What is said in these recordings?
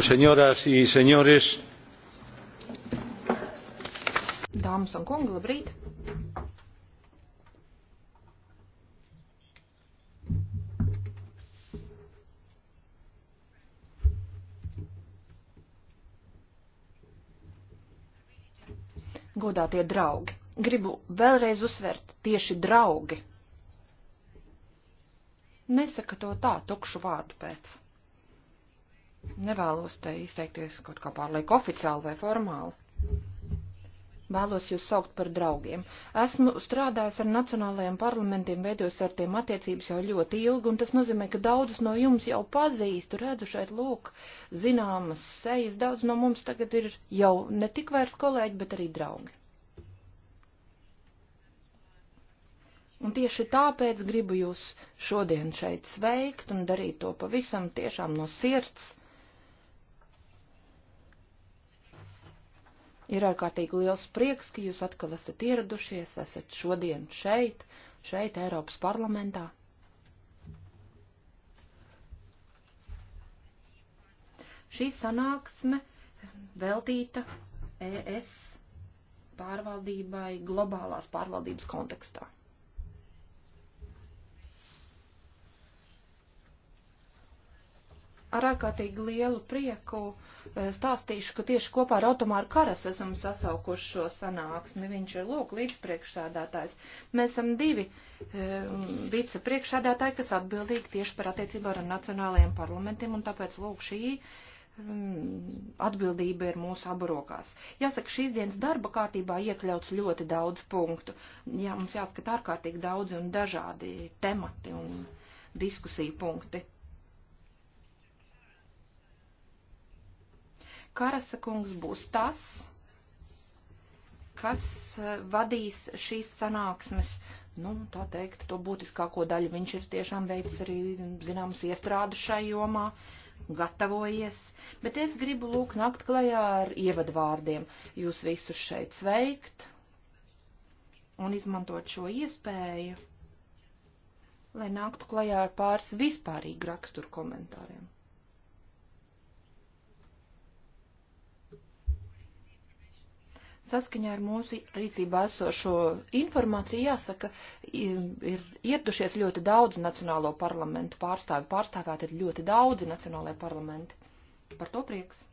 señoras y señores dāmas un kungi labrīt godātie draugi gribu vēlreiz uzsvērt tieši draugi nesaka to tā tukšu vārdu pēc Nevēlos te izteikties kaut kā pārlieku oficiāli vai formāli. Vēlos jūs saukt par draugiem. Esmu strādājis ar nacionālajiem parlamentiem, veidojis ar tiem attiecības jau ļoti ilgi, un tas nozīmē, ka daudzus no jums jau pazīstu, redzu šeit, lūk, zināmas sejas. Daudz no mums tagad ir jau ne tik vairs kolēģi, bet arī draugi. Un tieši tāpēc gribu jūs šodien šeit sveikt un darīt to pavisam tiešām no sirds Ir ārkārtīgi liels prieks, ka jūs atkal esat ieradušies, esat šodien šeit, šeit Eiropas parlamentā. Šī sanāksme veltīta ES pārvaldībai globālās pārvaldības kontekstā. ar ārkārtīgi lielu prieku eh, stāstīšu, ka tieši kopā ar Otomāru Karas esam sasaukuši šo sanāksmi. Viņš ir lūk līdzpriekšsādātājs. Mēs esam divi e, eh, vicepriekšsādātāji, kas atbildīgi tieši par attiecībā ar nacionālajiem parlamentiem, un tāpēc lūk šī mm, atbildība ir mūsu abrokās. Jāsaka, šīs dienas darba kārtībā iekļauts ļoti daudz punktu. Jā, mums jāskatā ārkārtīgi daudzi un dažādi temati un diskusiju punkti. Karasa kungs būs tas, kas eh, vadīs šīs sanāksmes, nu, tā teikt, to būtiskāko daļu. Viņš ir tiešām veicis arī, zināms, iestrādu šai jomā, gatavojies, bet es gribu lūk nakt klajā ar ievadvārdiem, jūs visus šeit sveikt un izmantot šo iespēju, lai nāktu klajā ar pāris vispārīgi raksturu komentāriem. saskaņā ar mūsu rīcībā esošo informāciju jāsaka, ir ietušies ļoti daudz nacionālo parlamentu pārstāvi, pārstāvēt ir ļoti daudzi nacionālajie parlamenti. Par to prieks.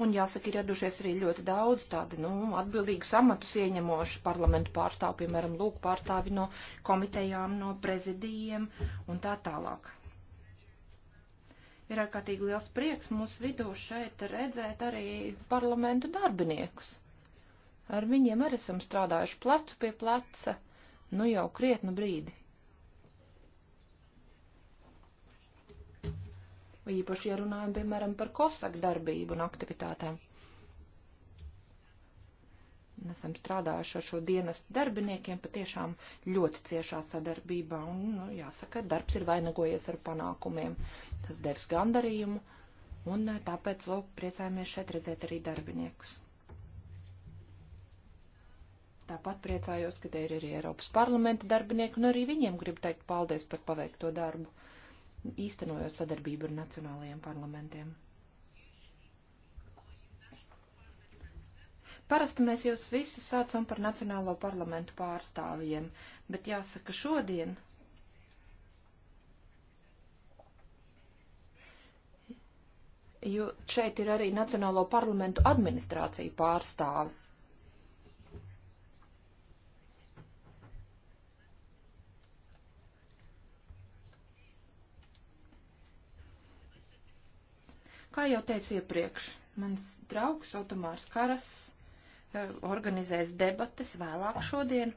Un jāsaka, ir radušies arī ļoti daudz tādi, nu, atbildīgi samatus ieņemoši parlamentu pārstāvi, piemēram, lūk, pārstāvi no komitejām, no prezidijiem un tā tālāk. Ir ārkārtīgi liels prieks mūsu vidū šeit redzēt arī parlamentu darbiniekus. Ar viņiem arī esam strādājuši plecu pie pleca, nu jau krietnu brīdi. īpaši, ja runājam, piemēram, par kosaku darbību un aktivitātēm. Esam strādājuši ar šo dienestu darbiniekiem patiešām ļoti ciešā sadarbībā un, nu, jāsaka, darbs ir vainagojies ar panākumiem. Tas devs gandarījumu un eh, tāpēc, lūk, priecājamies šeit redzēt arī darbiniekus. Tāpat priecājos, ka te ir arī Eiropas parlamenta darbinieki un arī viņiem gribu teikt paldies par paveikto darbu īstenojot sadarbību ar nacionālajiem parlamentiem. Parasti mēs jūs visus saucam par Nacionālo parlamentu pārstāvjiem, bet jāsaka šodien. Jo šeit ir arī Nacionālo parlamentu administrācija pārstāvi. Kā jau teicu iepriekš, mans draugs Otomārs Karas eh, organizēs debates vēlāk šodien.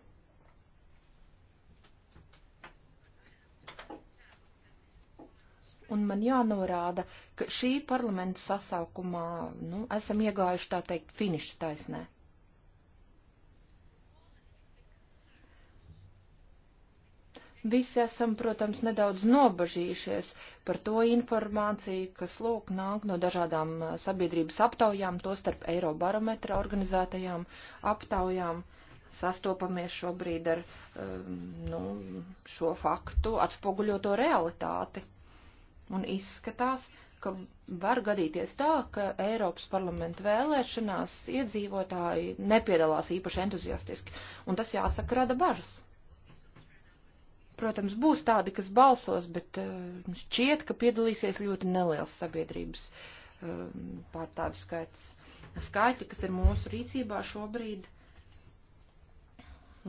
Un man jānorāda, ka šī parlamenta sasaukumā nu, esam iegājuši tā teikt finiša taisnē. Visi esam, protams, nedaudz nobažījušies par to informāciju, kas lūk nāk no dažādām sabiedrības aptaujām, tostarp Eirobarometra organizētajām aptaujām. Sastopamies šobrīd ar nu, šo faktu atspoguļoto realitāti. Un izskatās, ka var gadīties tā, ka Eiropas parlamenta vēlēšanās iedzīvotāji nepiedalās īpaši entuziastiski, un tas jāsaka rada bažas. Protams, būs tādi, kas balsos, bet eh, šķiet, ka piedalīsies ļoti neliels sabiedrības eh, pārstāvju skaits. Skaitļi, kas ir mūsu rīcībā šobrīd,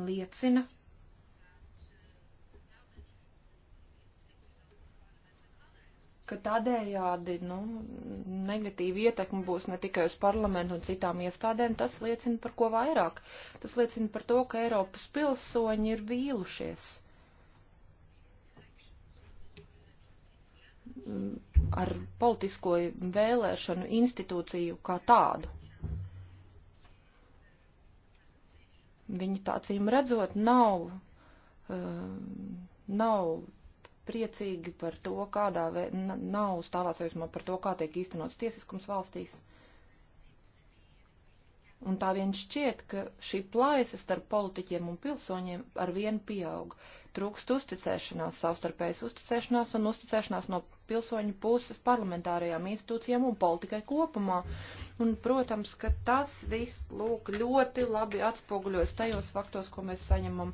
liecina, ka tādējādi nu, negatīva ietekme būs ne tikai uz parlamentu un citām iestādēm, tas liecina par ko vairāk. Tas liecina par to, ka Eiropas pilsoņi ir vīlušies. Mm, ar politisko vēlēšanu institūciju kā tādu. Viņi tācīm redzot nav, uh, nav priecīgi par to, kādā vē, nav stāvās aizmā par to, kā tiek īstenots tiesiskums valstīs. Un tā vien šķiet, ka šī plaisa starp politiķiem un pilsoņiem ar vienu pieaug. Trūkst uzticēšanās, savstarpējas uzticēšanās un uzticēšanās no pilsoņu puses parlamentārajām institūcijām un politikai kopumā. Un, protams, ka tas viss, lūk, ļoti labi atspoguļojas tajos faktos, ko mēs saņemam.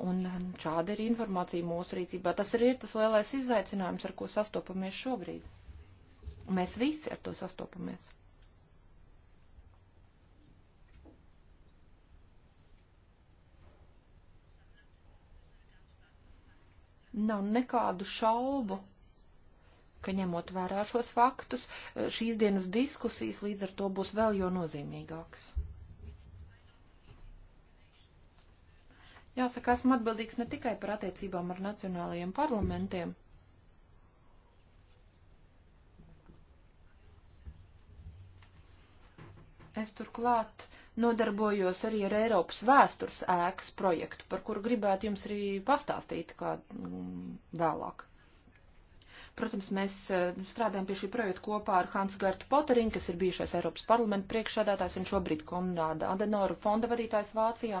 Un šāda ir informācija mūsu rīcībā. Tas arī ir tas lielais izaicinājums, ar ko sastopamies šobrīd. Mēs visi ar to sastopamies. Nav nekādu šaubu, ka ņemot vērā šos faktus, eh, šīs dienas diskusijas līdz ar to būs vēl jo nozīmīgākas. Jāsaka, esmu atbildīgs ne tikai par attiecībām ar nacionālajiem parlamentiem. Es turklāt nodarbojos arī ar Eiropas vēstures ēkas projektu, par kuru gribētu jums arī pastāstīt kā mm, vēlāk. Protams, mēs e, strādājam pie šī projekta kopā ar Hans Gertu Poterinu, kas ir bijušais Eiropas parlamenta priekšsēdētājs un šobrīd Konrāda Adenora fonda vadītājs Vācijā.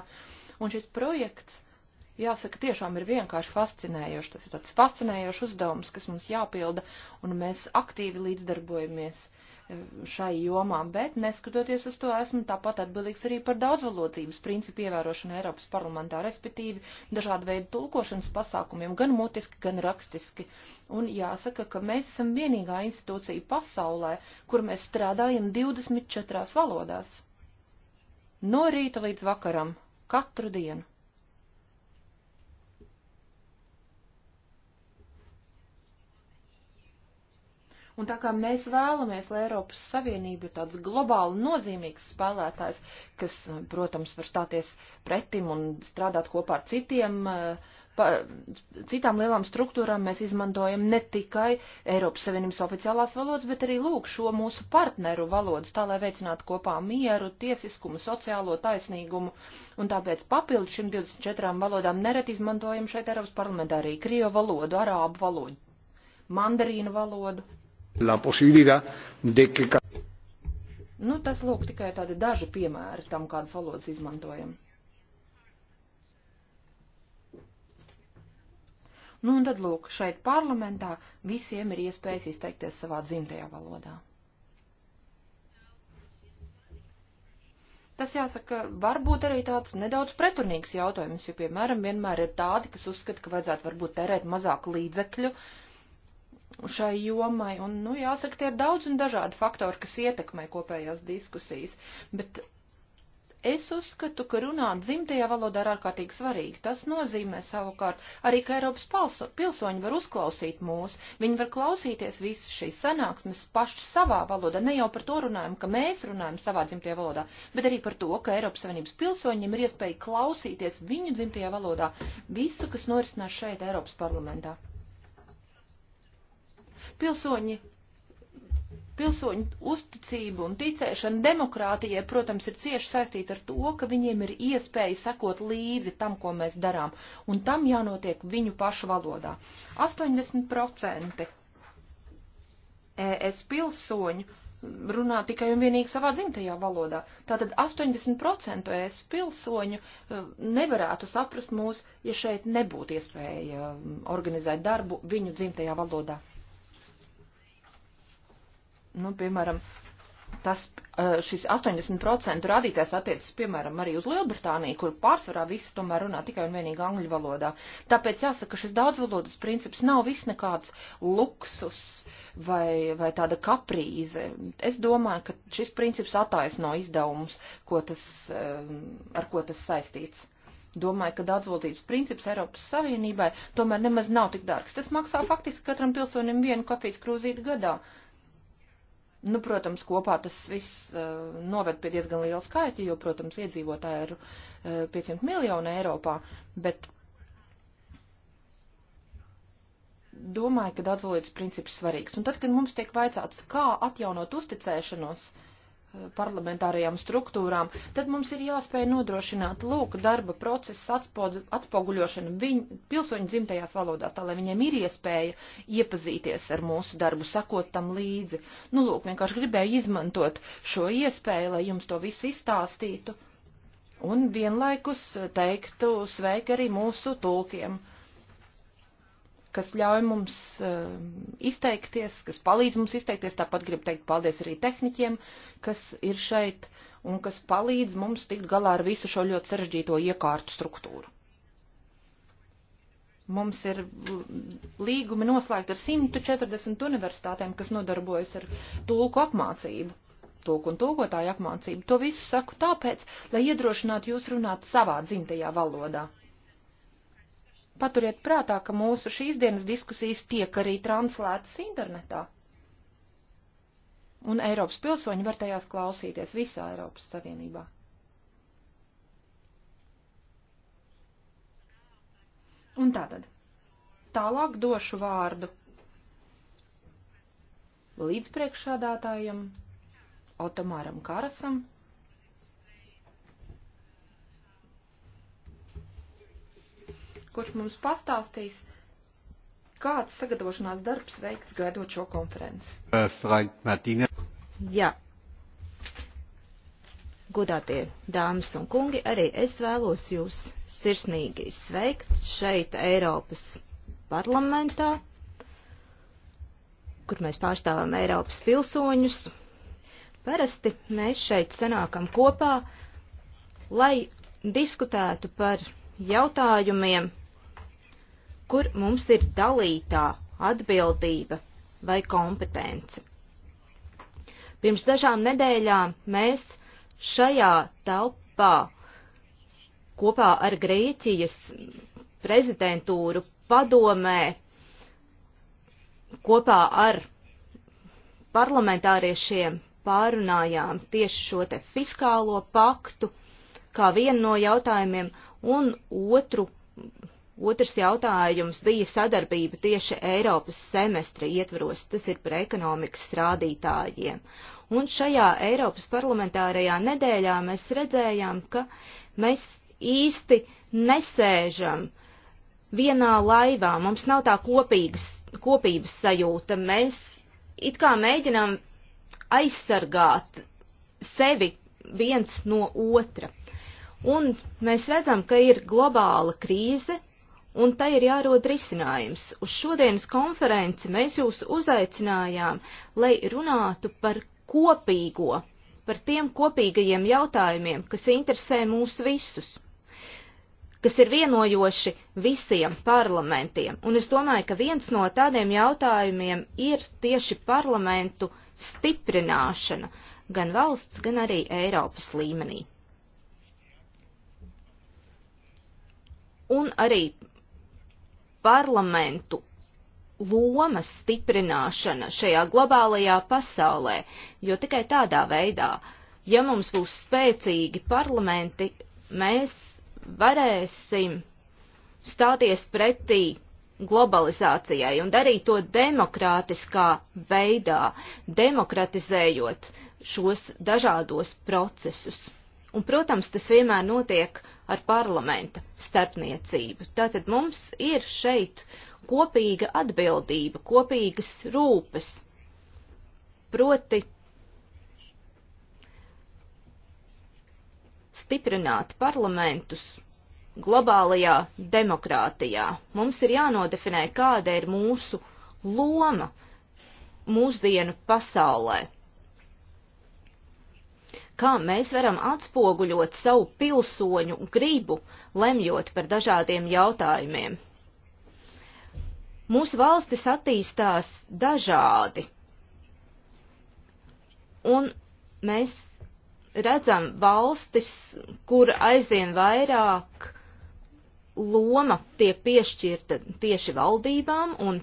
Un šis projekts, jāsaka, tiešām ir vienkārši fascinējošs. Tas ir tāds fascinējošs uzdevums, kas mums jāpilda, un mēs aktīvi līdzdarbojamies uh, šai jomām, bet neskatoties uz to, esmu tāpat atbildīgs arī par daudzvalodības principu ievērošanu Eiropas parlamentā, respektīvi dažādu veidu tulkošanas pasākumiem, gan mutiski, gan rakstiski. Un jāsaka, ka mēs esam vienīgā institūcija pasaulē, kur mēs strādājam 24 valodās. No rīta līdz vakaram, katru dienu. Un tā kā mēs vēlamies, lai Eiropas Savienība ir tāds globāli nozīmīgs spēlētājs, kas, protams, var stāties pretim un strādāt kopā ar citiem, eh, pa, citām lielām struktūrām, mēs izmantojam ne tikai Eiropas Savienības oficiālās valodas, bet arī lūk šo mūsu partneru valodas, tā lai veicinātu kopā mieru, tiesiskumu, sociālo taisnīgumu. Un tāpēc papildu šim 24 valodām neret izmantojam šeit Eiropas parlamentā arī krievu valodu, arābu valodu, mandarīnu valodu Nu, tas lūk tikai tādi daži piemēri tam, kādas valodas izmantojam. Nu, un tad, lūk, šeit parlamentā visiem ir iespējas izteikties savā dzimtajā valodā. Tas jāsaka, varbūt arī tāds nedaudz pretrunīgs jautājums, jo, piemēram, vienmēr ir tādi, kas uzskata, ka vajadzētu varbūt tērēt mazāk līdzekļu uh, šai jomai. Un, nu, jāsaka, tie ir daudz un dažādi faktori, kas ietekmē kopējās diskusijas. Bet Es uzskatu, ka runāt dzimtajā valodā ir ārkārtīgi svarīgi. Tas nozīmē savukārt arī, ka Eiropas palso, pilsoņi var uzklausīt mūs. Viņi var klausīties visas šīs sanāksmes paši savā valodā. Ne jau par to runājam, ka mēs runājam savā dzimtajā valodā, bet arī par to, ka Eiropas Savienības pilsoņiem ir iespēja klausīties viņu dzimtajā valodā visu, kas norisinās šeit Eiropas parlamentā. Pilsoņi, pilsoņu uzticība un ticēšana demokrātijai, protams, ir cieši saistīta ar to, ka viņiem ir iespēja sekot līdzi tam, ko mēs darām, un tam jānotiek viņu pašu valodā. 80% ES pilsoņu runā tikai un vienīgi savā dzimtajā valodā. Tātad 80% es pilsoņu eh, nevarētu saprast mūs, ja šeit nebūtu iespēja eh, organizēt darbu viņu dzimtajā valodā nu, piemēram, tas, šis 80% rādītājs attiecas, piemēram, arī uz Lielbritāniju, kur pārsvarā visi tomēr runā tikai un vienīgi angļu valodā. Tāpēc jāsaka, šis daudzvalodas princips nav viss nekāds luksus vai, vai tāda kaprīze. Es domāju, ka šis princips attaisno izdevumus, ko tas, ar ko tas saistīts. Domāju, ka daudzvalodības princips Eiropas Savienībai tomēr nemaz nav tik dārgs. Tas maksā faktiski katram pilsonim vienu kafijas krūzīti gadā. Uh, Nu, protams, kopā tas viss uh, noved pie diezgan liela skaita, jo, protams, iedzīvotāji ir uh, eh, 500 miljoni Eiropā, bet domāju, ka daudzolīdz princips svarīgs. Un tad, kad mums tiek vaicāts, kā atjaunot uzticēšanos, uh, parlamentārajām struktūrām, tad mums ir jāspēj nodrošināt lūk darba procesu atspoguļošanu viņu pilsoņu dzimtajās valodās, tā lai viņiem ir iespēja iepazīties ar mūsu darbu, sakot tam līdzi. Nu lūk, vienkārši gribēju izmantot šo iespēju, lai jums to visu izstāstītu un vienlaikus teiktu sveiki arī mūsu tulkiem kas ļauj mums uh, izteikties, kas palīdz mums izteikties. Tāpat gribu teikt paldies arī tehniķiem, kas ir šeit un kas palīdz mums tikt galā ar visu šo ļoti sarežģīto iekārtu struktūru. Mums ir līgumi noslēgti ar 140 universitātēm, kas nodarbojas ar tulku apmācību, tulku un tulkotāju apmācību. To visu saku tāpēc, lai iedrošinātu jūs runāt savā dzimtajā valodā Paturiet prātā, ka mūsu šīs dienas diskusijas tiek arī translētas internetā. Un Eiropas pilsoņi var tajās klausīties visā Eiropas Savienībā. Un tātad. Tālāk došu vārdu līdzpriekšādātājam Otomāram Karasam. kurš mums pastāstīs, kāds sagatavošanās darbs veikts gaidot šo konferenci. Uh, Frank Martīne. Jā. Godātie dāmas un kungi, arī es vēlos jūs sirsnīgi sveikt šeit Eiropas parlamentā, kur mēs pārstāvam Eiropas pilsoņus. Parasti mēs šeit sanākam kopā, lai diskutētu par jautājumiem, kur mums ir dalītā atbildība vai kompetence. Pirms dažām nedēļām mēs šajā telpā kopā ar Grieķijas prezidentūru padomē, kopā ar parlamentāriešiem pārunājām tieši šo te fiskālo paktu kā vienu no jautājumiem un otru Otrs jautājums bija sadarbība tieši Eiropas semestra ietvaros, tas ir par ekonomikas rādītājiem. Un šajā Eiropas parlamentārajā nedēļā mēs redzējām, ka mēs īsti nesēžam vienā laivā, mums nav tā kopīgas, kopības sajūta, mēs it kā mēģinām aizsargāt sevi viens no otra. Un mēs redzam, ka ir globāla krīze, un tai ir jārod risinājums. Uz šodienas konferenci mēs jūs uzaicinājām, lai runātu par kopīgo, par tiem kopīgajiem jautājumiem, kas interesē mūs visus, kas ir vienojoši visiem parlamentiem. Un es domāju, ka viens no tādiem jautājumiem ir tieši parlamentu stiprināšana gan valsts, gan arī Eiropas līmenī. Un arī parlamentu lomas stiprināšana šajā globālajā pasaulē, jo tikai tādā veidā, ja mums būs spēcīgi parlamenti, mēs varēsim stāties pretī globalizācijai un darīt to demokrātiskā veidā, demokratizējot šos dažādos procesus. Un, protams, tas vienmēr notiek ar parlamenta starpniecību. Tātad mums ir šeit kopīga atbildība, kopīgas rūpes. Proti stiprināt parlamentus globālajā demokrātijā. Mums ir jānodefinē, kāda ir mūsu loma mūsdienu pasaulē kā mēs varam atspoguļot savu pilsoņu gribu, lemjot par dažādiem jautājumiem. Mūsu valstis attīstās dažādi, un mēs redzam valstis, kur aizvien vairāk loma tiek piešķirta tieši valdībām, un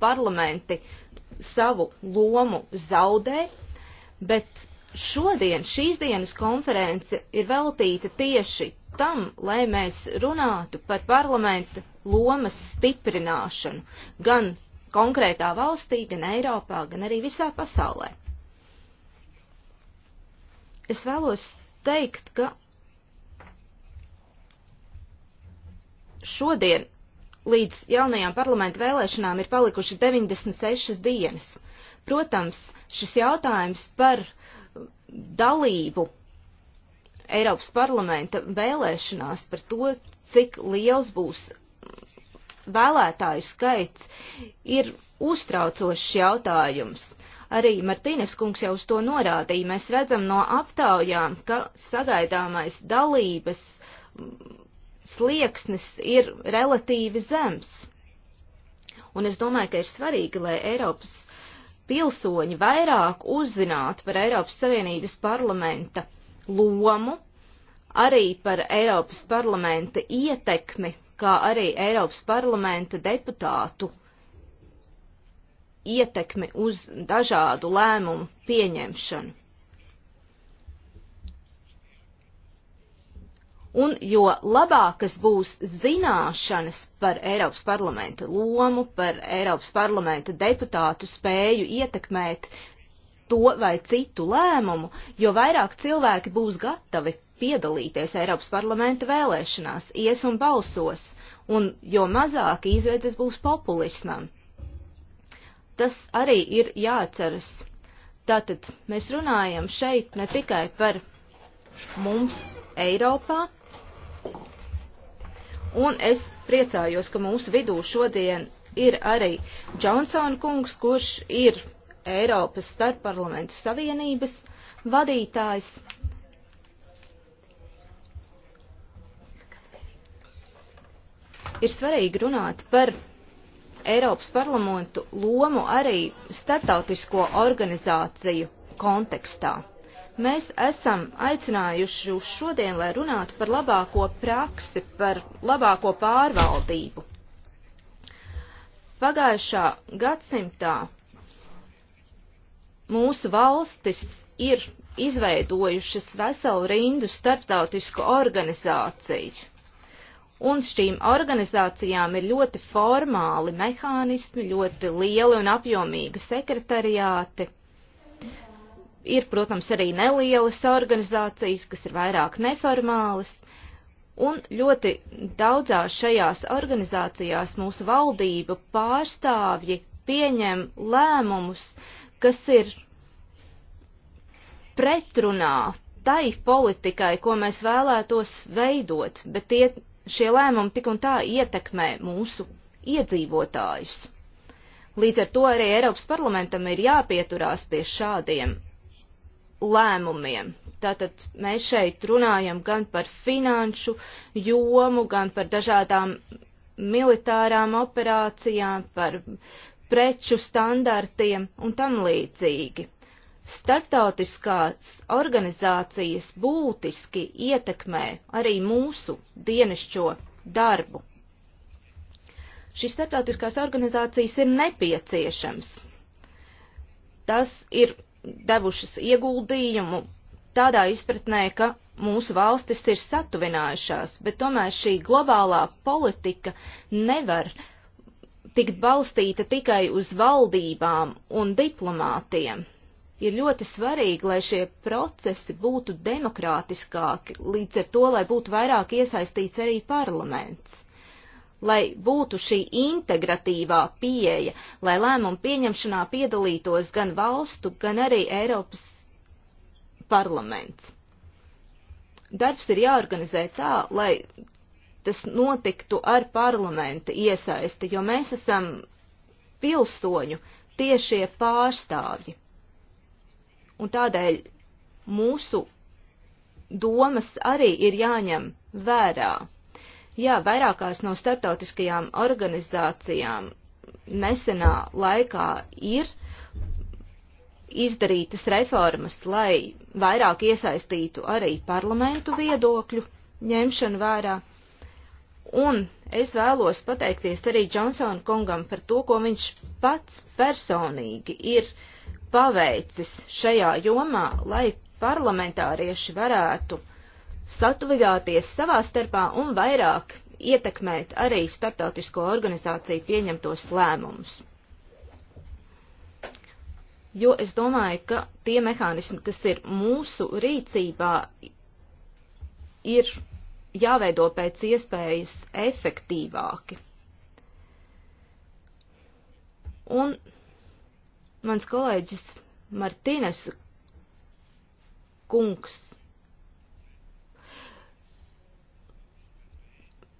parlamenti savu lomu zaudē, bet Šodien šīs dienas konference ir veltīta tieši tam, lai mēs runātu par parlamenta lomas stiprināšanu gan konkrētā valstī, gan Eiropā, gan arī visā pasaulē. Es vēlos teikt, ka šodien līdz jaunajām parlamentu vēlēšanām ir palikuši 96 dienas. Protams, šis jautājums par uh, dalību Eiropas parlamenta vēlēšanās par to, cik liels būs vēlētāju skaits, ir uztraucošs jautājums. Arī Martīnes kungs jau uz to norādīja. Mēs redzam no aptaujām, ka sagaidāmais dalības slieksnis ir relatīvi zems. Un es domāju, ka ir svarīgi, lai Eiropas pilsoņi vairāk uzzinātu par Eiropas Savienības parlamenta lomu, arī par Eiropas parlamenta ietekmi, kā arī Eiropas parlamenta deputātu ietekmi uz dažādu lēmumu pieņemšanu. un jo labākas būs zināšanas par Eiropas parlamenta lomu, par Eiropas parlamenta deputātu spēju ietekmēt to vai citu lēmumu, jo vairāk cilvēki būs gatavi piedalīties Eiropas parlamenta vēlēšanās, ies un balsos, un jo mazāk izredzes būs populismam. Tas arī ir jāatceras. Tātad mēs runājam šeit ne tikai par mums Eiropā, Un es priecājos, ka mūsu vidū šodien ir arī Džonsona kungs, kurš ir Eiropas starpparlamentu savienības vadītājs. Ir svarīgi runāt par Eiropas parlamentu lomu arī starptautisko organizāciju kontekstā. Mēs esam aicinājuši jūs šodien, lai runātu par labāko praksi, par labāko pārvaldību. Pagājušā gadsimtā mūsu valstis ir izveidojušas veselu rindu starptautisku organizāciju. Un šīm organizācijām ir ļoti formāli mehānismi, ļoti lieli un apjomīgi sekretariāti. Ir, protams, arī nelielas organizācijas, kas ir vairāk neformālas, un ļoti daudzās šajās organizācijās mūsu valdība pārstāvji pieņem lēmumus, kas ir pretrunā tai politikai, ko mēs vēlētos veidot, bet tie, šie lēmumi tik un tā ietekmē mūsu iedzīvotājus. Līdz ar to arī Eiropas parlamentam ir jāpieturās pie šādiem lēmumiem. Tātad mēs šeit runājam gan par finanšu jomu, gan par dažādām militārām operācijām, par preču standartiem un tam līdzīgi. Startautiskās organizācijas būtiski ietekmē arī mūsu dienasčo darbu. Šīs starptautiskās organizācijas ir nepieciešams. Tas ir devušas ieguldījumu tādā izpratnē, ka mūsu valstis ir satuvinājušās, bet tomēr šī globālā politika nevar tikt balstīta tikai uz valdībām un diplomātiem. Ir ļoti svarīgi, lai šie procesi būtu demokrātiskāki, līdz ar to, lai būtu vairāk iesaistīts arī parlaments lai būtu šī integratīvā pieeja, lai lēmumu pieņemšanā piedalītos gan valstu, gan arī Eiropas parlaments. Darbs ir jāorganizē tā, lai tas notiktu ar parlamenta iesaisti, jo mēs esam pilsoņu tiešie pārstāvji. Un tādēļ mūsu domas arī ir jāņem vērā. Jā, vairākās no starptautiskajām organizācijām nesenā laikā ir izdarītas reformas, lai vairāk iesaistītu arī parlamentu viedokļu ņemšanu vērā. Un es vēlos pateikties arī Džonsona kungam par to, ko viņš pats personīgi ir paveicis šajā jomā, lai parlamentārieši varētu uh, satuvināties savā starpā un vairāk ietekmēt arī starptautisko organizāciju pieņemtos lēmumus. Jo es domāju, ka tie mehānismi, kas ir mūsu rīcībā, ir jāveido pēc iespējas efektīvāki. Un mans kolēģis Martīnes kungs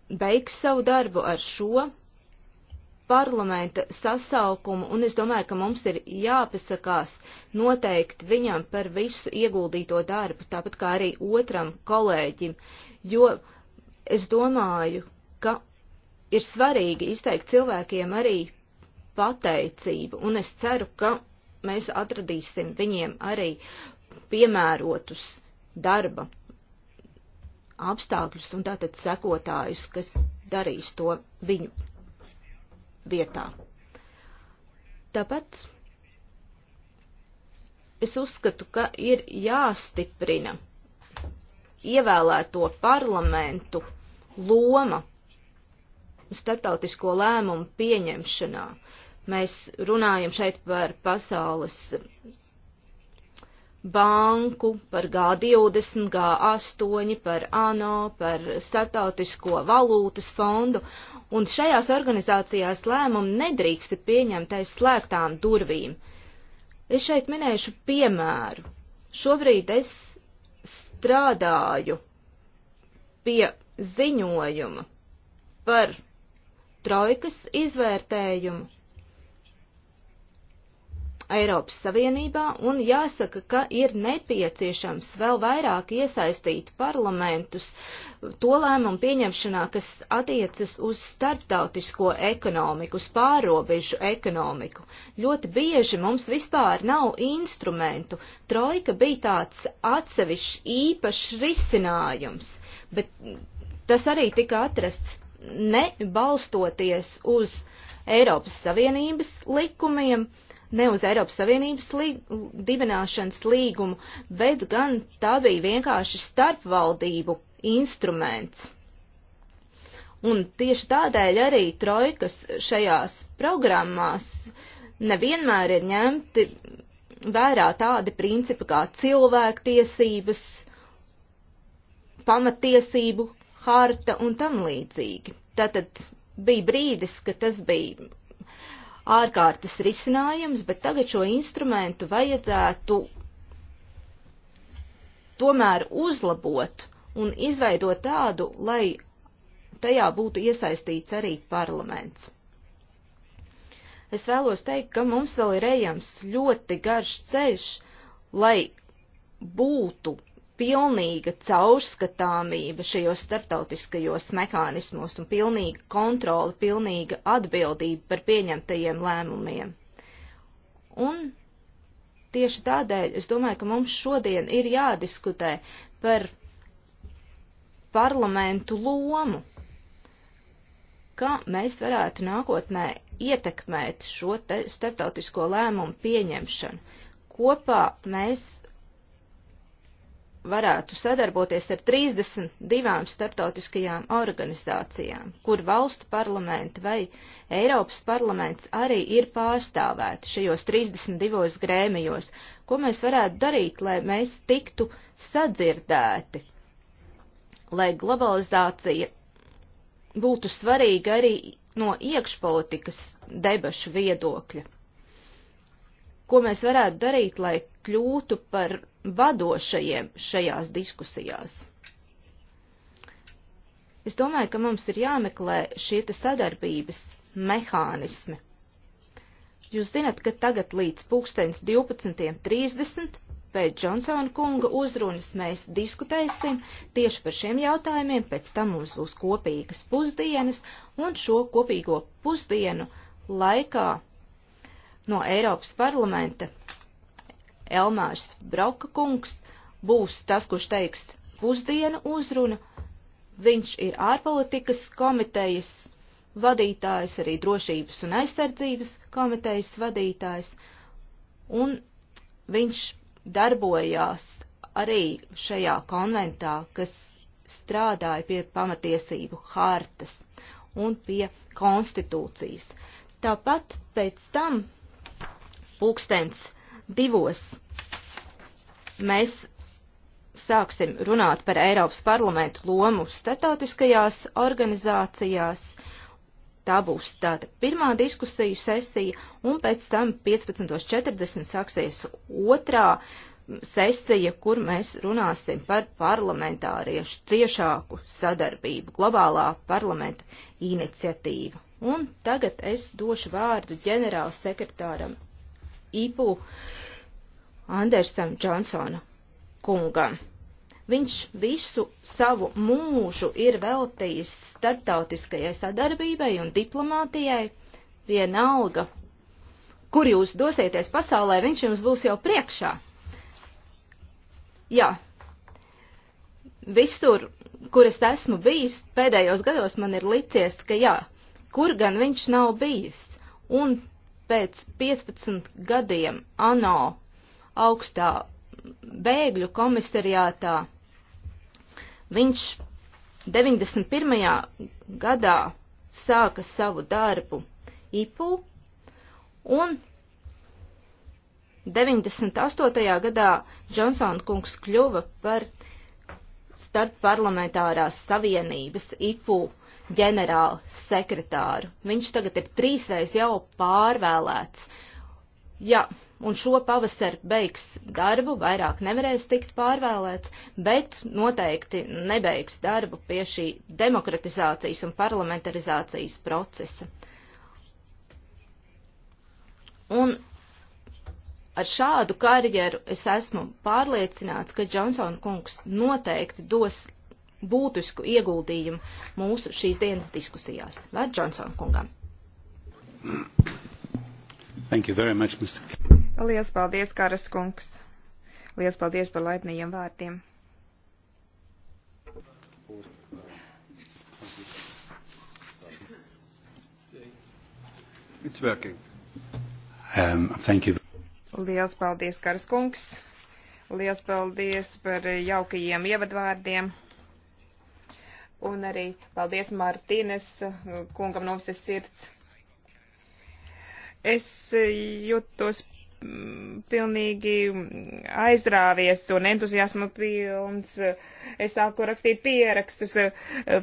beigs savu darbu ar šo parlamenta sasaukumu, un es domāju, ka mums ir jāpasakās noteikti viņam par visu ieguldīto darbu, tāpat kā arī otram kolēģim, jo es domāju, ka ir svarīgi izteikt cilvēkiem arī pateicību, un es ceru, ka mēs atradīsim viņiem arī piemērotus darba apstākļus un tātad sekotājus, kas darīs to viņu vietā. Tāpēc es uzskatu, ka ir jāstiprina ievēlēto parlamentu loma starptautisko lēmumu pieņemšanā. Mēs runājam šeit par pasaules banku, par G20, G8, par ANO, par Startautisko valūtas fondu, un šajās organizācijās lēmumu nedrīkst pieņemt aiz slēgtām durvīm. Es šeit minēšu piemēru. Šobrīd es strādāju pie ziņojuma par trojkas izvērtējumu Eiropas Savienībā, un jāsaka, ka ir nepieciešams vēl vairāk iesaistīt parlamentus to lēmumu pieņemšanā, kas attiecas uz starptautisko ekonomiku, uz pārobežu ekonomiku. Ļoti bieži mums vispār nav instrumentu. Trojka bija tāds atsevišķs īpašs risinājums, bet tas arī tika atrasts ne balstoties uz Eiropas Savienības likumiem, uh, ne uz Eiropas Savienības lī, dibināšanas līgumu, bet gan tā bija vienkārši starpvaldību instruments. Un tieši tādēļ arī trojkas šajās programmās nevienmēr ir ņemti vērā tādi principi kā cilvēktiesības, pamatiesību harta un tam līdzīgi. Tātad bija brīdis, kad tas bija ārkārtas risinājums, bet tagad šo instrumentu vajadzētu tomēr uzlabot un izveidot tādu, lai tajā būtu iesaistīts arī parlaments. Es vēlos teikt, ka mums vēl ir ejams ļoti garš ceļš, lai būtu pilnīga caurskatāmība šajos starptautiskajos mehānismos un pilnīga kontrola, pilnīga atbildība par pieņemtajiem lēmumiem. Un tieši tādēļ es domāju, ka mums šodien ir jādiskutē par parlamentu lomu, kā mēs varētu nākotnē ietekmēt šo starptautisko lēmumu pieņemšanu. Kopā mēs varētu sadarboties ar 32 starptautiskajām organizācijām, kur valstu parlamenti vai Eiropas parlaments arī ir pārstāvēti šajos 32 grēmijos, ko mēs varētu darīt, lai mēs tiktu sadzirdēti, lai globalizācija būtu svarīga arī no iekšpolitikas debašu viedokļa. Ko mēs varētu darīt, lai kļūtu par vadošajiem šajās diskusijās. Es domāju, ka mums ir jāmeklē šie te sadarbības mehānismi. Jūs zinat, ka tagad līdz pūkstens 12.30 pēc Džonsona kunga uzrunas mēs diskutēsim tieši par šiem jautājumiem, pēc tam mums būs kopīgas pusdienas, un šo kopīgo pusdienu laikā no Eiropas parlamenta Elmārs Brauka kungs būs tas, kurš teiks pusdienu uzrunu. Viņš ir ārpolitikas komitejas vadītājs, arī drošības un aizsardzības komitejas vadītājs, un viņš darbojās arī šajā konventā, kas strādāja pie pamatiesību hartas un pie konstitūcijas. Tāpat pēc tam pulkstens divos mēs sāksim runāt par Eiropas parlamentu lomu starptautiskajās organizācijās. Tā būs tāda pirmā diskusiju sesija, un pēc tam 15.40 sāksies otrā sesija, kur mēs runāsim par parlamentāriešu ciešāku sadarbību, globālā parlamenta iniciatīvu. Un tagad es došu vārdu ģenerālsekretāram Ipu Andersam Džonsona kungam. Viņš visu savu mūžu ir veltījis starptautiskajai sadarbībai un diplomātijai. Vienalga, kur jūs dosieties pasaulē, viņš jums būs jau priekšā. Jā, visur, kur es esmu bijis, pēdējos gados man ir licies, ka jā, kur gan viņš nav bijis. Un pēc 15 gadiem ANO augstā bēgļu komisariātā. Viņš 91. gadā sāka savu darbu IPU un 98. gadā Džonsona kungs kļuva par starpparlamentārās savienības IPU uh, ģenerālu sekretāru. Viņš tagad ir trīsreiz jau pārvēlēts. Jā, un šo pavasaru beigs darbu, vairāk nevarēs tikt pārvēlēts, bet noteikti nebeigs darbu pie šī demokratizācijas un parlamentarizācijas procesa. Un ar šādu karjeru es esmu pārliecināts, ka Džonsona kungs noteikti dos būtisku ieguldījumu mūsu šīs dienas diskusijās. Vai Johnson kungam? Thank you very much, Mr. Lielas paldies, Karas kungs. Lielas paldies par laipnījiem vārdiem. It's working. Um, thank you. Lielas paldies, Karas kungs. Lielas paldies par jaukajiem ievadvārdiem un arī paldies Martīnes kungam no visas sirds. Es jūtos Mm, pilnīgi aizrāvies un entuziasma pilns. Es sāku rakstīt pierakstus, eh,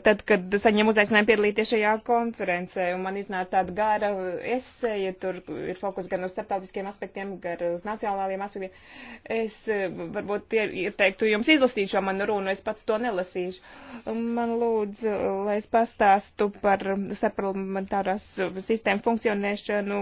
tad, kad saņem uzaicinājumu piedalīties šajā konferencē, un man iznāca tāda gara eseja, tur ir fokus gan uz starptautiskiem aspektiem, gan uz nacionāliem aspektiem. Es eh, varbūt ieteiktu jums izlasīt šo manu runu, es pats to nelasīšu. Man lūdzu, lai es pastāstu par starpparlamentārās sistēmu funkcionēšanu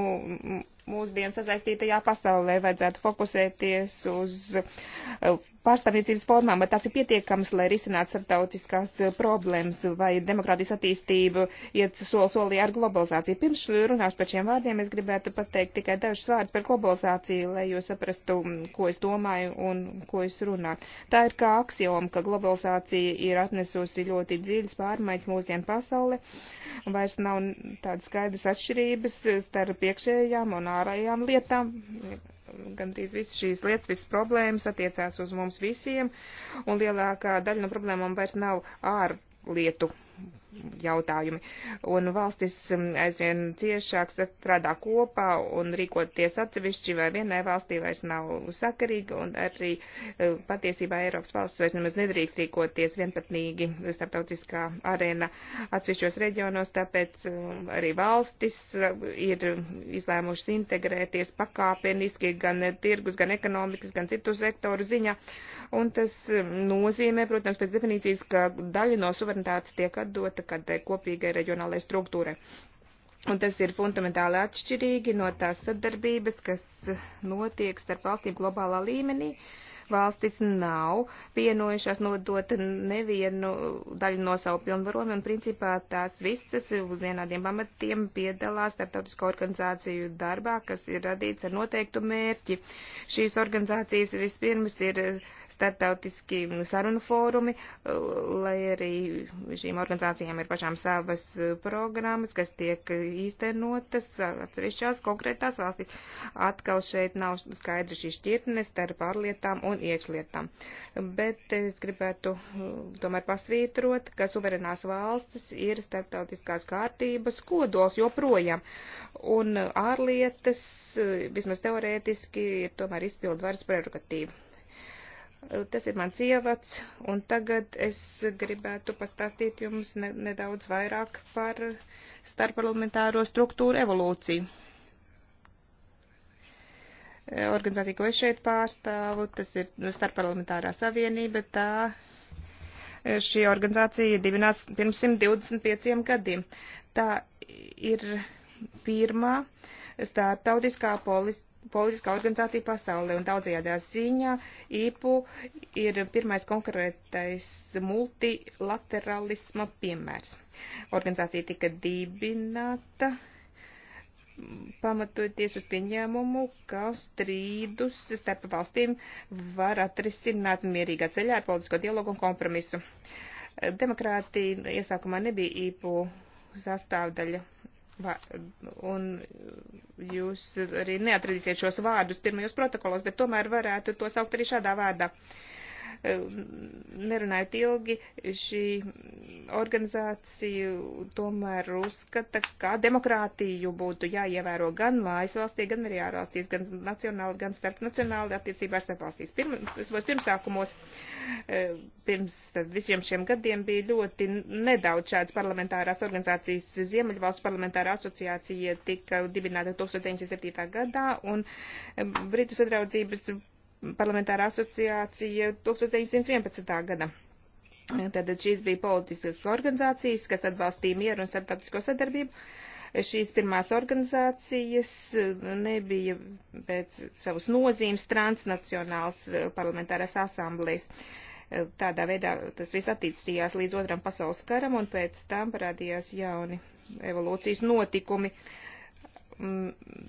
mūsdienu sasaistītajā pasaulē. Vajadzētu fokusēties uz eh, pārstāvniecības formām, vai tās ir pietiekamas, lai risinātu starptautiskās eh, problēmas, vai demokrātijas attīstība iet soli solī ar globalizāciju. Pirms runāšu par šiem vārdiem, es gribētu pateikt tikai dažus vārdus par globalizāciju, lai jūs saprastu, mm, ko es domāju un ko es runāju. Tā ir kā aksioma, ka globalizācija ir atnesusi ļoti dziļas pārmaiņas mūsdienu pasauli, vairs nav tādas skaidras atšķirības eh, starp iekšējām un ārējām lietām gandrīz visas šīs lietas, visas problēmas attiecās uz mums visiem, un lielākā daļa no problēmām vairs nav ārlietu jautājumi. Un valstis mm, aizvien ciešāk strādā kopā un rīkoties atsevišķi vai vienai valstī vairs nav sakarīgi un arī e, patiesībā Eiropas valsts vairs nemaz nedrīkst rīkoties vienpatnīgi starptautiskā arēna atsevišķos reģionos, tāpēc e, arī valstis e, ir izlēmušas integrēties pakāpeniski gan tirgus, gan ekonomikas, gan citu sektoru ziņā. Un tas nozīmē, protams, pēc definīcijas, ka daļa no suverenitātes tiek atdota jābalsta kādai kopīgai reģionālai struktūrai. Un tas ir fundamentāli atšķirīgi no tās sadarbības, kas notiek starp valstīm globālā līmenī. Valstis nav vienojušās nodot nevienu daļu no savu pilnvaromi, un principā tās visas uz vienādiem pamatiem piedalās starptautisko organizāciju darbā, kas ir radīts ar noteiktu mērķi. Šīs organizācijas vispirms ir startautiski sarunu fórumi, lai arī šīm organizācijām ir pašām savas programmas, kas tiek īstenotas atsevišķās konkrētās valstīs. Atkal šeit nav skaidra šī šķirtne starp ārlietām un iekšlietām. Bet es gribētu uh, tomēr pasvītrot, ka suverenās valstis ir starptautiskās kārtības kodols joprojām. Un ārlietas, uh, vismaz teorētiski, ir tomēr izpildu varas prerogatīva. Tas ir mans ievads, un tagad es gribētu pastāstīt jums ne, nedaudz vairāk par starpparlamentāro struktūru evolūciju. Organizācija, ko es šeit pārstāvu, tas ir starpparlamentārā savienība, tā šī organizācija dibinās pirms 125 gadiem. Tā ir pirmā starptautiskā polis, politiskā organizācija pasaulē, un daudzajādā ziņā IPU ir pirmais konkrētais multilateralisma piemērs. Organizācija tika dibināta pamatoties uz pieņēmumu, ka strīdus starp valstīm var atrisināt mierīgā ceļā ar politisko dialogu un kompromisu. Demokrātija iesākumā nebija IPU sastāvdaļa Un jūs arī neatradīsiet šos vārdus pirmajos protokolos, bet tomēr varētu to saukt arī šādā vārdā. Uh, Um, nerunājot ilgi, šī organizācija tomēr uzskata, ka demokrātiju būtu jāievēro gan mājas valstī, gan arī ārvalstīs, gan nacionāli, gan starpnacionāli attiecībā ar starpvalstīs. E, pirms, pirmsākumos, pirms visiem šiem gadiem bija ļoti nedaudz šādas parlamentārās organizācijas. Ziemeļvalsts parlamentārā asociācija tika dibināta 1907. gadā, un Britu sadraudzības parlamentāra asociācija 1911. gada. Tātad šīs bija politiskas organizācijas, kas atbalstīja mieru un starptautisko sadarbību. Šīs pirmās organizācijas nebija pēc savas nozīmes transnacionāls parlamentārās asamblejas. Tādā veidā tas viss attīstījās līdz otram pasaules karam un pēc tam parādījās jauni evolūcijas notikumi mm,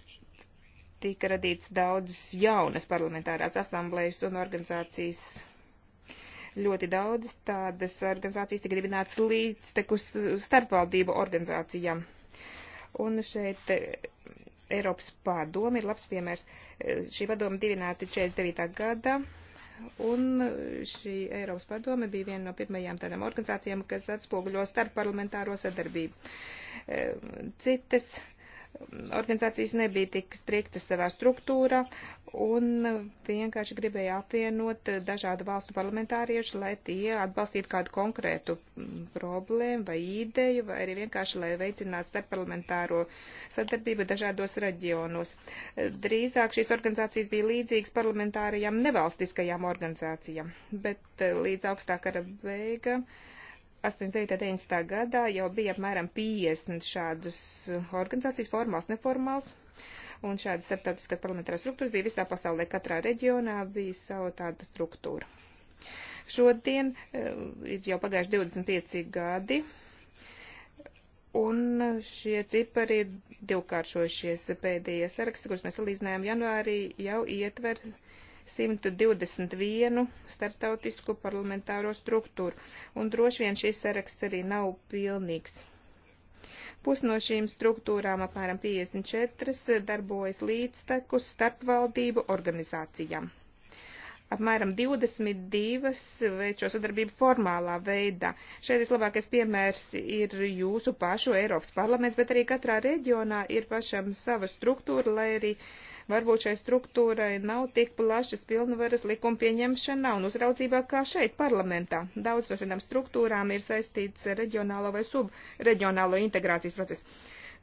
tika radīts daudzas jaunas parlamentārās asamblējas un organizācijas. Ļoti daudzas tādas organizācijas tika dibinātas līdztekus starpvaldību organizācijām. Un šeit eh, Eiropas padoma ir labs piemērs. Eh, šī padoma dibināta 49. gada, un eh, šī Eiropas padome bija viena no pirmajām tādām organizācijām, kas atspoguļo starpparlamentāro sadarbību. Citas organizācijas nebija tik striktas savā struktūrā un vienkārši gribēja apvienot dažādu valstu parlamentāriešu, lai tie atbalstītu kādu konkrētu problēmu vai ideju, vai arī vienkārši, lai veicinātu starpparlamentāro sadarbību dažādos reģionos. Drīzāk šīs organizācijas bija līdzīgas parlamentārajām nevalstiskajām organizācijām, bet eh, līdz augstākara beigām 89. gadā jau bija apmēram 50 šādas organizācijas, formāls, neformāls, un šādas starptautiskās parlamentārās struktūras bija visā pasaulē, katrā reģionā bija savu tāda struktūra. Šodien eh, ir jau pagājuši 25 gadi, un šie cipari ir divkāršojušies pēdējie saraksti, kurus mēs salīdzinājām janvārī, jau ietver 121 starptautisku parlamentāro struktūru, un droši vien šis saraksts arī nav pilnīgs. Pus no šīm struktūrām, apmēram 54, darbojas līdztekus starpvaldību organizācijām. Apmēram 22 veic šo sadarbību formālā veidā. Šeit vislabākais piemērs ir jūsu pašu Eiropas parlaments, bet arī katrā reģionā ir pašam sava struktūra, lai arī uh, Varbūt šai struktūrai nav tik plašas pilnvaras likuma pieņemšanā un uzraudzībā kā šeit parlamentā. Daudz no šādām struktūrām ir saistīts ar reģionālo vai subreģionālo integrācijas procesu.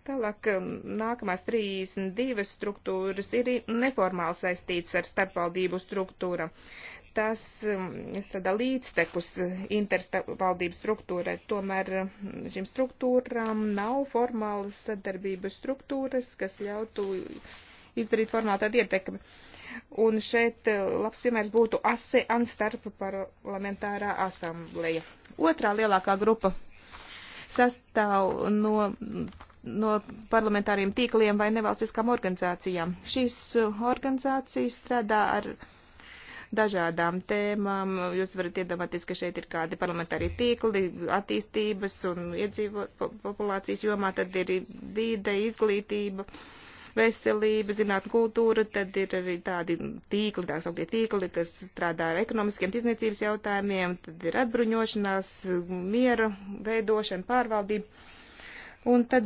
Tālāk um, nākamās 32 struktūras ir neformāli saistītas ar starpvaldību struktūra. Tas um, tādā līdztekus intervaldību struktūrai, tomēr um, šīm struktūrām nav formālas sadarbības struktūras, kas ļautu izdarīt formāli tādu ietekmi. Un šeit eh, labs piemērs būtu ASEAN starp parlamentārā asambleja. Otrā lielākā grupa sastāv no, no parlamentāriem tīkliem vai nevalstiskām organizācijām. Šīs eh, organizācijas strādā ar dažādām tēmām. Jūs varat iedomāties, ka šeit ir kādi parlamentāri tīkli attīstības un iedzīvo populācijas jomā, tad ir vīde, izglītība. Uh, veselība, zinātne, kultūra, tad ir arī tādi tīkli, tā sauktie tīkli, kas strādā ar ekonomiskiem tiesniecības jautājumiem, tad ir atbruņošanās, miera veidošana, pārvaldība. Un tad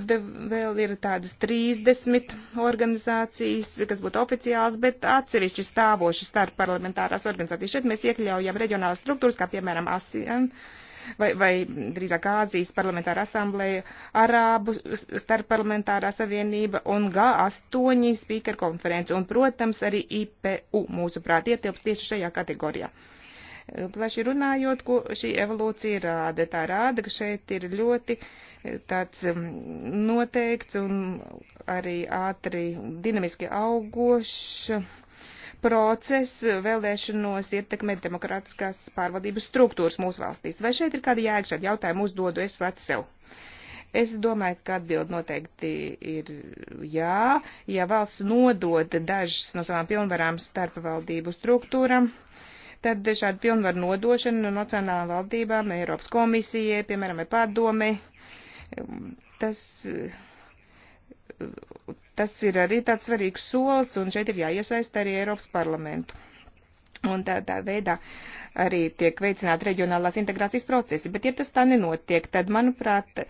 vēl ir tādas 30 organizācijas, kas būtu oficiāls, bet atsevišķi stāvoši starp parlamentārās organizācijas. Šeit mēs iekļaujam reģionālas struktūras, kā piemēram ASEAN. Uh, vai, vai drīzāk Āzijas parlamentāra asambleja, Arābu starpparlamentārā savienība un G8 speaker konference, un, protams, arī IPU, mūsuprāt, ietilps tieši šajā kategorijā. Plaši runājot, ko šī evolūcija rāda, tā rāda, ka šeit ir ļoti e, tāds noteikts un arī ātri dinamiski augošs process vēlēšanos ietekmē demokrātiskās pārvaldības struktūras mūsu valstīs. Vai šeit ir kādi jēga šādi jautājumi uzdodu es pats sev? Es domāju, ka atbildi noteikti ir jā. Ja valsts nodod dažas no savām pilnvarām starpvaldību struktūram, tad šāda pilnvaru nodošana no nacionālām valdībām, Eiropas komisijai, piemēram, vai padome, tas Tas ir arī tāds svarīgs solis, un šeit ir jāiesaist arī Eiropas parlamentu. Un tādā veidā arī tiek veicināta reģionālās integrācijas procesi. Bet, ja tas tā nenotiek, tad, manuprāt,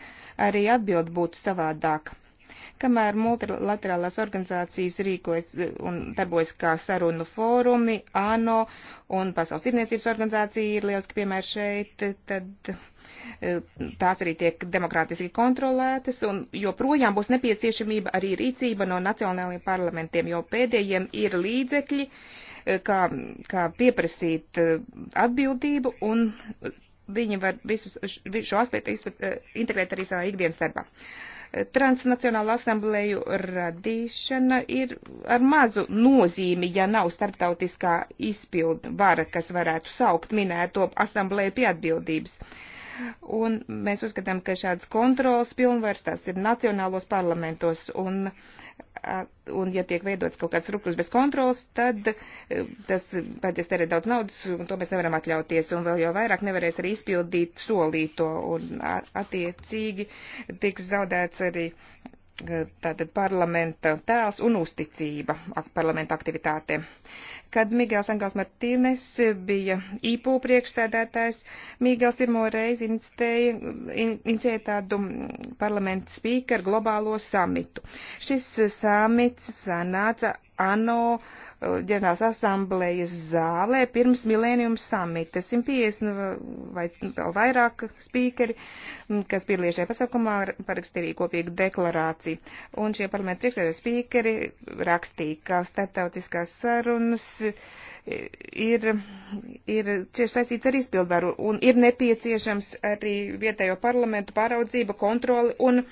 arī atbild būtu savādāka Kamēr multilaterālās organizācijas rīkojas eh, un darbojas kā sarunu fórumi, ANO un Pasaules tirniecības organizācija ir lieliski piemēri šeit, tad eh, tās arī tiek demokrātiski kontrolētas, un joprojām būs nepieciešamība arī rīcība no nacionālajiem parlamentiem, jo pēdējiem ir līdzekļi, eh, kā, kā pieprasīt atbildību, un viņi var visus šo aspektu integrēt arī savā ikdienas darbā. Uh, Transnacionāla asambleju radīšana ir ar mazu nozīmi, ja nav starptautiskā izpildu vara, kas varētu saukt minēto asambleju pie atbildības. Uh, Un mēs uzskatām, ka šādas kontrolas pilnvars tās ir nacionālos parlamentos. Un, un ja tiek veidots kaut kāds rupjums bez kontrolas, tad e, tas pēdējais terē daudz naudas, un to mēs nevaram atļauties. Un vēl jau vairāk nevarēs arī izpildīt solīto, un attiecīgi tiks zaudēts arī e, tātad parlamenta tēls un uzticība parlamenta aktivitātēm kad Migels Angels Martīnes bija īpū priekšsēdētājs, Migels pirmo reizi inicitēja, in, inicitēja tādu parlamentu spīkeru globālo samitu. Šis samits sanāca ANO ģenerālas asamblējas zālē pirms milēnium samita. 150 vai vēl vairāk spīkeri, kas piedalījās šajā pasaukumā, parakstīja arī kopīgu deklarāciju. Un šie parlamenta priekšsēdētāji spīkeri rakstīja, ka starptautiskās sarunas e, ir, ir cieši saistīts ar izpildvaru un ir nepieciešams arī vietējo parlamentu pāraudzība, kontroli un,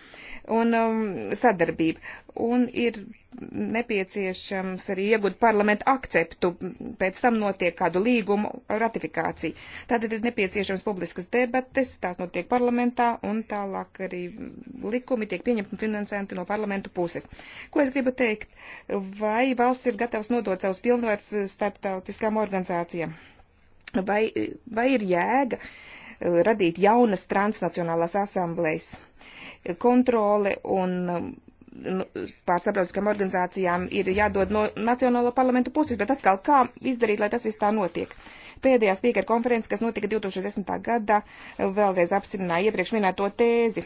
un um, sadarbība. Un ir nepieciešams arī iegūt parlamentu akceptu, pēc tam notiek kādu līgumu ratifikācija. Tātad ir nepieciešams publiskas debates, tās notiek parlamentā un tālāk arī likumi tiek pieņemti un finansēti no parlamentu puses. Ko es gribu teikt? Vai valsts ir gatavs nodot savus pilnvars starptautiskām organizācijām? Vai, vai ir jēga uh, radīt jaunas transnacionālās asamblejas? Kontrole un um, Nu, pārsaprauskam organizācijām ir jādod no Nacionālo parlamentu puses, bet atkal kā izdarīt, lai tas viss tā notiek. Pēdējā spīkera konferences, kas notika 2010. gadā, vēlreiz apstiprināja iepriekš minēto tēzi.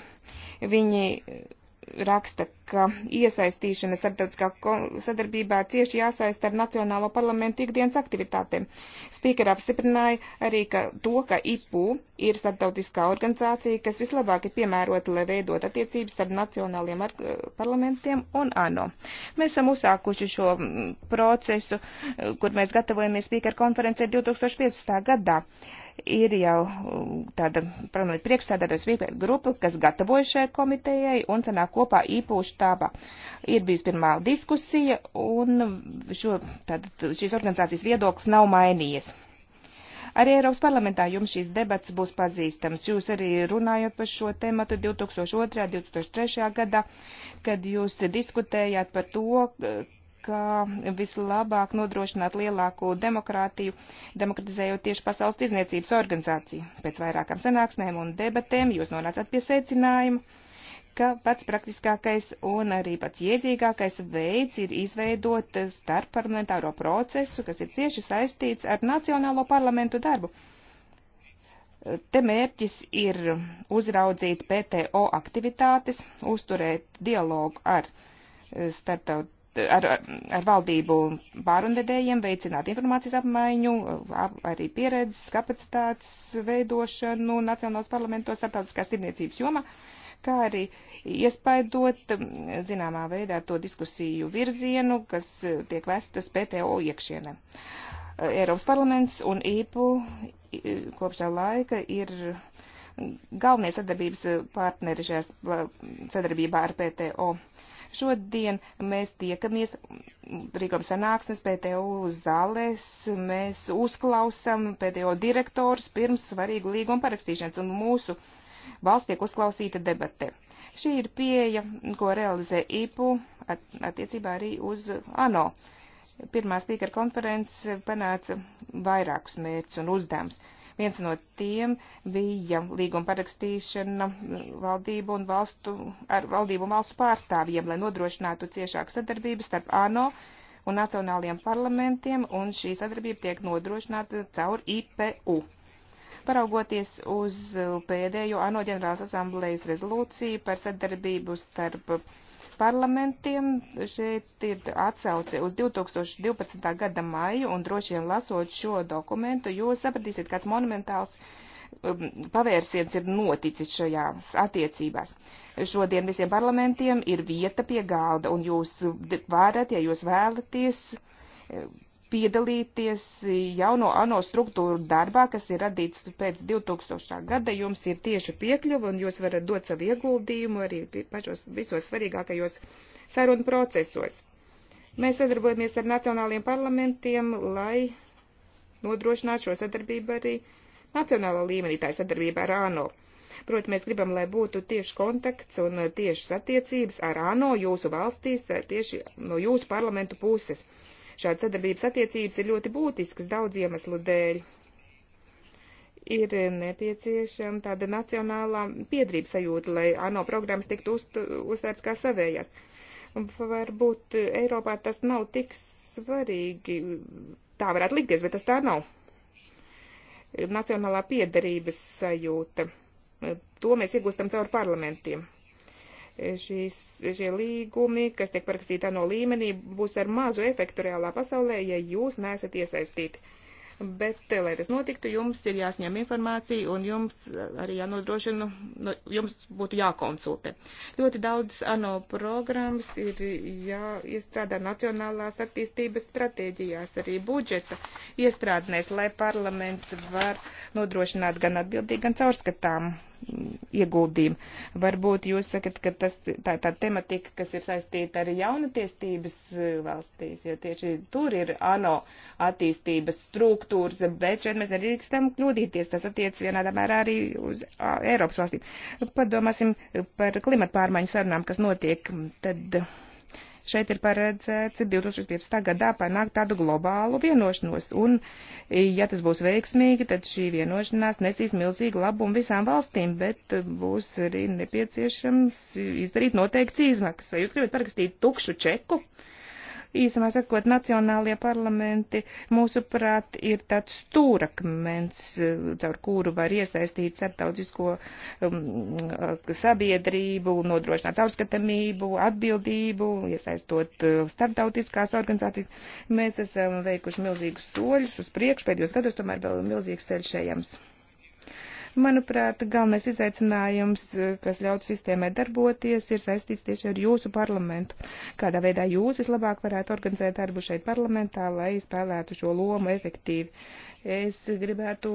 Viņi raksta, ka iesaistīšana starptautiskā sadarbībā cieši jāsaista ar Nacionālo parlamentu ikdienas aktivitātēm. Spīkera apstiprināja arī ka to, ka IPU ir starptautiskā organizācija, kas vislabāk ir piemērota, lai veidot attiecības starp nacionāliem parlamentiem un ANO. Mēs esam uzsākuši šo procesu, kur mēs gatavojamies spīkera konferencē 2015. gadā ir jau um, tāda, protams, priekšsēdētājs grupa, kas gatavoja šai komitejai un sanāk kopā īpūšu štābā. Ir bijusi pirmā diskusija un šo, tātad, šīs organizācijas viedoklis nav mainījies. Arī Eiropas parlamentā jums šīs debats būs pazīstams. Jūs arī runājat par šo tematu 2002. un 2003. gadā, kad jūs diskutējāt par to, kā vislabāk nodrošināt lielāko demokrātiju, demokratizējot tieši Pasaules tirzniecības organizāciju. Pēc vairākām sanāksmēm un debatēm jūs nonācat pie secinājuma, ka pats praktiskākais un arī pats iedzīgākais veids ir izveidot starpparlamentāro procesu, kas ir cieši saistīts ar Nacionālo parlamentu darbu. Te mērķis ir uzraudzīt PTO aktivitātes, uzturēt dialogu ar starptaut ar, ar valdību pārunvedējiem veicināt informācijas apmaiņu, ap, arī pieredzes, kapacitātes veidošanu nacionālos parlamentos, starptautiskās tirniecības jomā, kā arī iespaidot zināmā veidā to diskusiju virzienu, kas tiek vestas PTO iekšienē. Eiropas parlaments un IPU kopš tā laika ir galvenie sadarbības partneri šajā sadarbībā ar PTO. Uh, Šodien mēs tiekamies, rīkam sanāksmes PTU zālēs, mēs uzklausam PTO direktors pirms svarīgu līgumu parakstīšanas un mūsu valsts tiek uzklausīta debate. Šī ir pieeja, ko realizē IPU attiecībā arī uz ANO. Pirmā spīkara konferences panāca vairākus mērķus un uzdevums. Viens no tiem bija līguma parakstīšana valdību un valstu, ar valdību un valstu pārstāvjiem, lai nodrošinātu ciešāku sadarbību starp ANO un nacionāliem parlamentiem, un šī sadarbība tiek nodrošināta caur IPU. Paraugoties uz pēdējo ANO ģenerālas asamblejas rezolūciju par sadarbību starp uh, parlamentiem. Šeit ir atsauce uz 2012. gada maiju, un droši vien lasot šo dokumentu, jūs sapratīsiet, kāds monumentāls um, pavērsiens ir noticis šajās attiecībās. Šodien visiem parlamentiem ir vieta pie galda, un jūs varat, ja jūs vēlaties, piedalīties jauno ANO struktūru darbā, kas ir radīts pēc 2000. gada. Jums ir tieši piekļuva un jūs varat dot savu ieguldījumu arī pašos visos svarīgākajos sarunu procesos. Mēs sadarbojamies ar nacionāliem parlamentiem, lai nodrošinātu šo sadarbību arī nacionālā līmenī, tā ir sadarbība ar ANO. Protams, mēs gribam, lai būtu tieši kontakts un tieši satiecības ar ANO jūsu valstīs, tieši no jūsu parlamentu puses. Šāda sadarbības attiecības ir ļoti būtiskas daudz iemeslu dēļ. Ir nepieciešama tāda nacionālā piedrības sajūta, lai ANO programmas tiktu uzsvērts kā savējās. Varbūt Eiropā tas nav tik svarīgi. Tā varētu likties, bet tas tā nav. Nacionālā piederības sajūta. To mēs iegūstam caur parlamentiem šīs, šie līgumi, kas tiek parakstīti no līmenī, būs ar mazu efektu reālā pasaulē, ja jūs neesat iesaistīti. Bet, eh, lai tas notiktu, jums ir jāsņem informācija un jums eh, arī jānodrošina, nu, jums būtu jākonsultē. Ļoti daudz ANO programmas ir jāiestrādā nacionālās attīstības stratēģijās, arī budžeta iestrādnēs, lai parlaments var nodrošināt gan atbildīgi, gan caurskatām ieguldījumu. Varbūt jūs sakat, ka tas, tā, tā tematika, kas ir saistīta ar jaunatiestības eh, valstīs, jo tieši tur ir ANO attīstības struktūras, bet šeit mēs arī rikstam kļūdīties. Tas attiec vienādā mērā arī uz Eiropas valstīm. Padomāsim par klimatu pārmaiņu sarunām, kas notiek. Tad, Šeit ir paredzēts 2015. gadā panākt tādu globālu vienošanos, un, ja tas būs veiksmīgi, tad šī vienošanās nesīs milzīgu labumu visām valstīm, bet būs arī nepieciešams izdarīt noteikts izmaksas. Vai jūs gribat parakstīt tukšu čeku? Uh, īsumā sakot, nacionālie parlamenti, mūsuprāt, ir tāds stūrakmens, caur kuru var iesaistīt starptautisko um, sabiedrību, nodrošināt caurskatamību, atbildību, iesaistot uh, starptautiskās organizācijas. Mēs esam veikuši milzīgus soļus uz priekšu, pēdējos gados tomēr vēl milzīgs ceļš ejams. Manuprāt, galvenais izaicinājums, eh, kas ļautu sistēmai darboties, ir saistīts tieši ar jūsu parlamentu. Kādā veidā jūs vislabāk varētu organizēt darbu šeit parlamentā, lai spēlētu šo lomu efektīvi. Es gribētu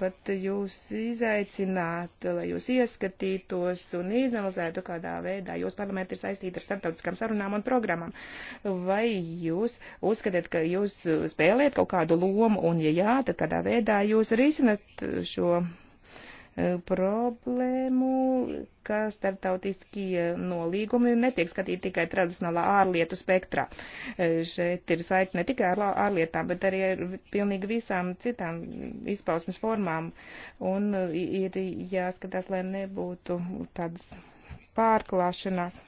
pat jūs izaicināt, lai jūs ieskatītos un izanalizētu, kādā veidā jūs parlamenti ir saistīti ar starptautiskām sarunām un programmām. Vai jūs uzskatāt, ka jūs spēlējat kaut kādu lomu, un ja jā, tad kādā veidā jūs risinat šo E, problēmu, ka starptautiskie nolīgumi netiek skatīti tikai tradicionālā ārlietu spektrā. E, šeit ir saikne ne tikai ar ārlietām, bet arī ar pilnīgi visām citām izpausmes formām. Un ir jāskatās, lai nebūtu tādas pārklāšanās.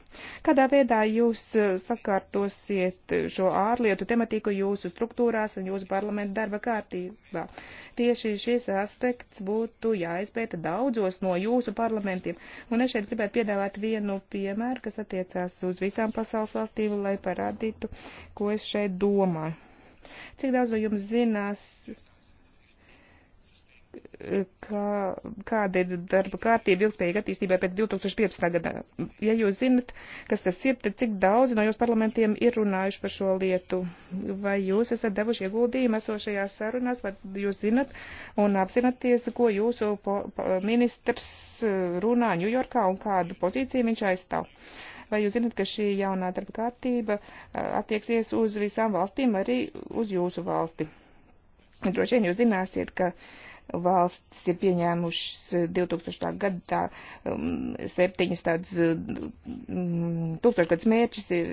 Kādā veidā jūs eh, sakārtosiet šo ārlietu tematiku jūsu struktūrās un jūsu parlamenta darba kārtībā? Tieši šis aspekts būtu jāizpēta daudzos no jūsu parlamentiem. Un es šeit gribētu piedāvāt vienu piemēru, kas attiecās uz visām pasaules valstīm, lai parādītu, ko es šeit domāju. Cik daudz no jums zinās? kā, kāda ir darba kārtība ilgspējīga attīstībai pēc 2015. gadā. Ja jūs zinat, kas tas ir, tad cik daudz no jūs parlamentiem ir runājuši par šo lietu? Vai jūs esat devuši ieguldījumu esošajās sarunās, vai jūs zinat un apzināties, ko jūsu ministrs e, runā Ņujorkā un kādu pozīciju viņš aizstāv? Vai jūs zinat, ka šī jaunā darba kārtība e, attieksies uz visām valstīm, arī uz jūsu valsti? Droši vien jūs zināsiet, ka uh, valsts ir pieņēmušas 2000. Eh, gadā tā, um, septiņus tādus eh, mm, tūkstošgadus mērķus, ir,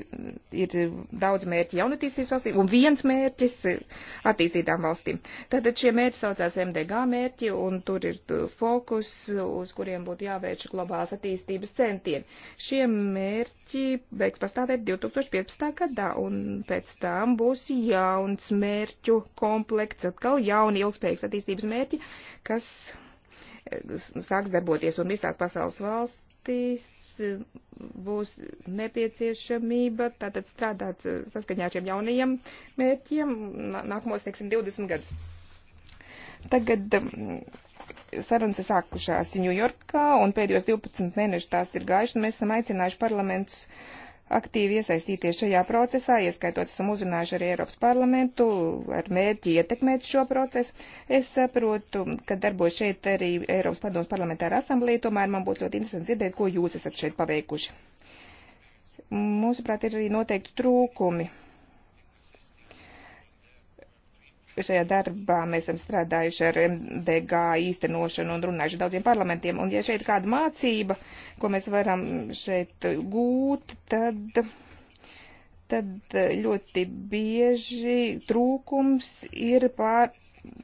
ir daudz mērķi jaunatīstības valstīm un viens mērķis eh, attīstītām valstīm. Tātad šie mērķi saucās MDG mērķi un tur ir fokus, uz kuriem būtu jāvērš globālās attīstības centieni. Šie mērķi beigs pastāvēt 2015. gadā un pēc tam būs jauns mērķu komplekts, atkal jauni ilgspējīgas attīstības mērķi kas eh, sāks darboties un visās pasaules valstīs eh, būs nepieciešamība tātad strādāt eh, saskaņā ar šiem jaunajiem mērķiem nākamos, teiksim, 20 gadus. Tagad sarunas ir sākušās Ņujorkā, un pēdējos 12 mēnešus tās ir gājušas, un mēs esam aicinājuši parlamentus uh, aktīvi iesaistīties šajā procesā, ieskaitot esam uzrunājuši arī Eiropas parlamentu ar mērķi ietekmēt šo procesu. Es saprotu, ka darbos šeit arī Eiropas padomus parlamentāra asamblēja, tomēr man būtu ļoti interesanti dzirdēt, ko jūs esat šeit paveikuši. Mūsuprāt, ir arī noteikti trūkumi šajā darbā mēs esam strādājuši ar MDG īstenošanu un runājuši daudziem parlamentiem. Un ja šeit kāda mācība, ko mēs varam šeit gūt, tad, tad ļoti bieži trūkums ir pār,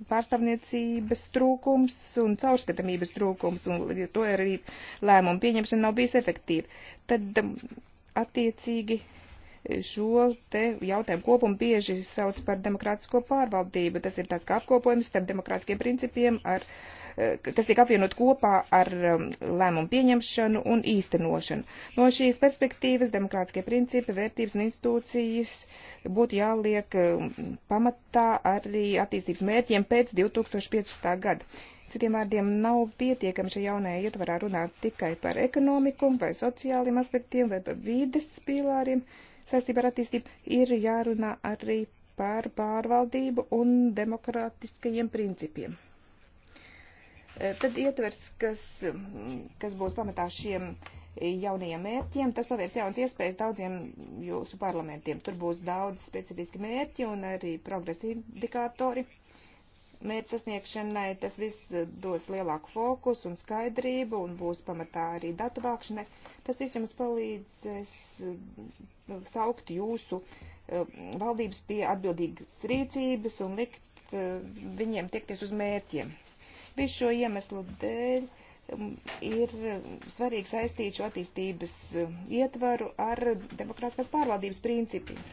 pārstāvniecības trūkums un caurskatamības trūkums, un līdz ar to arī lēmumu pieņemšana nav bijis efektīva. Tad attiecīgi šo te jautājumu kopumu bieži sauc par demokrātisko pārvaldību. Tas ir tāds kā apkopojums starp demokrātiskiem principiem, ar, eh, tas tiek apvienot kopā ar um, lēmumu pieņemšanu un īstenošanu. No šīs perspektīvas demokrātiskie principi, vērtības un institūcijas būtu jāliek um, pamatā arī attīstības mērķiem pēc 2015. gada. Citiem vārdiem, nav pietiekami šajā jaunajā ietvarā runāt tikai par ekonomiku vai sociāliem aspektiem vai par vīdes pīlāriem. Uh, saistībā ar attīstību ir jārunā arī par pārvaldību un demokrātiskajiem principiem. E, tad ietvers, kas, kas būs pamatā šiem jaunajiem mērķiem, tas pavērs jaunas iespējas daudziem jūsu parlamentiem. Tur būs daudz specifiski mērķi un arī progresa indikātori mērķa sasniegšanai. Tas viss dos lielāku fokusu un skaidrību un būs pamatā arī datu vākšanai Tas viss jums palīdzēs eh, saukt jūsu eh, valdības pie atbildīgas rīcības un likt eh, viņiem tiekties uz mērķiem. Visu šo iemeslu dēļ mm, ir svarīgi saistīt šo attīstības ietvaru ar demokrātiskās pārvaldības principiem.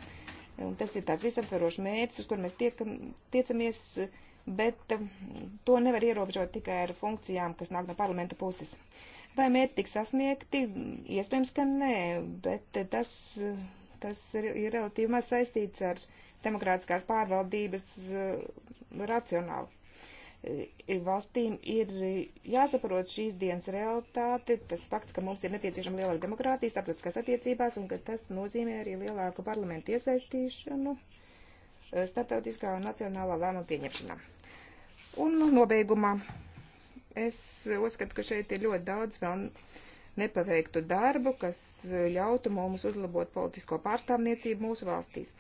Un tas ir tāds visaptverošs mērķis, uz kur mēs tiekam, tiecamies, bet to nevar ierobežot tikai ar funkcijām, kas nāk no parlamenta puses. Uh, Vai mērķi tiks sasniegti? Iespējams, ka nē, bet tas, tas ir, ir relatīvi maz saistīts ar demokrātiskās pārvaldības eh, racionālu. Eh, valstīm ir jāsaprot šīs dienas realitāte, tas fakts, ka mums ir nepieciešama lielāka demokrātija starptautiskās attiecībās un ka tas nozīmē arī lielāku parlamentu iesaistīšanu eh, starptautiskā un nacionālā lēmuma pieņemšanā. Un nobeigumā Es uzskatu, ka šeit ir ļoti daudz vēl nepaveiktu darbu, kas ļautu mums uzlabot politisko pārstāvniecību mūsu valstīs.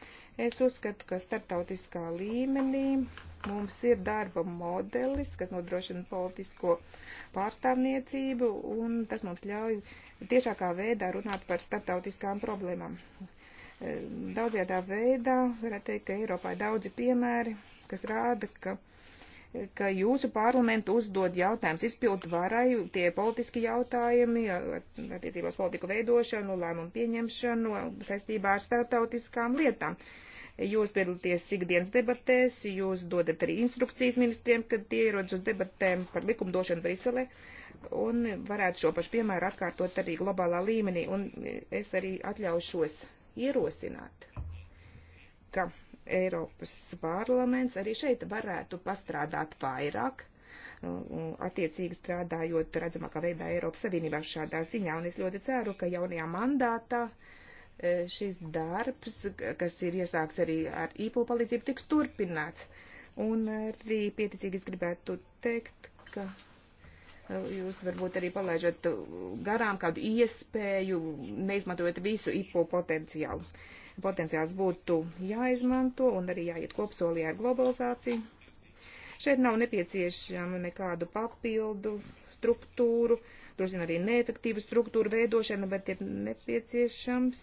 Es uzskatu, ka starptautiskā līmenī mums ir darba modelis, kas nodrošina politisko pārstāvniecību, un tas mums ļauj tiešākā veidā runāt par starptautiskām problēmām. Daudzajā veidā varētu teikt, ka Eiropā ir daudzi piemēri, kas rāda, ka ka jūsu parlamentu uzdod jautājums izpildu varai, tie politiski jautājumi, attiecībās politiku veidošanu, lēmumu pieņemšanu saistībā ar starptautiskām lietām. Jūs piedalāties ikdienas debatēs, jūs dodat arī instrukcijas ministriem, kad tie ierodas uz debatēm par likumdošanu Briselē, un varētu šo pašu piemēru atkārtot arī globālā līmenī, un es arī atļaušos ierosināt, ka Eiropas parlaments arī šeit varētu pastrādāt vairāk, attiecīgi strādājot redzamākā veidā Eiropas Savienībā šādā ziņā. Un es ļoti ceru, ka jaunajā mandātā e, šis darbs, kas ir iesākts arī ar īpo palīdzību, tiks turpināts. Un arī pieticīgi es gribētu teikt, ka e, jūs varbūt arī palaižat garām kādu iespēju, neizmantojot visu īpo potenciālu. Uh, potenciāls būtu jāizmanto un arī jāiet kopsolī ar globalizāciju. Šeit nav nepieciešama nekādu papildu struktūru, droši vien arī neefektīvu struktūru veidošana, bet ir nepieciešams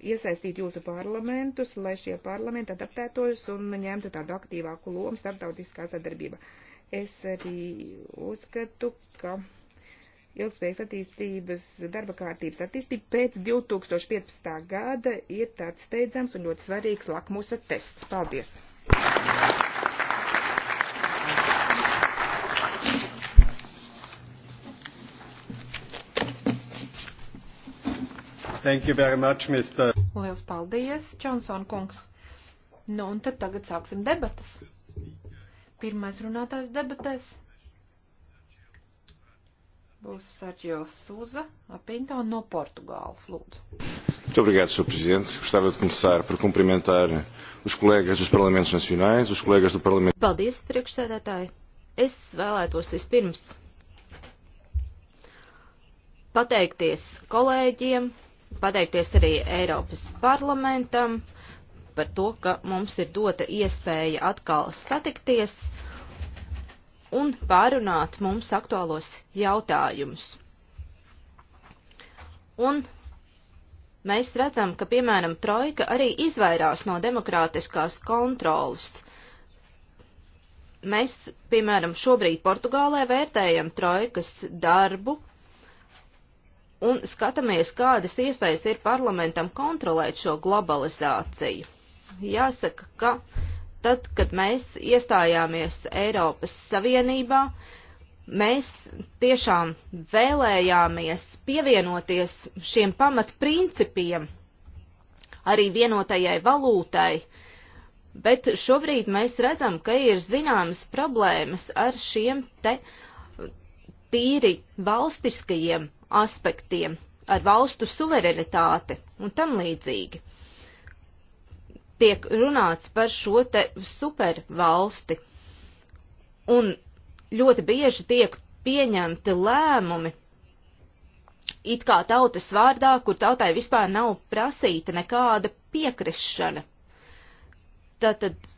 iesaistīt jūsu parlamentus, lai šie parlamenti adaptētos un ņemtu tādu aktīvāku lomu starptautiskā sadarbība. Es arī uzskatu, ka ilgspējas attīstības darba kārtības attīstība pēc 2015. gada ir tāds steidzams un ļoti svarīgs lakmusa tests. Paldies! Thank you very much, Mr. Liels paldies, Johnson kungs. Nu, un tad tagad sāksim debatas. Pirmais runātājs debatēs būs Sergio Souza, apinta un no Portugāles, lūdzu. Muito obrigado, Sr. Presidente. Gostava de começar por cumprimentar os colegas dos Parlamentos Nacionais, os colegas do Parlamento. Paldies, priekšsēdētāji. Es vēlētos vispirms pateikties kolēģiem, pateikties arī Eiropas parlamentam par to, ka mums ir dota iespēja atkal satikties un pārunāt mums aktuālos jautājumus. Un mēs redzam, ka, piemēram, Trojka arī izvairās no demokrātiskās kontrolas. Mēs, piemēram, šobrīd Portugālē vērtējam Trojkas darbu un skatāmies, kādas iespējas ir parlamentam kontrolēt šo globalizāciju. Jāsaka, ka tad, kad mēs iestājāmies Eiropas Savienībā, mēs tiešām vēlējāmies pievienoties šiem pamatprincipiem, arī vienotajai valūtai, bet šobrīd mēs redzam, ka ir zināmas problēmas ar šiem te tīri valstiskajiem aspektiem, ar valstu suverenitāti un tam līdzīgi tiek runāts par šo te supervalsti. Un ļoti bieži tiek pieņemti lēmumi, it kā tautas vārdā, kur tautai vispār nav prasīta nekāda piekrišana. Tātad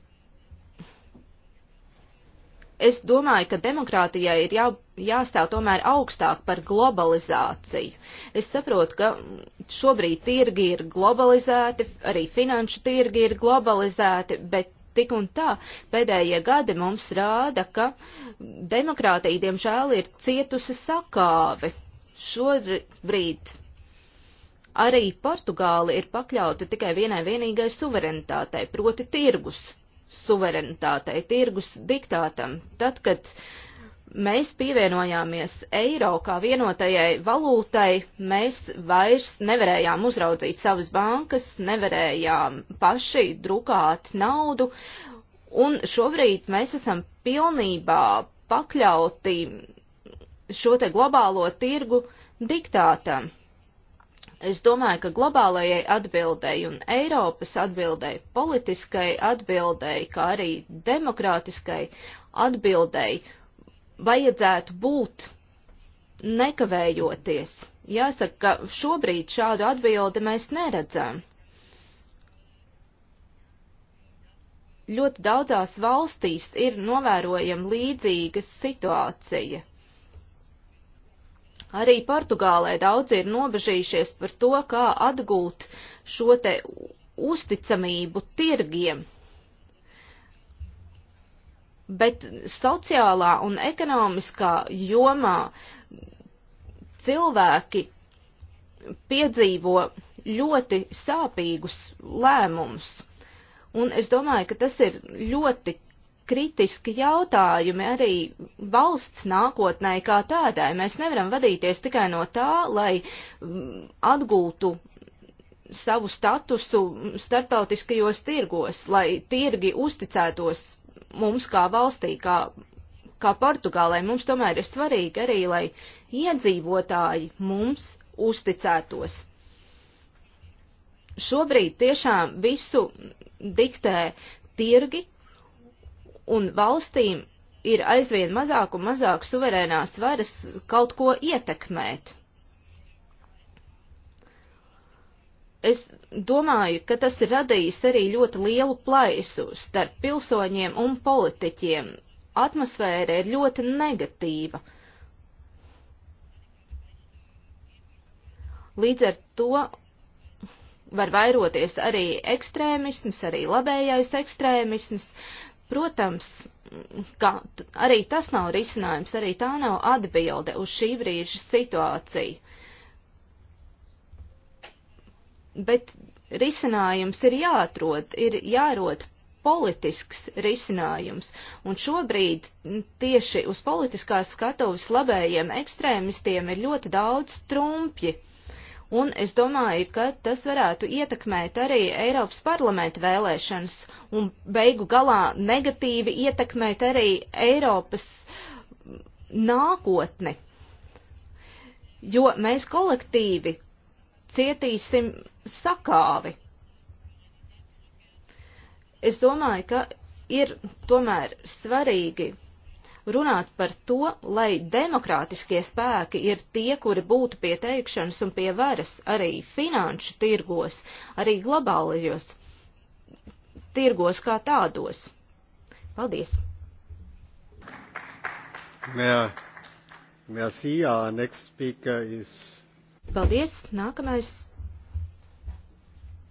Es domāju, ka demokrātijai ir jā, jāstāv tomēr augstāk par globalizāciju. Es saprotu, ka šobrīd tirgi ir globalizēti, arī finanšu tirgi ir globalizēti, bet tik un tā pēdējie gadi mums rāda, ka demokrātija, diemžēl, ir cietusi sakāvi. Šobrīd arī Portugāli ir pakļauti tikai vienai vienīgai suverenitātei, proti tirgus suverenitātei, tirgus diktātam. Tad, kad mēs pievienojāmies eiro kā vienotajai valūtai, mēs vairs nevarējām uzraudzīt savas bankas, nevarējām paši drukāt naudu, un šobrīd mēs esam pilnībā pakļauti šo te globālo tirgu diktātam. Es domāju, ka globālajai atbildēji un Eiropas atbildēji, politiskai atbildēji, kā arī demokrātiskai atbildēji vajadzētu būt nekavējoties. Jāsaka, ka šobrīd šādu atbildi mēs neredzam. Ļoti daudzās valstīs ir novērojama līdzīga situācija. Arī Portugālē daudzi ir nobežījušies par to, kā atgūt šo te uzticamību tirgiem. Bet sociālā un ekonomiskā jomā cilvēki piedzīvo ļoti sāpīgus lēmumus. Un es domāju, ka tas ir ļoti kritiski jautājumi arī valsts nākotnē kā tādai. Mēs nevaram vadīties tikai no tā, lai mm, atgūtu savu statusu startautiskajos tirgos, lai tirgi uzticētos mums kā valstī, kā, kā Portugālē. Mums tomēr ir svarīgi arī, lai iedzīvotāji mums uzticētos. Šobrīd tiešām visu diktē tirgi, un valstīm ir aizvien mazāk un mazāk suverēnās varas kaut ko ietekmēt. Es domāju, ka tas ir radījis arī ļoti lielu plaisu starp pilsoņiem un politiķiem. Atmosfēra ir ļoti negatīva. Līdz ar to var vairoties arī ekstrēmisms, arī labējais ekstrēmisms, Protams, ka arī tas nav risinājums, arī tā nav atbilde uz šī brīža situāciju. Bet risinājums ir jāatrod, ir jārod politisks risinājums, un šobrīd tieši uz politiskās skatuves labējiem ekstrēmistiem ir ļoti daudz trumpļi un es domāju, ka tas varētu ietekmēt arī Eiropas parlamenta vēlēšanas un beigu galā negatīvi ietekmēt arī Eiropas nākotni, jo mēs kolektīvi cietīsim sakāvi. Es domāju, ka ir tomēr svarīgi runāt par to, lai demokrātiskie spēki ir tie, kuri būtu pie teikšanas un pie varas arī finanšu tirgos, arī globālajos tirgos kā tādos. Paldies! Merci, our next speaker is... Paldies! Nākamais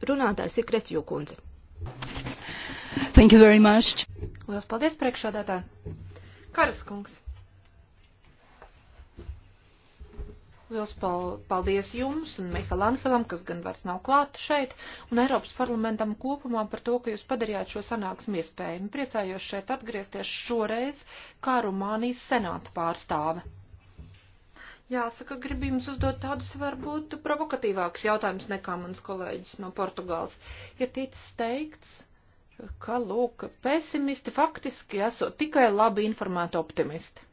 runātājs ir Kretjūkundze. Thank you very much. Lielas paldies priekšādātāji! Karaskungs. Liels paldies jums un Mihal Anhelam, kas gan vairs nav klāt šeit, un Eiropas parlamentam kopumā par to, ka jūs padarījāt šo sanāksmu iespējumu. Priecājos šeit atgriezties šoreiz kā Rumānijas senāta pārstāve. Jāsaka, gribu jums uzdot tādus varbūt provokatīvākus jautājumus nekā mans kolēģis no Portugāles. Ir ticis teikts, ka, lūk, pesimisti faktiski esot tikai labi informēti optimisti.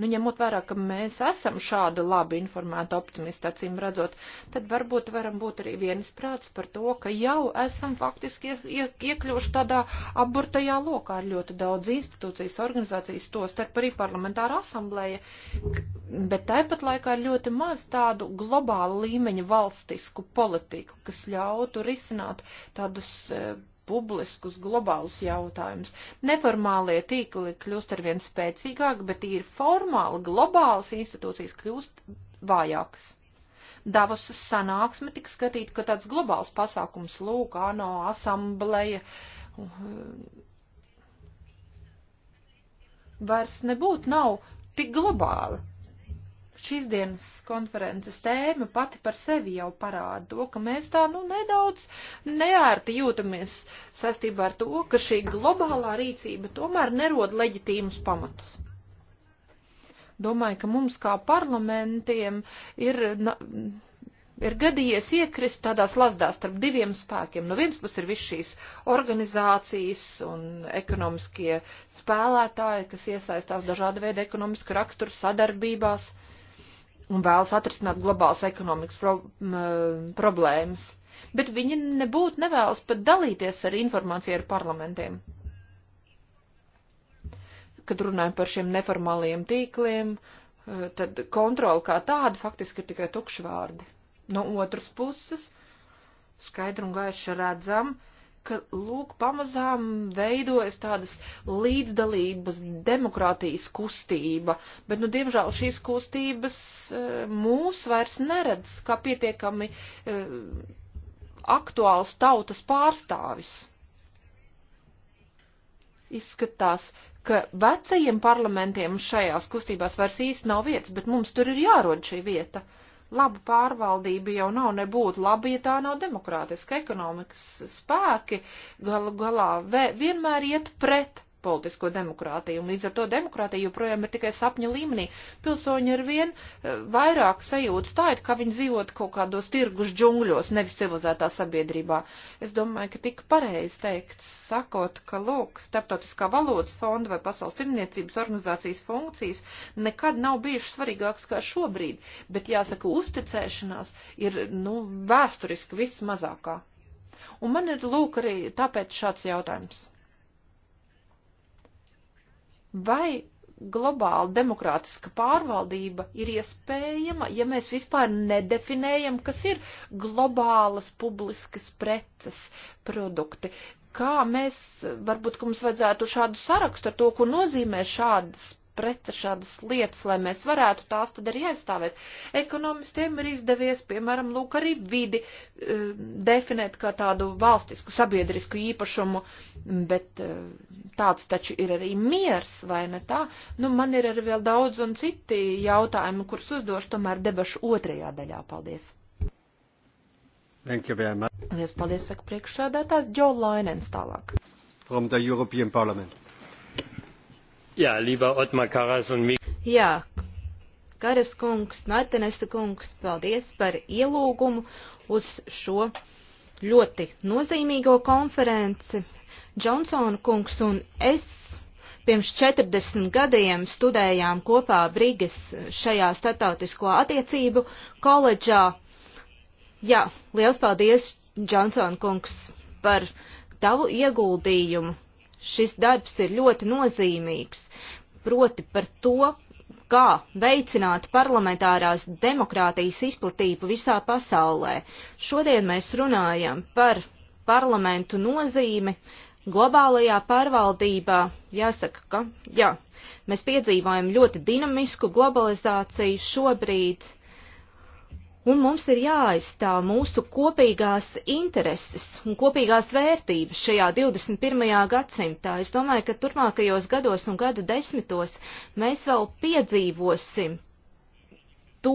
Nu, ņemot vērā, ka mēs esam šādi labi informēti optimisti, acīm redzot, tad varbūt varam būt arī vienas prāts par to, ka jau esam faktiski iekļuvuši tādā aburtajā lokā ar ļoti daudz institūcijas, organizācijas, to starp arī parlamentāra asamblēja, bet tāpat laikā ir ļoti maz tādu globālu līmeņu valstisku politiku, kas ļautu risināt tādus e, publiskus, globālus jautājumus. Neformālie tīkli kļūst arvien spēcīgāk, bet ir formāli globālas institūcijas kļūst vājākas. Davosas sanāksme tika skatīta, ka tāds globāls pasākums lūk, ANO asambleja uh, vairs nebūtu nav tik globāla šīs dienas konferences tēma pati par sevi jau parāda to, ka mēs tā nu nedaudz neērti jūtamies saistībā ar to, ka šī globālā rīcība tomēr nerod leģitīmus pamatus. Domāju, ka mums kā parlamentiem ir, na, ir gadījies iekrist tādās lazdās starp diviem spēkiem. No viens puses ir viss šīs organizācijas un ekonomiskie spēlētāji, kas iesaistās dažāda veida ekonomiska rakstura sadarbībās. Uh, un vēlas atrisināt globālas ekonomikas pro, m, problēmas, bet viņi nebūtu nevēlas pat dalīties ar informāciju ar parlamentiem. Kad runājam par šiem neformāliem tīkliem, e, tad kontrola kā tāda faktiski ir tikai tukšvārdi. No otras puses, skaidru un gaišu redzam, uh, ka, lūk, pamazām veidojas tādas līdzdalības demokrātijas kustība, bet, nu, diemžēl šīs kustības e, mūs vairs neredz kā pietiekami e, aktuāls tautas pārstāvis. Izskatās, ka vecajiem parlamentiem šajās kustībās vairs īsti nav vietas, bet mums tur ir jārod šī vieta. Uh, Laba pārvaldība jau nav nebūtu laba, ja tā nav demokrātiska. Ekonomikas spēki galu galā vē, vienmēr iet pret politisko demokrātiju. Un līdz ar to demokrātija joprojām ir tikai sapņu līmenī. Pilsoņi ir vien eh, vairāk sajūtas tā, it kā viņi dzīvot kaut kādos tirgus džungļos, nevis civilizētā sabiedrībā. Es domāju, ka tika pareizi teikt, sakot, ka, lūk, starptautiskā valodas fonda vai pasaules tirniecības organizācijas funkcijas nekad nav bijušas svarīgākas kā šobrīd, bet jāsaka, uzticēšanās ir, nu, vēsturiski vismazākā. Un man ir lūk arī tāpēc šāds jautājums. Vai globāla demokrātiska pārvaldība ir iespējama, ja mēs vispār nedefinējam, kas ir globālas publiskas preces produkti? Kā mēs, varbūt, ka mums vajadzētu šādu sarakstu ar to, ko nozīmē šādas pret šādas lietas, lai mēs varētu tās tad arī aizstāvēt. Ekonomistiem ir izdevies, piemēram, lūk, arī vidi uh, definēt kā tādu valstisku sabiedrisku īpašumu, bet uh, tāds taču ir arī miers, vai ne tā? Nu, man ir arī vēl daudz un citi jautājumi, kurus uzdošu tomēr debašu otrajā daļā. Paldies! Thank you very much. Liels paldies, saka priekšsādātājs Džo Lainens tālāk. From the European Parliament. Jā, Līva Otmar Karas un Mik. Jā, Karas kungs, Martinesta kungs, paldies par ielūgumu uz šo ļoti nozīmīgo konferenci. Džonsona kungs un es pirms 40 gadiem studējām kopā Brīgas šajā startautisko attiecību koledžā. Jā, liels paldies, Džonsona kungs, par tavu ieguldījumu šis darbs ir ļoti nozīmīgs, proti par to, kā veicināt parlamentārās demokrātijas izplatību visā pasaulē. Šodien mēs runājam par parlamentu nozīmi globālajā pārvaldībā. Jāsaka, ka jā, mēs piedzīvojam ļoti dinamisku globalizāciju šobrīd. Uh, un mums ir jāaizstāv mūsu kopīgās intereses un kopīgās vērtības šajā 21. gadsimtā. Es domāju, ka turpmākajos gados un gadu desmitos mēs vēl piedzīvosim to,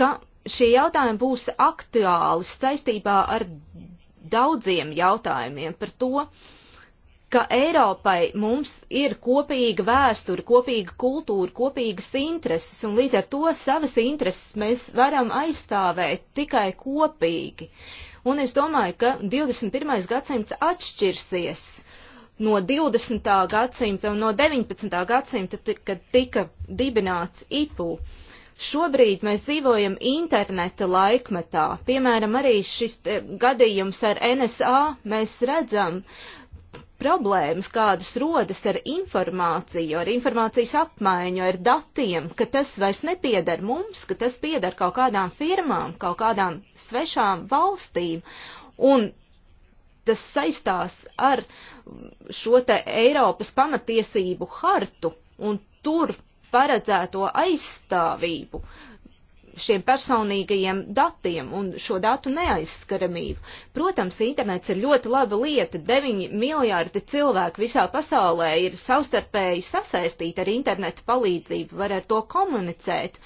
ka šie jautājumi būs aktuāli saistībā ar daudziem jautājumiem par to, uh, ka Eiropai mums ir kopīga vēsture, kopīga kultūra, kopīgas intereses, un līdz ar to savas intereses mēs varam aizstāvēt tikai kopīgi. Un es domāju, ka 21. gadsimts atšķirsies no 20. gadsimta un no 19. gadsimta, kad tika dibināts IPU. Šobrīd mēs dzīvojam interneta laikmetā. Piemēram, arī šis gadījums ar NSA mēs redzam, uh, problēmas, kādas rodas ar informāciju, ar informācijas apmaiņu, ar datiem, ka tas vairs nepiedar mums, ka tas piedar kaut kādām firmām, kaut kādām svešām valstīm. Un tas saistās ar šo te Eiropas pamatiesību hartu un tur paredzēto aizstāvību. Uh, šiem personīgajiem datiem un šo datu neaizskaramību. Protams, internets ir ļoti laba lieta. 9 miljārdi cilvēku visā pasaulē ir savstarpēji sasaistīti ar internetu palīdzību, var ar to komunicēt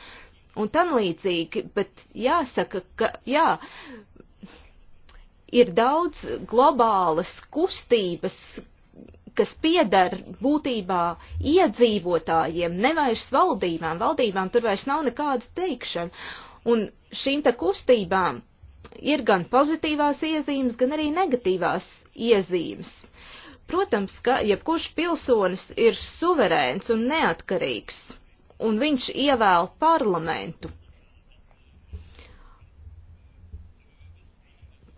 un tam līdzīgi, bet jāsaka, ka jā, ir daudz globālas kustības, kas piedar būtībā iedzīvotājiem, nevairs valdībām. Valdībām tur vairs nav nekāda teikšana. Un šīm te kustībām ir gan pozitīvās iezīmes, gan arī negatīvās iezīmes. Protams, ka jebkurš pilsonis ir suverēns un neatkarīgs, un viņš ievēl parlamentu.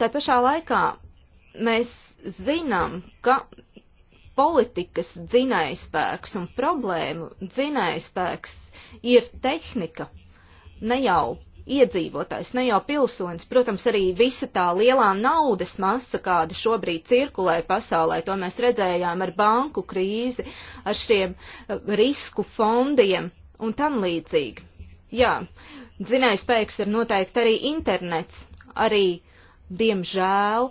Tā pašā laikā mēs zinām, ka politikas dzinējspēks un problēmu dzinējspēks ir tehnika, ne jau iedzīvotājs, ne jau pilsonis. Protams, arī visa tā lielā naudas masa, kāda šobrīd cirkulē pasaulē, to mēs redzējām ar banku krīzi, ar šiem eh, risku fondiem un tam līdzīgi. Jā, dzinējspēks ir noteikti arī internets, arī, diemžēl,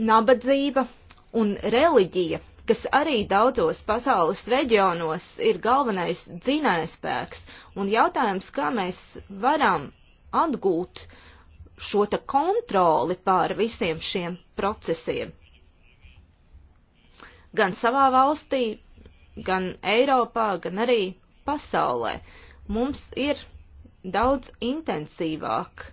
nabadzība un reliģija, kas arī daudzos pasaules reģionos ir galvenais dzinējspēks, un jautājums, kā mēs varam atgūt šo te kontroli pār visiem šiem procesiem. Gan savā valstī, gan Eiropā, gan arī pasaulē. Mums ir daudz intensīvāk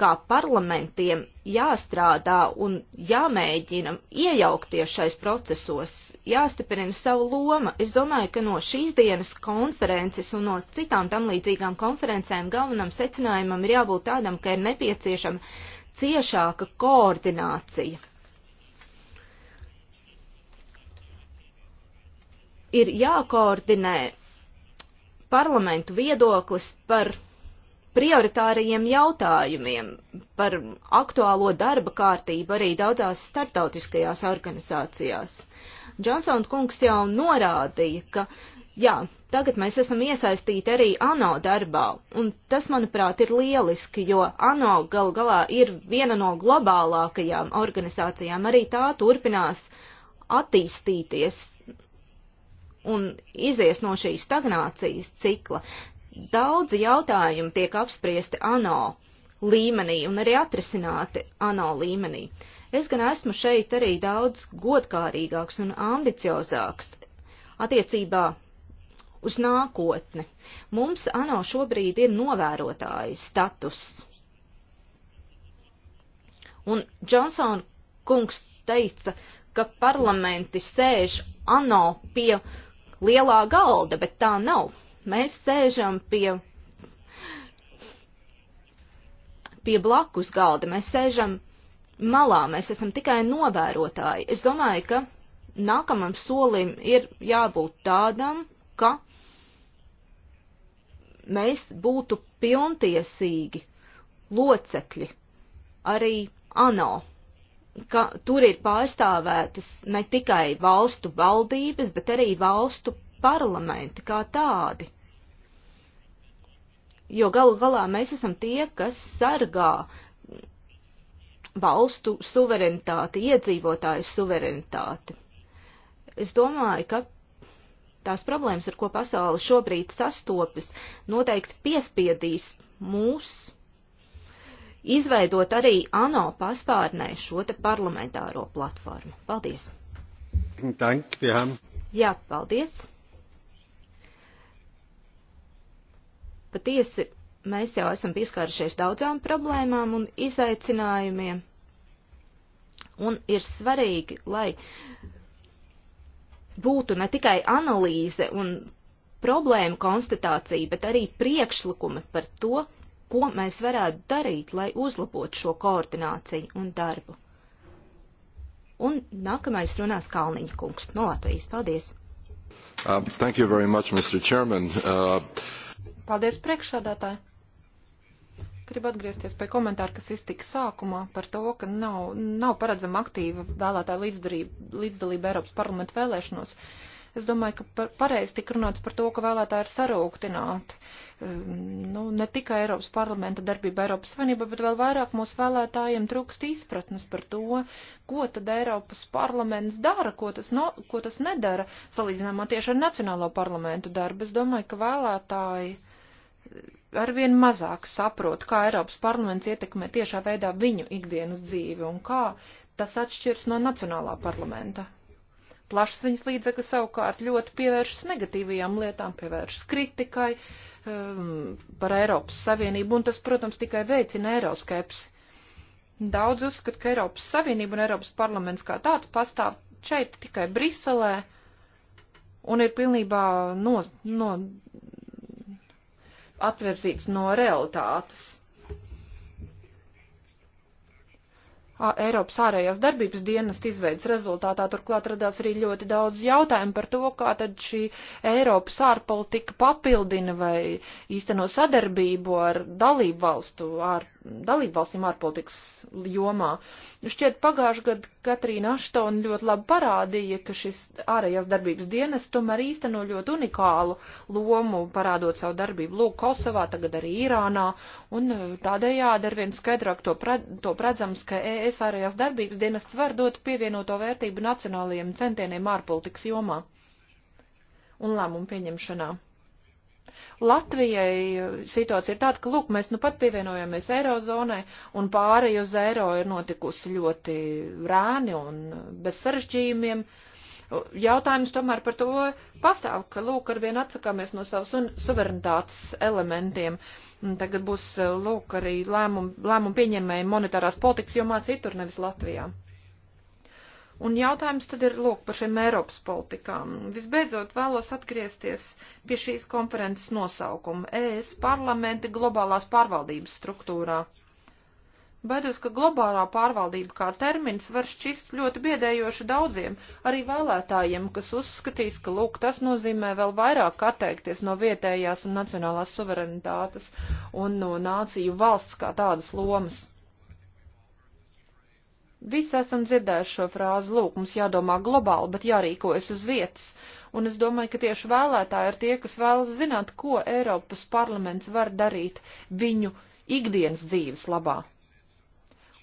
kā parlamentiem jāstrādā un jāmēģina iejaukties šais procesos, jāstiprina savu loma. Es domāju, ka no šīs dienas konferences un no citām tam līdzīgām konferencēm galvenam secinājumam ir jābūt tādam, ka ir nepieciešama ciešāka koordinācija. Ir jākoordinē parlamentu viedoklis par prioritārajiem jautājumiem, par aktuālo darba kārtību arī daudzās startautiskajās organizācijās. Džonsons kungs jau norādīja, ka jā, tagad mēs esam iesaistīti arī ANO darbā, un tas, manuprāt, ir lieliski, jo ANO gal galā ir viena no globālākajām organizācijām, arī tā turpinās attīstīties un izies no šīs stagnācijas cikla daudzi jautājumi tiek apspriesti ANO līmenī un arī atrisināti ANO līmenī. Es gan esmu šeit arī daudz godkārīgāks un ambiciozāks attiecībā uz nākotni. Mums ANO šobrīd ir novērotāju status. Un Johnson kungs teica, ka parlamenti sēž ANO pie lielā galda, bet tā nav. Mēs sēžam pie, pie blakus galda, mēs sēžam malā, mēs esam tikai novērotāji. Es domāju, ka nākamam solim ir jābūt tādam, ka mēs būtu pilntiesīgi locekļi arī ANO, ka tur ir pārstāvētas ne tikai valstu valdības, bet arī valstu parlamenti kā tādi jo galu galā mēs esam tie, kas sargā valstu suverenitāti, iedzīvotāju suverenitāti. Es domāju, ka tās problēmas, ar ko pasaule šobrīd sastopas, noteikti piespiedīs mūs izveidot arī ANO paspārnē šo te parlamentāro platformu. Paldies! Dank, Jā, paldies! Patiesi, mēs jau esam pieskārušies daudzām problēmām un izaicinājumiem, un ir svarīgi, lai būtu ne tikai analīze un problēma konstatācija, bet arī priekšlikumi par to, ko mēs varētu darīt, lai uzlabotu šo koordināciju un darbu. Un nākamais runās Kalniņa kungs no Latvijas. Paldies! Uh, thank you very much, Mr. Chairman. Uh, Paldies priekšsādātāji! Gribu atgriezties pie komentāra, kas iztika sākumā par to, ka nav, nav paredzama aktīva vēlētāja līdzdalība Eiropas parlamenta vēlēšanos. Es domāju, ka par, pareizi tika runāts par to, ka vēlētāji ir sarūktināti. Ehm, nu, ne tikai Eiropas parlamenta darbība Eiropas Savienībā, bet vēl vairāk mūsu vēlētājiem trūkst izpratnes par to, ko tad Eiropas parlaments dara, ko tas, no, ko tas nedara, salīdzinājumā tieši ar Nacionālo parlamentu darbu. Es domāju, ka vēlētāji arvien mazāk saprot, kā Eiropas parlaments ietekmē tiešā veidā viņu ikdienas dzīvi un kā tas atšķirs no nacionālā parlamenta. Plašsaziņas līdzekļi savukārt ļoti pievēršas negatīvajām lietām, pievēršas kritikai um, par Eiropas Savienību, un tas, protams, tikai veicina eiroskepsi. Daudz uzskat, ka Eiropas Savienība un Eiropas parlaments kā tāds pastāv šeit tikai Briselē un ir pilnībā no, no, atverzīts no realitātes. Eiropas ārējās darbības dienas izveidas rezultātā turklāt radās arī ļoti daudz jautājumu par to, kā tad šī Eiropas ārpolitika papildina vai īsteno sadarbību ar dalību valstu ārpolitiku dalību valstīm ārpolitikas jomā. Šķiet pagājuši gadu Katrīna Aštona ļoti labi parādīja, ka šis ārējās darbības dienas tomēr īsteno ļoti unikālu lomu, parādot savu darbību. Lūk, Kosovā, tagad arī Irānā, un e, tādējādi arvien skaidrāk to, pre, to predzams, ka ES ārējās darbības dienas var dot pievienoto vērtību nacionālajiem centieniem ārpolitikas jomā un lēmumu pieņemšanā. Latvijai eh, situācija ir tāda, ka, lūk, mēs nu pat pievienojamies Eirozonai un pārēj uz Eiro ir notikusi ļoti rēni un bez sarežģījumiem. Jautājums tomēr par to pastāv, ka, lūk, arvien atsakāmies no savas suverenitātes elementiem. Tagad būs, eh, lūk, arī lēmumu lēmum pieņēmēji monetārās politikas jomā citur, nevis Latvijā. Un jautājums tad ir, lūk, par šiem Eiropas politikām. Visbeidzot, vēlos atgriezties pie šīs konferences nosaukuma e - ES parlamenti globālās pārvaldības struktūrā. Baidos, ka globālā pārvaldība kā termins var šķist ļoti biedējoši daudziem, arī vēlētājiem, kas uzskatīs, ka lūk, tas nozīmē vēl vairāk atteikties no vietējās un nacionālās suverenitātes un no nāciju valsts kā tādas lomas. Visi esam dzirdējuši šo frāzi, lūk, mums jādomā globāli, bet jārīkojas uz vietas. Un es domāju, ka tieši vēlētāji ir tie, kas vēlas zināt, ko Eiropas parlaments var darīt viņu ikdienas dzīves labā.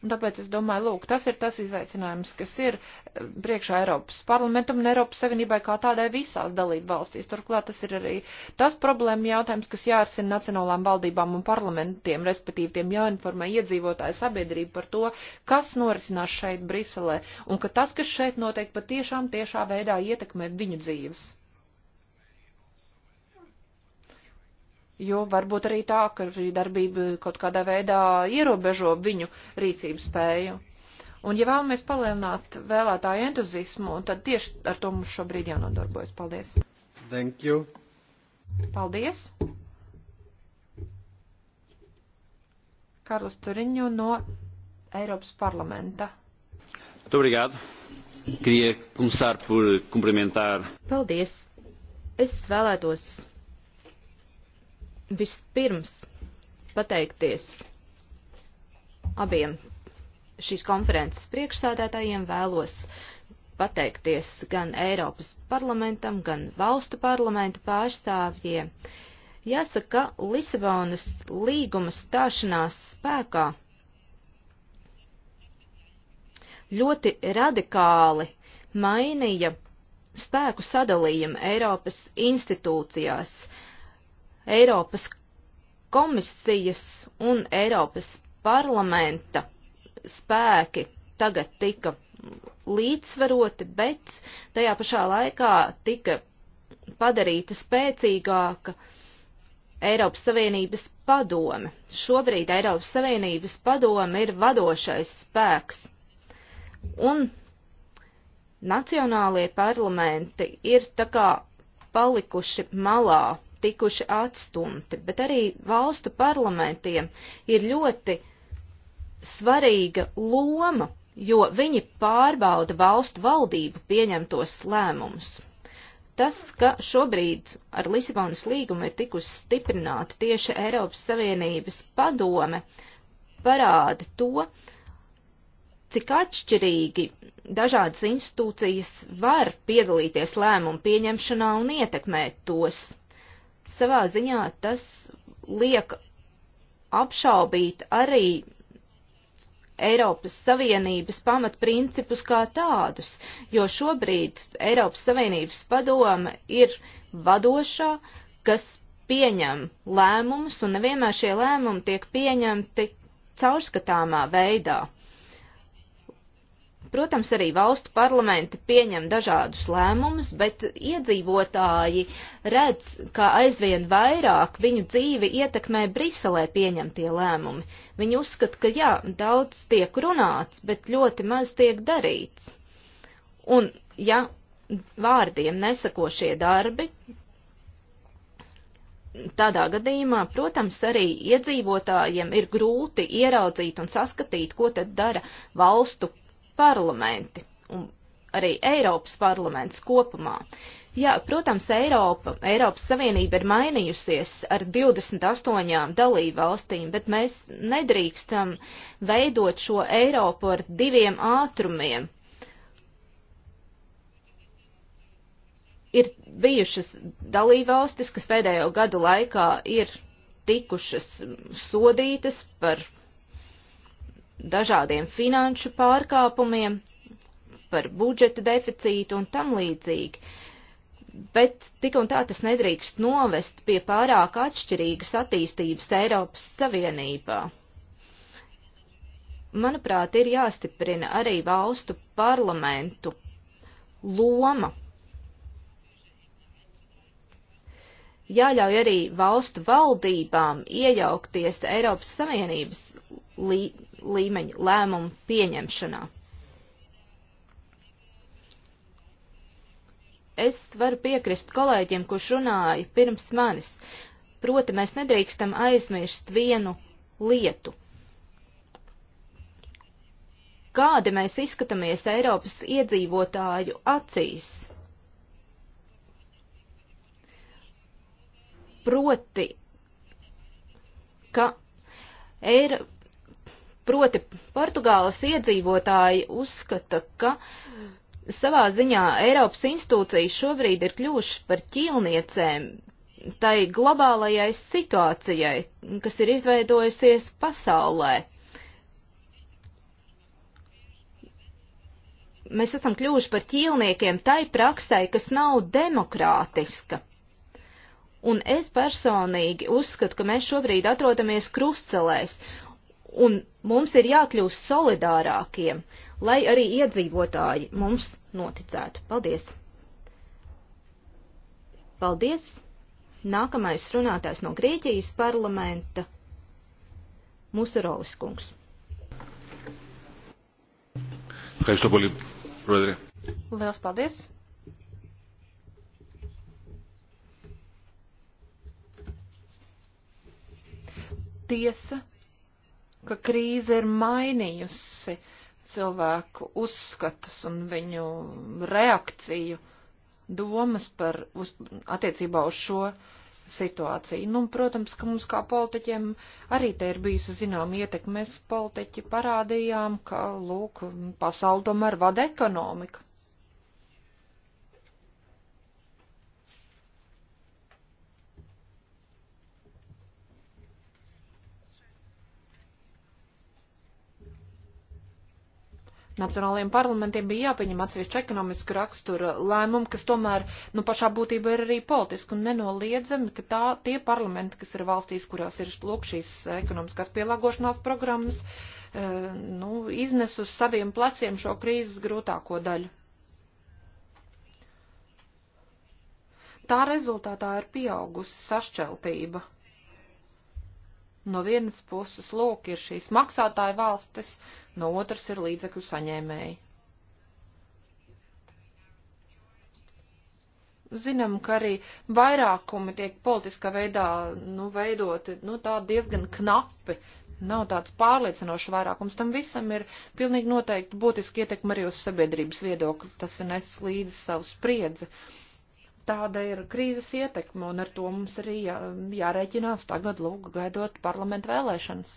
Un tāpēc es domāju, lūk, tas ir tas izaicinājums, kas ir eh, priekšā Eiropas parlamentam un Eiropas Savienībai kā tādai visās dalību valstīs. Turklāt tas ir arī tas problēma jautājums, kas jārisina nacionālām valdībām un parlamentiem, respektīvi tiem jāinformē iedzīvotāju sabiedrību par to, kas norisinās šeit Briselē un ka tas, kas šeit notiek, patiešām tiešā veidā ietekmē viņu dzīves. Jo varbūt arī tā, ka šī darbība kaut kādā veidā ierobežo viņu rīcības spēju. Un, ja vēlamies palielināt vēlētāju entuziasmu, tad tieši ar to mums šobrīd jānodarbojas. Paldies! Thank you! Paldies! Karls Turiņu no Eiropas parlamenta. Muito obrigado. Queria começar por cumprimentar. Paldies! Es vēlētos Vispirms pateikties abiem šīs konferences priekšsādātājiem vēlos pateikties gan Eiropas parlamentam, gan valstu parlamentu pārstāvjiem. Jāsaka, Lisabonas līguma stāšanās spēkā ļoti radikāli mainīja spēku sadalījumu Eiropas institūcijās. Uh, Eiropas komisijas un Eiropas parlamenta spēki tagad tika līdzsvaroti, bet tajā pašā laikā tika padarīta spēcīgāka Eiropas Savienības padome. Šobrīd Eiropas Savienības padome ir vadošais spēks. Un nacionālie parlamenti ir tā kā palikuši malā tikuši atstumti, bet arī valstu parlamentiem ir ļoti svarīga loma, jo viņi pārbauda valstu valdību pieņemtos lēmumus. Tas, ka šobrīd ar Lisabonas līgumu ir tikusi stiprināta tieši Eiropas Savienības padome, parāda to, cik atšķirīgi dažādas institūcijas var piedalīties lēmumu pieņemšanā un ietekmēt tos savā ziņā tas liek apšaubīt arī Eiropas Savienības pamatprincipus kā tādus, jo šobrīd Eiropas Savienības padome ir vadošā, kas pieņem lēmumus, un nevienmēr šie lēmumi tiek pieņemti caurskatāmā veidā. Protams, arī valstu parlamenti pieņem dažādus lēmumus, bet iedzīvotāji redz, ka aizvien vairāk viņu dzīvi ietekmē Briselē pieņemtie lēmumi. Viņi uzskata, ka jā, daudz tiek runāts, bet ļoti maz tiek darīts. Un, ja vārdiem nesako šie darbi, tādā gadījumā, protams, arī iedzīvotājiem ir grūti ieraudzīt un saskatīt, ko tad dara valstu parlamenti un arī Eiropas parlaments kopumā. Jā, protams, Eiropa, Eiropas Savienība ir mainījusies ar 28 dalību valstīm, bet mēs nedrīkstam veidot šo Eiropu ar diviem ātrumiem. Ir bijušas dalību valstis, kas pēdējo gadu laikā ir tikušas sodītas par dažādiem finanšu pārkāpumiem, par budžeta deficītu un tam līdzīgi. Bet tik un tā tas nedrīkst novest pie pārāk atšķirīgas attīstības Eiropas Savienībā. Manuprāt, ir jāstiprina arī valstu parlamentu loma. Jāļauj arī valstu valdībām iejaukties Eiropas Savienības lī, līmeņu lēmumu pieņemšanā. Es varu piekrist kolēģiem, kurš runāja pirms manis. Proti, mēs nedrīkstam aizmirst vienu lietu. Kādi mēs izskatāmies Eiropas iedzīvotāju acīs? Proti, ka Eiro, Proti, Portugāles iedzīvotāji uzskata, ka savā ziņā Eiropas institūcijas šobrīd ir kļuvušas par ķīlniecēm tai globālajai situācijai, kas ir izveidojusies pasaulē. Mēs esam kļuvuši par ķīlniekiem tai praksai, kas nav demokrātiska. Un es personīgi uzskatu, ka mēs šobrīd atrodamies krustcelēs, un mums ir jākļūst solidārākiem, lai arī iedzīvotāji mums noticētu. Paldies! Paldies! Nākamais runātājs no Grieķijas parlamenta - Musarolis kungs. Liels paldies! Tiesa ka krīze ir mainījusi cilvēku uzskatus un viņu reakciju, domas par uz, attiecībā uz šo situāciju. Nu, protams, ka mums kā politiķiem arī te ir bijusi zinām ietekme. Mēs politiķi parādījām, ka, lūk, pasauli tomēr vada ekonomika. Nacionālajiem parlamentiem bija jāpieņem atsevišķi ekonomisku raksturu lēmumu, kas tomēr, nu, pašā būtībā ir arī politiski un nenoliedzami, ka tā, tie parlamenti, kas ir valstīs, kurās ir, lūk, šīs ekonomiskās pielāgošanās programmas, eh, nu, iznes uz saviem pleciem šo krīzes grūtāko daļu. Tā rezultātā ir pieaugusi sašķeltība No vienas puses, lūk, ir šīs maksātāja valstis, no otras ir līdzekļu saņēmēji. Zinām, ka arī vairākumi tiek politiskā veidā, nu, veidoti, nu, tā diezgan knapi. Nav tāds pārliecinošs vairākums. Tam visam ir pilnīgi noteikti būtiski ietekma arī uz sabiedrības viedokli. Tas ir nes līdzi savu spriedzi. Uh, Tāda ir krīzes ietekme, un ar to mums arī jā, jārēķinās tagad, lūk, gaidot parlamentu vēlēšanas.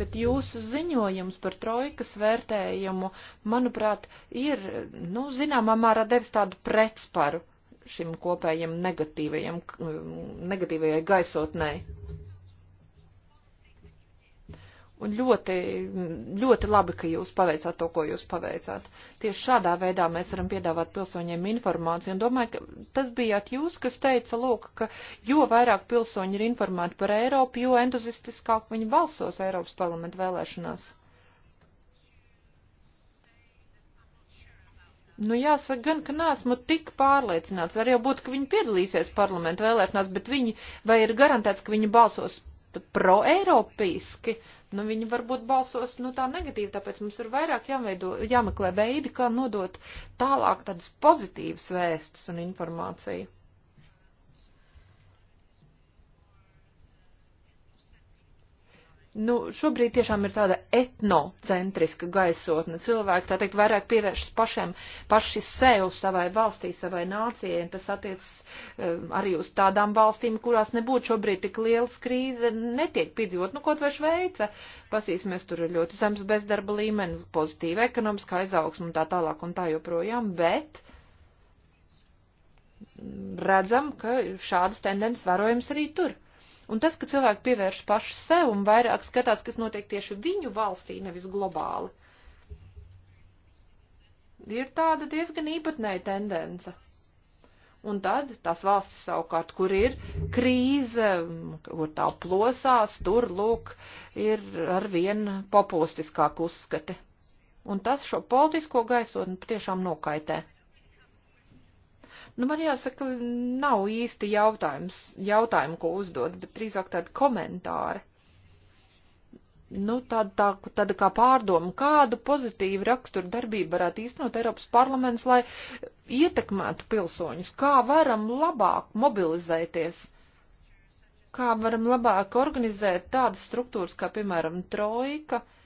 Bet jūsu ziņojums par trojkas vērtējumu, manuprāt, ir, nu, zināmā mērā devis tādu pretsparu šim kopējiem negatīvajai gaisotnēji. Un ļoti, ļoti labi, ka jūs paveicāt to, ko jūs paveicāt. Tieši šādā veidā mēs varam piedāvāt pilsoņiem informāciju. Un domāju, ka tas bijāt jūs, kas teica, lūk, ka jo vairāk pilsoņi ir informēti par Eiropu, jo entuzistiskāk viņi balsos Eiropas parlamentu vēlēšanās. Nu, jāsaka gan, ka neesmu tik pārliecināts. Var jau būt, ka viņi piedalīsies parlamentu vēlēšanās, bet viņi, vai ir garantēts, ka viņi balsos pro-eiropeiski? Uh, nu, viņi varbūt balsos nu, tā negatīvi, tāpēc mums ir vairāk jāveido, jāmeklē veidi, kā nodot tālāk tādas pozitīvas vēstas un informāciju. Nu, šobrīd tiešām ir tāda etnocentriska gaisotne. Cilvēki, tā teikt, vairāk pievēršas pašiem, paši sev, savai valstī, savai nācijai, un tas attiec um, eh, arī uz tādām valstīm, kurās nebūtu šobrīd tik liels krīze, netiek piedzīvot, nu, kaut vai Šveica. Pasīsimies, tur ir ļoti zems bezdarba līmenis, pozitīva ekonomiska izaugsma un tā tālāk un tā joprojām, bet redzam, ka šādas tendences vērojams arī tur. Un tas, ka cilvēki pievērš paši sev un vairāk skatās, kas notiek tieši viņu valstī, nevis globāli, ir tāda diezgan īpatnēja tendence. Un tad tās valstis savukārt, kur ir krīze, kur tā plosās, tur, lūk, ir arvien populistiskāk uzskati. Un tas šo politisko gaisotni patiešām nokaitē. Nu, man jāsaka, nav īsti jautājums, jautājumu, ko uzdot, bet drīzāk tādi komentāri. Nu, tāda, tā, tāda kā pārdoma, kādu pozitīvu raksturu darbību varētu īstenot Eiropas parlaments, lai ietekmētu pilsoņus, kā varam labāk mobilizēties, kā varam labāk organizēt tādas struktūras kā, piemēram, trojka, uh,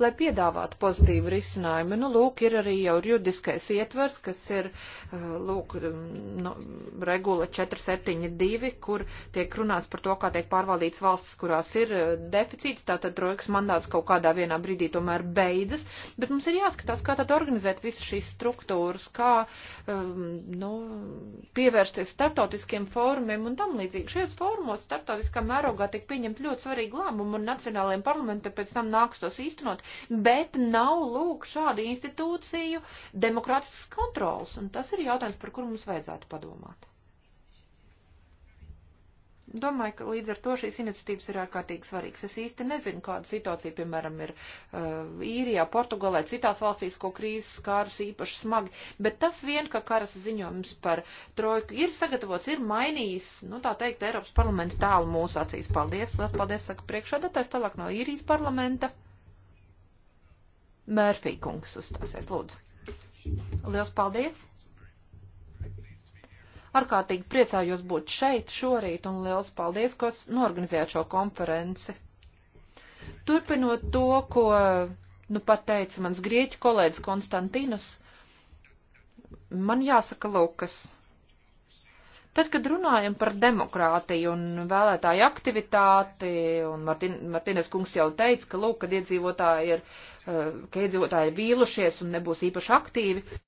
lai piedāvātu pozitīvu risinājumu. Nu, lūk, ir arī jau juridiskais ietvers, kas ir, eh, lūk, mm, nu, regula 472, kur tiek runāts par to, kā tiek pārvaldīts valstis, kurās ir eh, deficīts, tātad trojkas mandāts kaut kādā vienā brīdī tomēr beidzas, bet mums ir jāskatās, kā tad organizēt visas šīs struktūras, kā, ehm, nu, pievērsties startautiskiem fórumiem un tam līdzīgi. Šajos fórumos startautiskā mērogā tiek pieņemt ļoti svarīgi lēmumi un nacionālajiem parlamentiem pēc tam nāks tos īstenot strādāt, bet nav lūk šādu institūciju demokrātiskas kontrolas, un tas ir jautājums, par kuru mums vajadzētu padomāt. Domāju, ka līdz ar to šīs iniciatīvas ir ārkārtīgi svarīgas. Es īsti nezinu, kāda situācija, piemēram, ir uh, īrijā, Portugalē, citās valstīs, ko krīzes skārus īpaši smagi, bet tas vien, ka karas ziņojums par trojku ir sagatavots, ir mainījis, nu tā teikt, Eiropas parlamenta tālu mūsu acīs. Paldies, liels paldies, saka priekšādatājs, tālāk no īrijas parlamenta. Mērfī kungs uzstāsies, lūdzu. Liels paldies! Arkārtīgi priecājos būt šeit šorīt un liels paldies, ka norganizējāt šo konferenci. Turpinot to, ko nu pat teica mans grieķu kolēģis Konstantinus, man jāsaka, Lukas. Tad, kad runājam par demokrātiju un vēlētāju aktivitāti, un Martin, Martīnes kungs jau teica, ka lūk, kad iedzīvotāji ir, eh, ka iedzīvotāji ir vīlušies un nebūs īpaši aktīvi,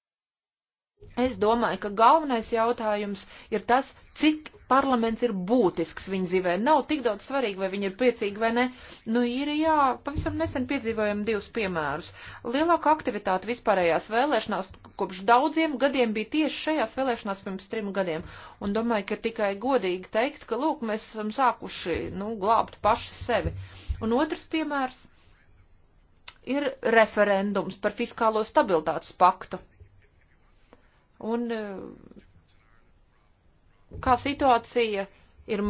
Es domāju, ka galvenais jautājums ir tas, cik parlaments ir būtisks viņa dzīvē. Nav tik daudz svarīgi, vai viņi ir priecīgi vai ne. Nu, ir jā, pavisam nesen piedzīvojam divus piemērus. Lielāka aktivitāte vispārējās vēlēšanās kopš daudziem gadiem bija tieši šajās vēlēšanās pirms trim gadiem. Un domāju, ka tikai godīgi teikt, ka lūk, mēs esam sākuši, nu, glābt paši sevi. Un otrs piemērs ir referendums par fiskālo stabilitātes paktu un eh, kā situācija ir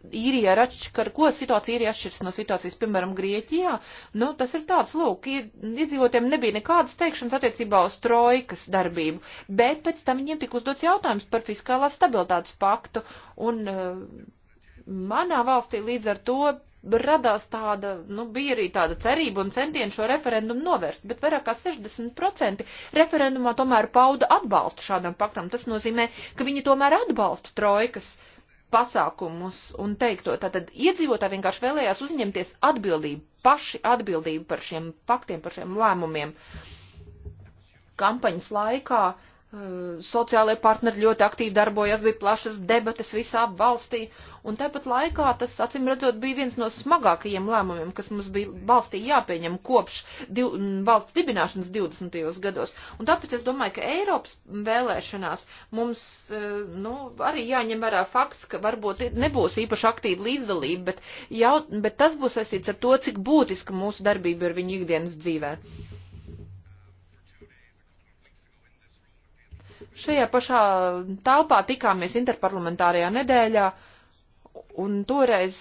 īrijā ir atšķirīga, ko situācija īrijā atšķiras no situācijas, piemēram, Grieķijā, nu, tas ir tāds, lūk, iedzīvotiem nebija nekādas teikšanas attiecībā uz trojkas darbību, bet pēc tam viņiem tika uzdots jautājums par fiskālās stabilitātes paktu, un uh, manā valstī līdz ar to radās tāda, nu, bija arī tāda cerība un centieni šo referendumu novērst, bet vairāk kā 60% referendumā tomēr pauda atbalstu šādam paktam. Tas nozīmē, ka viņi tomēr atbalsta trojkas pasākumus un teikto. Tātad iedzīvotāji vienkārši vēlējās uzņemties atbildību, paši atbildību par šiem paktiem, par šiem lēmumiem. Kampaņas laikā uh, sociālai partneri ļoti aktīvi darbojās, bija plašas debates visā valstī, un tāpat laikā tas, acīm redzot, bija viens no smagākajiem lēmumiem, kas mums bija valstī jāpieņem kopš div, valsts dibināšanas 20. gados. Un tāpēc es domāju, ka Eiropas vēlēšanās mums, nu, arī jāņem vērā fakts, ka varbūt nebūs īpaši aktīva līdzdalība, bet, jau, bet tas būs saistīts ar to, cik būtiska mūsu darbība ir viņu ikdienas dzīvē. Šajā pašā telpā tikāmies interparlamentārajā nedēļā, un toreiz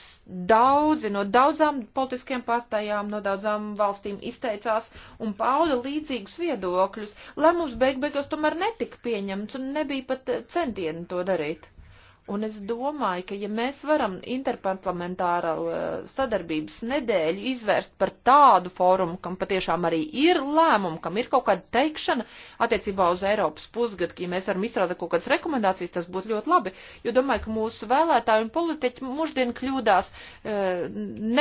daudzi no daudzām politiskajām partijām, no daudzām valstīm izteicās un pauda līdzīgus viedokļus, lēmums beig beigās tomēr netika pieņemts un nebija pat centieni to darīt. Un es domāju, ka ja mēs varam interparlamentāra uh, sadarbības nedēļu izvērst par tādu fórumu, kam patiešām arī ir lēmumu, kam ir kaut kāda teikšana attiecībā uz Eiropas pusgadu, ka ja mēs varam izstrādāt kaut kādas rekomendācijas, tas būtu ļoti labi, jo domāju, ka mūsu vēlētāji un politiķi mūždien kļūdās uh,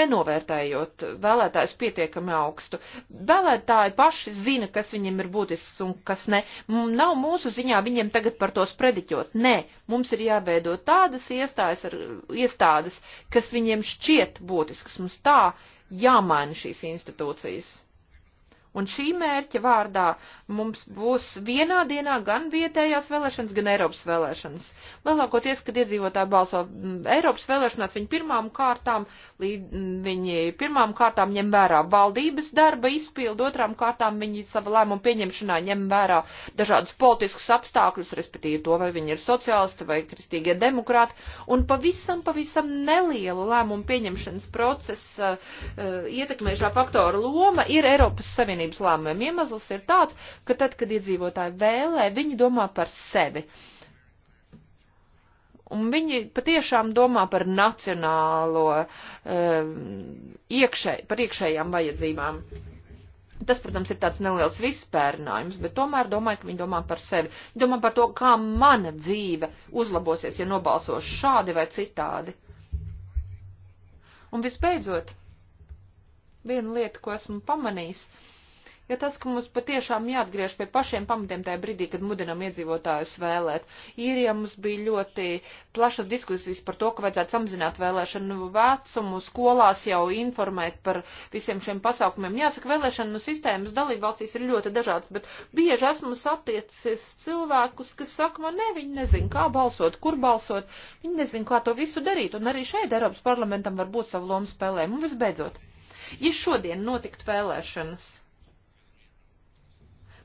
nenovērtējot vēlētājus pietiekami augstu. Vēlētāji paši zina, kas viņiem ir būtisks un kas ne. Nav mūsu ziņā viņiem tagad par to sprediķot. Nē, mums ir jāveido izveidot tādas iestādes, ar, iestādes kas viņiem šķiet būtiskas. Mums tā jāmaina šīs institūcijas. Un šī mērķa vārdā mums būs vienā dienā gan vietējās vēlēšanas, gan Eiropas vēlēšanas. Lielākoties, kad iedzīvotāji balso mm, Eiropas vēlēšanās, viņi pirmām kārtām, mm, viņi pirmām kārtām ņem vērā valdības darba izpildu, otrām kārtām viņi savu lēmumu pieņemšanā ņem vērā dažādus politiskus apstākļus, respektīvi to, vai viņi ir sociālisti vai kristīgie demokrāti, un pavisam, pavisam neliela lēmumu pieņemšanas procesa uh, eh, ietekmēšā faktora loma ir Eiropas Savienības Savienības lēmumiem. Iemesls ir tāds, ka tad, kad iedzīvotāji vēlē, viņi domā par sevi. Un viņi patiešām domā par nacionālo, um, iekšē, par iekšējām vajadzībām. Tas, protams, ir tāds neliels vispērnājums, bet tomēr domāju, ka viņi domā par sevi. Viņi domā par to, kā mana dzīve uzlabosies, ja nobalsos šādi vai citādi. Un visbeidzot, viena lieta, ko esmu pamanījis, uh, ir ja tas, ka mums patiešām jāatgriež pie pašiem pamatiem tajā brīdī, kad mudinam iedzīvotājus vēlēt. Īrijā ja mums bija ļoti plašas diskusijas par to, ka vajadzētu samazināt vēlēšanu vecumu, skolās jau informēt par visiem šiem pasākumiem. Jāsaka, vēlēšanu sistēmas dalībvalstīs ir ļoti dažādas, bet bieži esmu satiecis cilvēkus, kas saka, man nu, ne, viņi nezin, kā balsot, kur balsot, viņi nezin, kā to visu darīt, un arī šeit Eiropas parlamentam var būt savu lomu spēlēm. Un visbeidzot, ja šodien notikt vēlēšanas,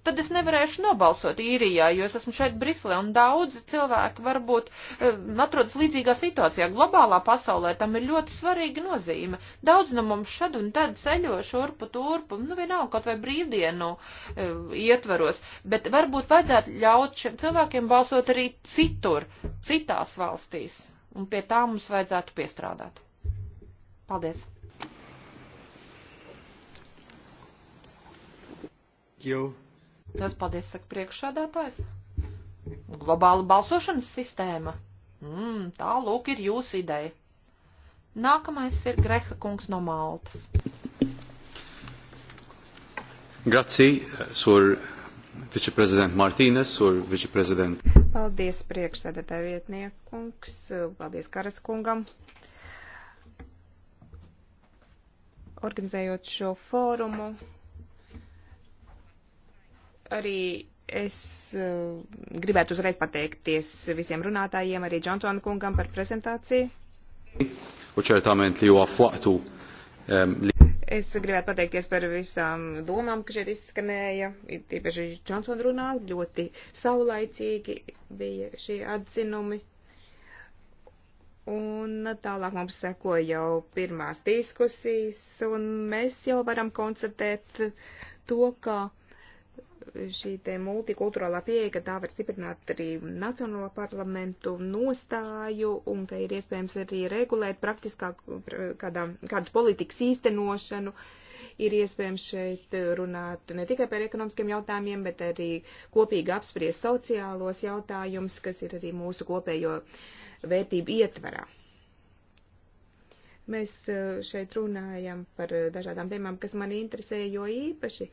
tad es nevarēšu nobalsot īrijā, jo es esmu šeit Briselē un daudzi cilvēki varbūt eh, atrodas līdzīgā situācijā. Globālā pasaulē tam ir ļoti svarīga nozīme. Daudz no mums šad un tad ceļo šurpu turpu, nu vienalga kaut vai brīvdienu eh, ietvaros, bet varbūt vajadzētu ļaut šiem cilvēkiem balsot arī citur, citās valstīs. Un pie tā mums vajadzētu piestrādāt. Paldies! you. Tas paldies, saka priekšsādātājs. Globāla balsošanas sistēma. Mm, tā lūk ir jūsu ideja. Nākamais ir Greha kungs no Maltas. Grazie, sur viceprezident Martīnes, sur viceprezident. Paldies priekšsēdētāja vietniekungs, paldies Karas kungam. Organizējot šo fórumu, Arī es eh, gribētu uzreiz pateikties visiem runātājiem, arī Džonsona kungam par prezentāciju. Es gribētu pateikties par visām domām, kas šeit izskanēja. Tīpaši Džonsona runā ļoti saulaicīgi bija šie atzinumi. Un tālāk mums seko jau pirmās diskusijas, un mēs jau varam konstatēt to, ka. Kā šī te multikulturālā pieeja, ka tā var stiprināt arī nacionālo parlamentu nostāju un ka ir iespējams arī regulēt praktiskā kādā, kādas politikas īstenošanu. Ir iespējams šeit runāt ne tikai par ekonomiskiem jautājumiem, bet arī kopīgi apspriest sociālos jautājumus, kas ir arī mūsu kopējo vērtību ietvarā. Mēs eh, šeit runājam par eh, dažādām tēmām, kas mani interesē, jo īpaši,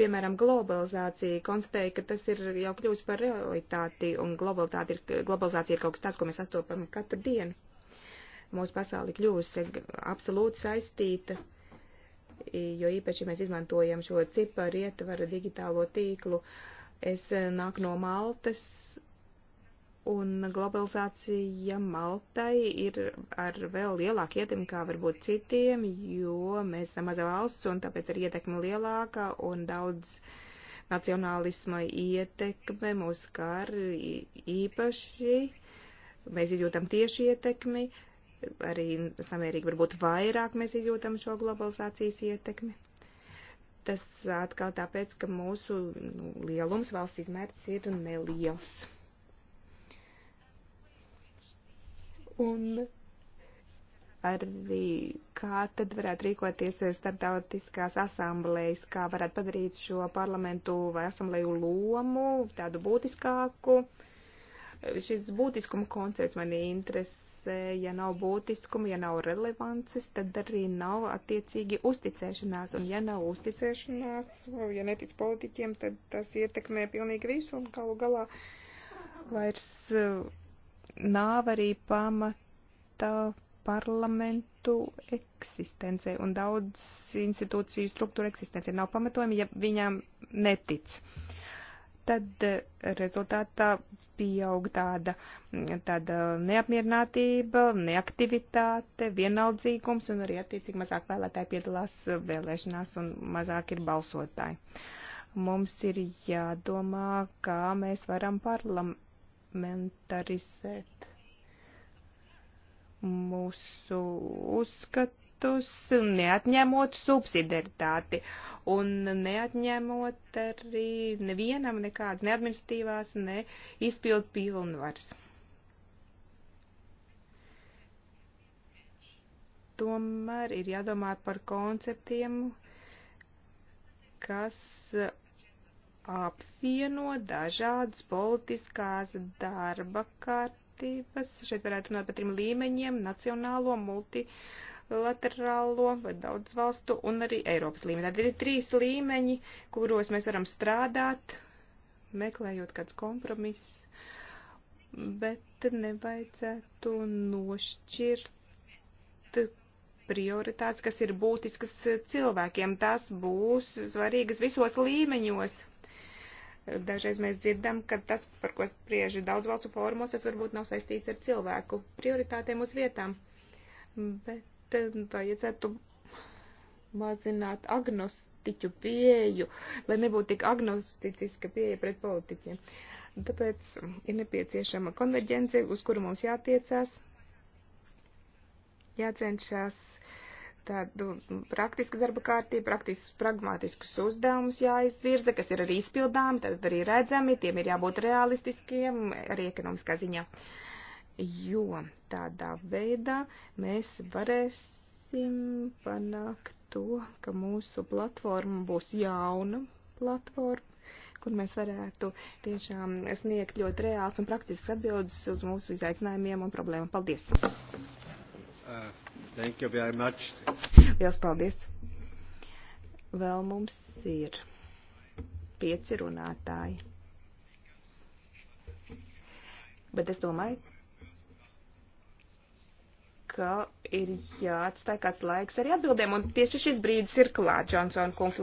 piemēram, globalizācija konstatēja, ka tas ir jau kļūst par realitāti, un ir, globalizācija ir kaut kas tāds, ko mēs sastopam katru dienu. Mūsu pasauli kļūst absolūti saistīta, jo īpaši mēs izmantojam šo ciparu ietvaru digitālo tīklu. Es eh, nāku no Maltas, Un globalizācija Maltai ir ar vēl lielāku ietekmi kā varbūt citiem, jo mēs esam maza valsts un tāpēc ir ietekme lielāka un daudz nacionālisma ietekme mūs kar īpaši. Mēs izjūtam tieši ietekmi, arī samērīgi varbūt vairāk mēs izjūtam šo globalizācijas ietekmi. Tas atkal tāpēc, ka mūsu nu, lielums valsts izmērts ir neliels. Un arī kā tad varētu rīkoties starptautiskās asamblējas, kā varētu padarīt šo parlamentu vai asamblēju lomu tādu būtiskāku. Šis būtiskuma koncepts mani interesē. Ja nav būtiskuma, ja nav relevances, tad arī nav attiecīgi uzticēšanās. Un ja nav uzticēšanās, ja netic politiķiem, tad tas ietekmē pilnīgi visu un galu galā vairs. Uh, nav arī pamata parlamentu eksistencei un daudz institūciju struktūra eksistencei nav pamatojumi, ja viņām netic. Tad eh, rezultātā pieaug tāda, tāda neapmierinātība, neaktivitāte, vienaldzīgums un arī attiecīgi mazāk vēlētāji piedalās vēlēšanās un mazāk ir balsotāji. Mums ir jādomā, kā mēs varam parlamentu elementarizēt mūsu uzskatus, neatņemot subsidiaritāti un neatņemot arī nevienam nekādas neadministratīvās, ne izpildu pilnvars. Tomēr ir jādomā par konceptiem, kas apvieno dažādas politiskās darba kārtības. Šeit varētu runāt par trim līmeņiem - nacionālo, multilaterālo vai daudz valstu un arī Eiropas līmeni. Tad ir trīs līmeņi, kuros mēs varam strādāt, meklējot kāds kompromiss, bet nevajadzētu nošķirt prioritātes, kas ir būtiskas cilvēkiem. Tās būs svarīgas visos līmeņos. Dažreiz mēs dzirdam, ka tas, par ko spriež daudz valstu fórumos, tas varbūt nav saistīts ar cilvēku prioritātēm uz vietām. Bet eh, vajadzētu mazināt agnostiķu pieeju, lai nebūtu tik agnosticiska pieeja pret politiķiem. Tāpēc ir nepieciešama konverģence, uz kuru mums jātiecās, jācenšas tādu nu, praktisku darba kārtību, praktiskus, pragmatiskus uzdevumus jāizvirza, kas ir arī izpildāmi, tad arī redzami, tiem ir jābūt realistiskiem arī ekonomiskā ziņā. Jo tādā veidā mēs varēsim panākt to, ka mūsu platforma būs jauna platforma, kur mēs varētu tiešām sniegt ļoti reāls un praktisks atbildes uz mūsu izaicinājumiem un problēmām. Paldies! Uh, thank you very much. Lielas paldies. Vēl mums ir pieci runātāji. Bet es domāju, ka ir jāatstāj kāds laiks arī atbildēm, un tieši šis brīdis ir klāt, Johnson kungs.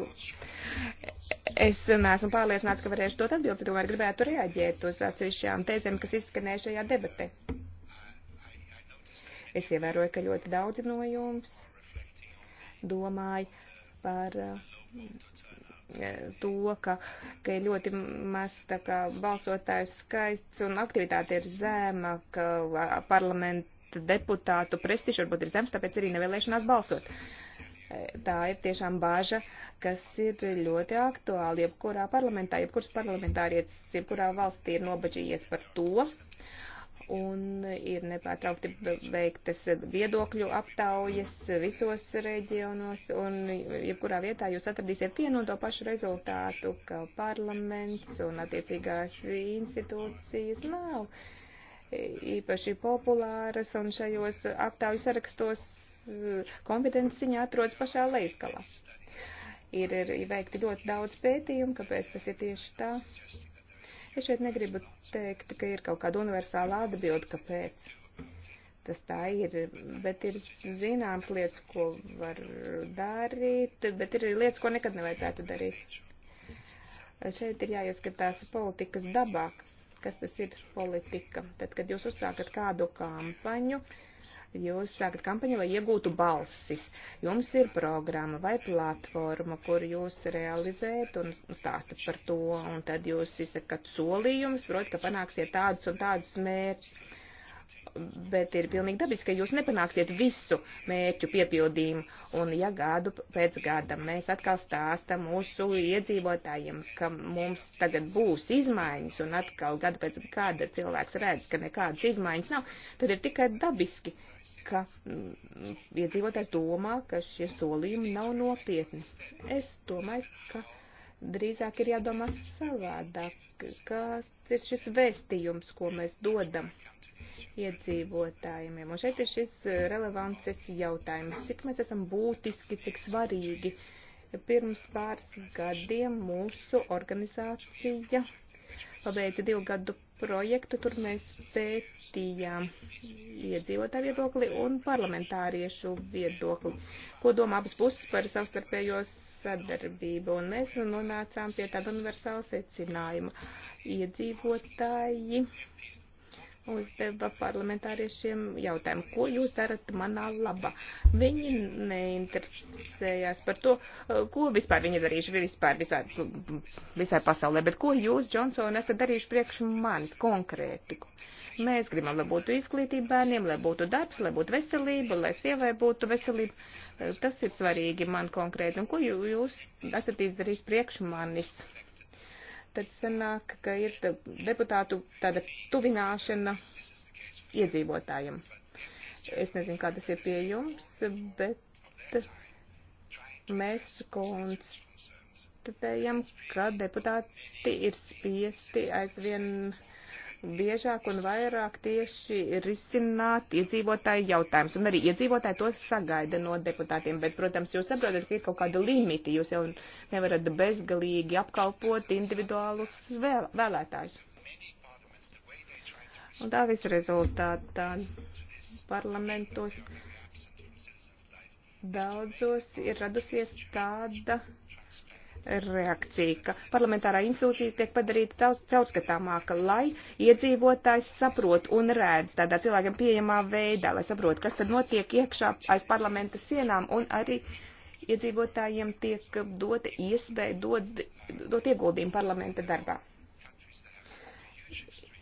Es neesmu pārliecināts, ka varēšu dot atbildi, tomēr gribētu reaģēt uz atsevišķām tēzēm, kas izskanēja šajā debatē. Es ievēroju, ka ļoti daudzi no jums domāja par eh, to, ka, ka ir ļoti maz tā kā balsotāju skaists un aktivitāte ir zema, ka parlamenta deputātu prestižs varbūt ir zems, tāpēc arī nevēlēšanās balsot. Eh, tā ir tiešām bāža, kas ir ļoti aktuāla. Jebkurā parlamentā, jebkurš parlamentārietis, jebkurā valstī ir nobažījies par to, un ir nepārtraukti veiktas viedokļu aptaujas visos reģionos, un jebkurā vietā jūs atradīsiet vienu un to pašu rezultātu, ka parlaments un attiecīgās institūcijas nav īpaši populāras, un šajos aptauju sarakstos eh, kompetences ziņā atrodas pašā leiskalā. Ir, ir veikti ļoti daudz pētījumu, kāpēc tas ir tieši tā Es šeit negribu teikt, ka ir kaut kāda universāla atbilde, kāpēc tas tā ir, bet ir zināms lietas, ko var darīt, bet ir lietas, ko nekad nevajadzētu darīt. Šeit ir jāieskatās politikas dabāk, kas tas ir politika. Tad, kad jūs uzsākat kādu kampaņu, uh, Jūs sākat kampaņu, lai iegūtu balsis. Jums ir programma vai platforma, kur jūs realizēt un stāstat par to, un tad jūs izsakat solījumus, proti, ka panāksiet tādus un tādus mērķus bet ir pilnīgi dabiski, ka jūs nepanāksiet visu mērķu piepildījumu. Un ja gadu pēc gada mēs atkal stāstam mūsu iedzīvotājiem, ka mums tagad būs izmaiņas, un atkal gadu pēc gada cilvēks redz, ka nekādas izmaiņas nav, tad ir tikai dabiski, ka mm, iedzīvotājs domā, ka šie solījumi nav nopietni. Es domāju, ka drīzāk ir jādomā savādāk, kāds ir šis vēstījums, ko mēs dodam iedzīvotājiem. Un šeit ir šis eh, relevances jautājums, cik mēs esam būtiski, cik svarīgi. Pirms pāris gadiem mūsu organizācija pabeidza divu gadu projektu, tur mēs pētījām iedzīvotāju viedokli un parlamentāriešu viedokli, ko domā abas puses par savstarpējo sadarbību, un mēs nu nonācām pie tāda universāla secinājuma. Iedzīvotāji uzdeva parlamentāriešiem jautājumu, ko jūs darat manā labā. Viņi neinteresējās par to, uh, ko vispār viņi darījuši vispār visā, visā pasaulē, bet ko jūs, Johnson, esat darījuši priekš manis konkrēti. Mēs gribam, lai būtu izglītība bērniem, lai būtu darbs, lai būtu veselība, lai sievai būtu veselība. Uh, tas ir svarīgi man konkrēti. Un ko jūs esat izdarījis priekš manis? tad sanāk, ka ir deputātu tāda tuvināšana iedzīvotājiem. Es nezinu, kā tas ir pie jums, bet mēs konstatējam, ka deputāti ir spiesti aizvien uh, biežāk un vairāk tieši risināt iedzīvotāju jautājumus. Un arī iedzīvotāji to sagaida no deputātiem, bet, protams, jūs saprotat, ka ir kaut kāda limiti, jūs jau nevarat bezgalīgi apkalpot individuālus vēl, vēlētājus. Un tā viss rezultātā parlamentos daudzos ir radusies tāda reakcija, ka parlamentārā institūcija tiek padarīta caurskatāmāka, lai iedzīvotājs saprot un redz tādā cilvēkam pieejamā veidā, lai saprot, kas tad notiek iekšā aiz parlamenta sienām un arī iedzīvotājiem tiek dota iespēja dot, dot ieguldījumu parlamenta darbā.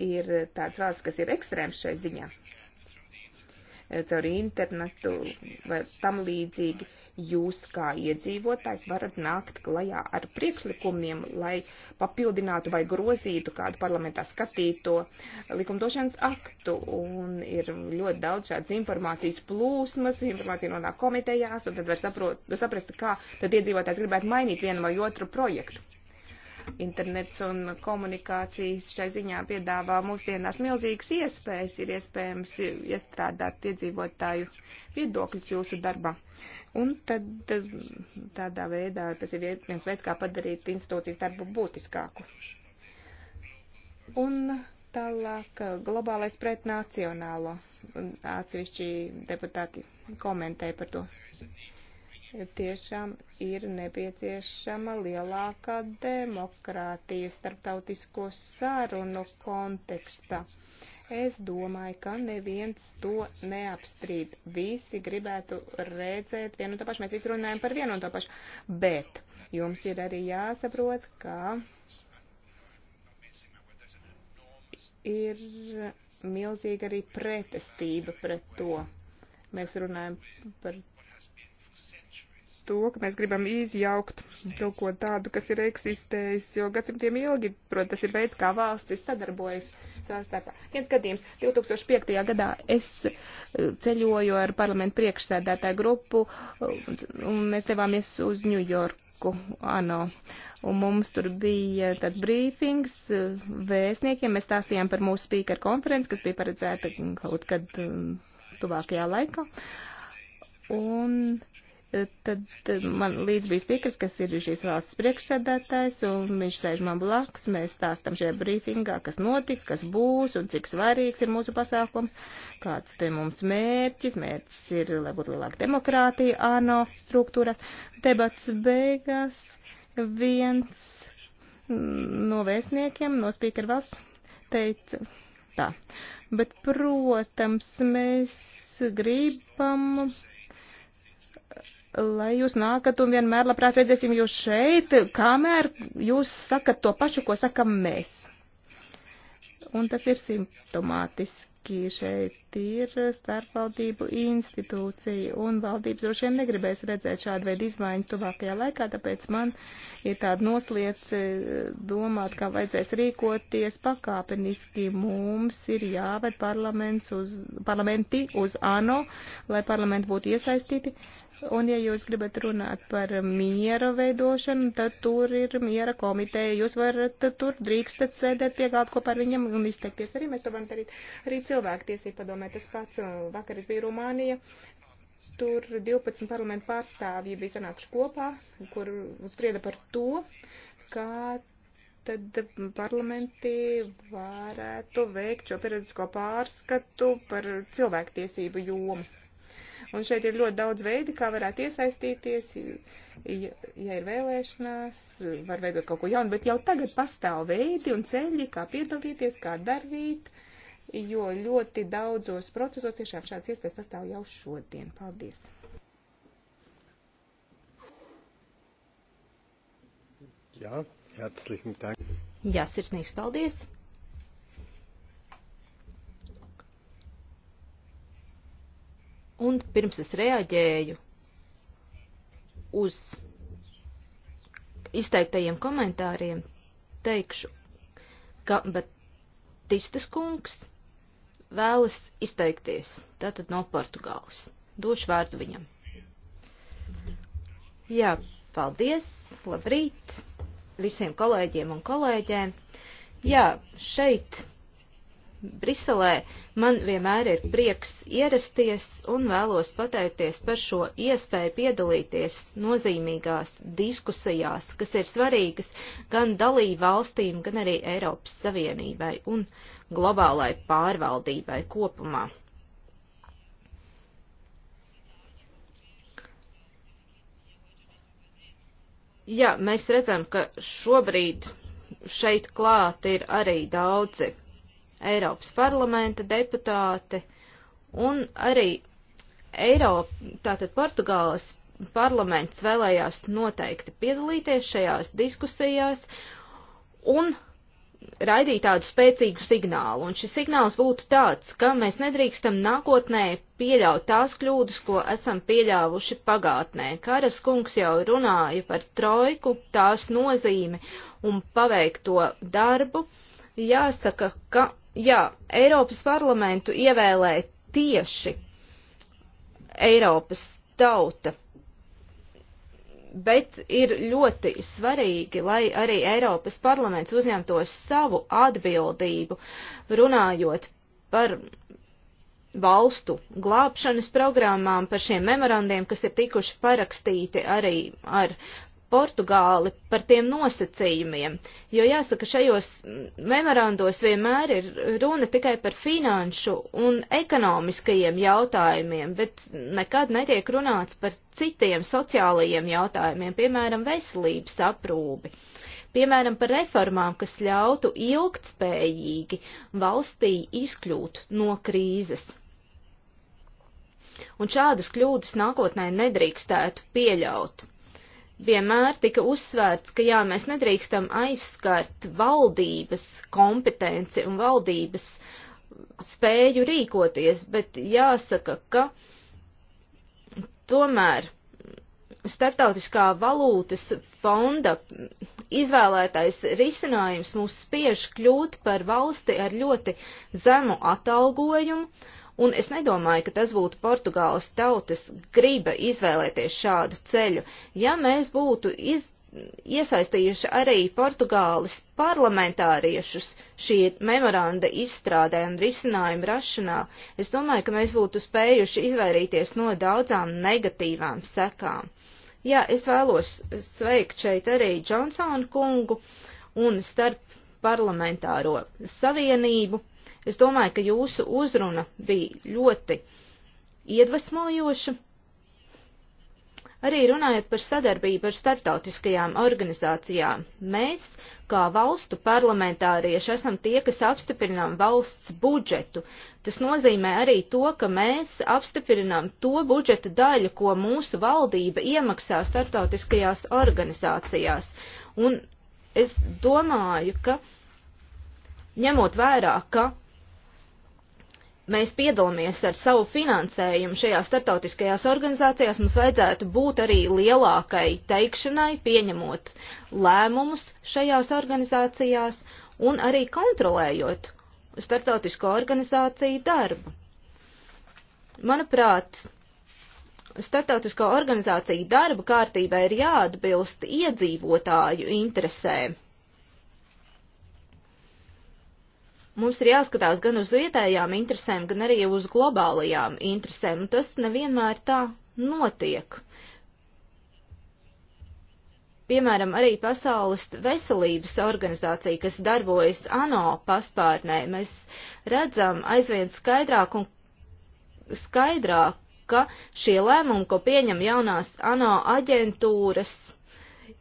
Ir tāds valsts, kas ir ekstrēms šai ziņā, caur internetu vai tam līdzīgi jūs kā iedzīvotājs varat nākt klajā ar priekšlikumiem, lai papildinātu vai grozītu kādu parlamentā skatīto likumdošanas aktu. Un ir ļoti daudz šādas informācijas plūsmas, informācija nonāk komitejās, un tad var saprot, saprast, kā tad iedzīvotājs gribētu mainīt vienu vai otru projektu internets un komunikācijas šai ziņā piedāvā mūsdienās milzīgas iespējas, ir iespējams iestrādāt iedzīvotāju viedokļus jūsu darbā. Un tad tādā veidā tas ir viens veids, kā padarīt institūcijas darbu būtiskāku. Un tālāk globālais pret nacionālo. Atsevišķi deputāti komentēja par to. Tiešām ir nepieciešama lielākā demokrātija starptautisko sarunu kontekstā. Uh, Es domāju, ka neviens to neapstrīd. Visi gribētu redzēt vienu to pašu. Mēs visi runājam par vienu un to pašu. Bet jums ir arī jāsaprot, ka ir milzīga arī pretestība pret to. Mēs runājam par to, ka mēs gribam izjaukt kaut ko tādu, kas ir eksistējis jau gadsimtiem ilgi. Protams, tas ir veids, kā valstis sadarbojas savā starpā. Viens gadījums. 2005. gadā es eh, ceļoju ar parlamentu priekšsēdētāju grupu eh, un mēs devāmies uz Ņujorku. Ano. Un mums tur bija tāds brīfings eh, vēstniekiem. Mēs stāstījām par mūsu speaker konferenci, kas bija paredzēta kaut kad tuvākajā laikā. Un tad man līdz bija spīkers, kas ir šīs valsts priekšsēdētājs, un viņš sēž man blakus, mēs stāstam šajā brīfingā, kas notiks, kas būs, un cik svarīgs ir mūsu pasākums, kāds te mums mērķis, mērķis ir, lai būtu lielāka demokrātija, ANO struktūras, debats beigās, viens no vēstniekiem, no spīkera valsts, teica tā, bet, protams, mēs gribam lai jūs nākat un vienmēr labprāt redzēsim jūs šeit, kamēr jūs sakat to pašu, ko sakam mēs. Un tas ir simptomātiski. Šeit ir starpvaldību institūcija, un valdības droši vien negribēs redzēt šādu veidu izmaiņas tuvākajā laikā, tāpēc man ir tāda nosliec e, domāt, kā vajadzēs rīkoties pakāpeniski. Mums ir jāved parlaments uz, parlamenti uz ANO, lai parlamenti būtu iesaistīti Un, ja jūs gribat runāt par miera veidošanu, tad tur ir miera komiteja. Jūs varat tur drīkstat sēdēt pie galda kopā ar viņiem un izteikties. Arī mēs to varam darīt. Arī cilvēktiesība padomē tas pats. Uh, vakar es biju Rumānija. Tur 12 parlamentu pārstāvji bija sanākuši kopā, kur sprieda par to, kā tad parlamenti varētu veikt šo periodisko pārskatu par cilvēktiesību jomu Un šeit ir ļoti daudz veidi, kā varētu iesaistīties, ja, ja ir vēlēšanās, var veidot kaut ko jaunu, bet jau tagad pastāv veidi un ceļi, kā piedalīties, kā darīt, jo ļoti daudzos procesos tiešām šāds iespējas pastāv jau šodien. Paldies! Jā, herzlichen Dank. Jā, sirsnīgs paldies! Un pirms es reaģēju uz izteiktajiem komentāriem, teikšu, ka Batistas kungs vēlas izteikties, tātad no Portugāles. Došu vārdu viņam. Jā, paldies, labrīt visiem kolēģiem un kolēģēm. Jā, šeit Briselē man vienmēr ir prieks ierasties un vēlos pateikties par šo iespēju piedalīties nozīmīgās diskusijās, kas ir svarīgas gan dalību valstīm, gan arī Eiropas Savienībai un globālai pārvaldībai kopumā. Jā, mēs redzam, ka šobrīd šeit klāt ir arī daudzi Eiropas parlamenta deputāti un arī Eiropa, tātad Portugāles parlaments vēlējās noteikti piedalīties šajās diskusijās un raidīt tādu spēcīgu signālu. Un šis signāls būtu tāds, ka mēs nedrīkstam nākotnē pieļaut tās kļūdas, ko esam pieļāvuši pagātnē. Karas kungs jau runāja par trojku, tās nozīmi un paveikto darbu. Jāsaka, ka jā, Eiropas parlamentu ievēlē tieši Eiropas tauta. Bet ir ļoti svarīgi, lai arī Eiropas parlaments uzņemtos savu atbildību, runājot par valstu glābšanas programmām, par šiem memorandiem, kas ir tikuši parakstīti arī ar Portugāli par tiem nosacījumiem, jo jāsaka, šajos memorandos vienmēr ir runa tikai par finanšu un ekonomiskajiem jautājumiem, bet nekad netiek runāts par citiem sociālajiem jautājumiem, piemēram, veselības aprūpi, piemēram, par reformām, kas ļautu ilgtspējīgi valstī izkļūt no krīzes un šādas kļūdas nākotnē nedrīkstētu pieļaut vienmēr tika uzsvērts, ka jā, mēs nedrīkstam aizskart valdības kompetenci un valdības spēju rīkoties, bet jāsaka, ka tomēr starptautiskā valūtas fonda izvēlētais risinājums mūs spiež kļūt par valsti ar ļoti zemu atalgojumu, un es nedomāju, ka tas būtu Portugāles tautas griba izvēlēties šādu ceļu. Ja mēs būtu iz, iesaistījuši arī Portugāles parlamentāriešus šī memoranda izstrādē un risinājuma rašanā, es domāju, ka mēs būtu spējuši izvairīties no daudzām negatīvām sekām. Jā, es vēlos sveikt šeit arī Džonsonu kungu un starp parlamentāro savienību Es domāju, ka jūsu uzruna bija ļoti iedvesmojoša. Arī runājot par sadarbību ar starptautiskajām organizācijām, mēs, kā valstu parlamentārieši, esam tie, kas apstiprinām valsts budžetu. Tas nozīmē arī to, ka mēs apstiprinām to budžeta daļu, ko mūsu valdība iemaksā starptautiskajās organizācijās. Un es domāju, ka ņemot vērā, ka mēs piedalāmies ar savu finansējumu šajās starptautiskajās organizācijās, mums vajadzētu būt arī lielākai teikšanai, pieņemot lēmumus šajās organizācijās un arī kontrolējot starptautisko organizāciju darbu. Manuprāt, starptautisko organizāciju darba kārtībā ir jāatbilst iedzīvotāju interesēm. Mums ir jāskatās gan uz vietējām interesēm, gan arī uz globālajām interesēm, un tas nevienmēr tā notiek. Piemēram, arī Pasaules veselības organizācija, kas darbojas ANO paspārnē, mēs redzam aizvien skaidrāk un skaidrāk, ka šie lēmumi, ko pieņem jaunās ANO aģentūras,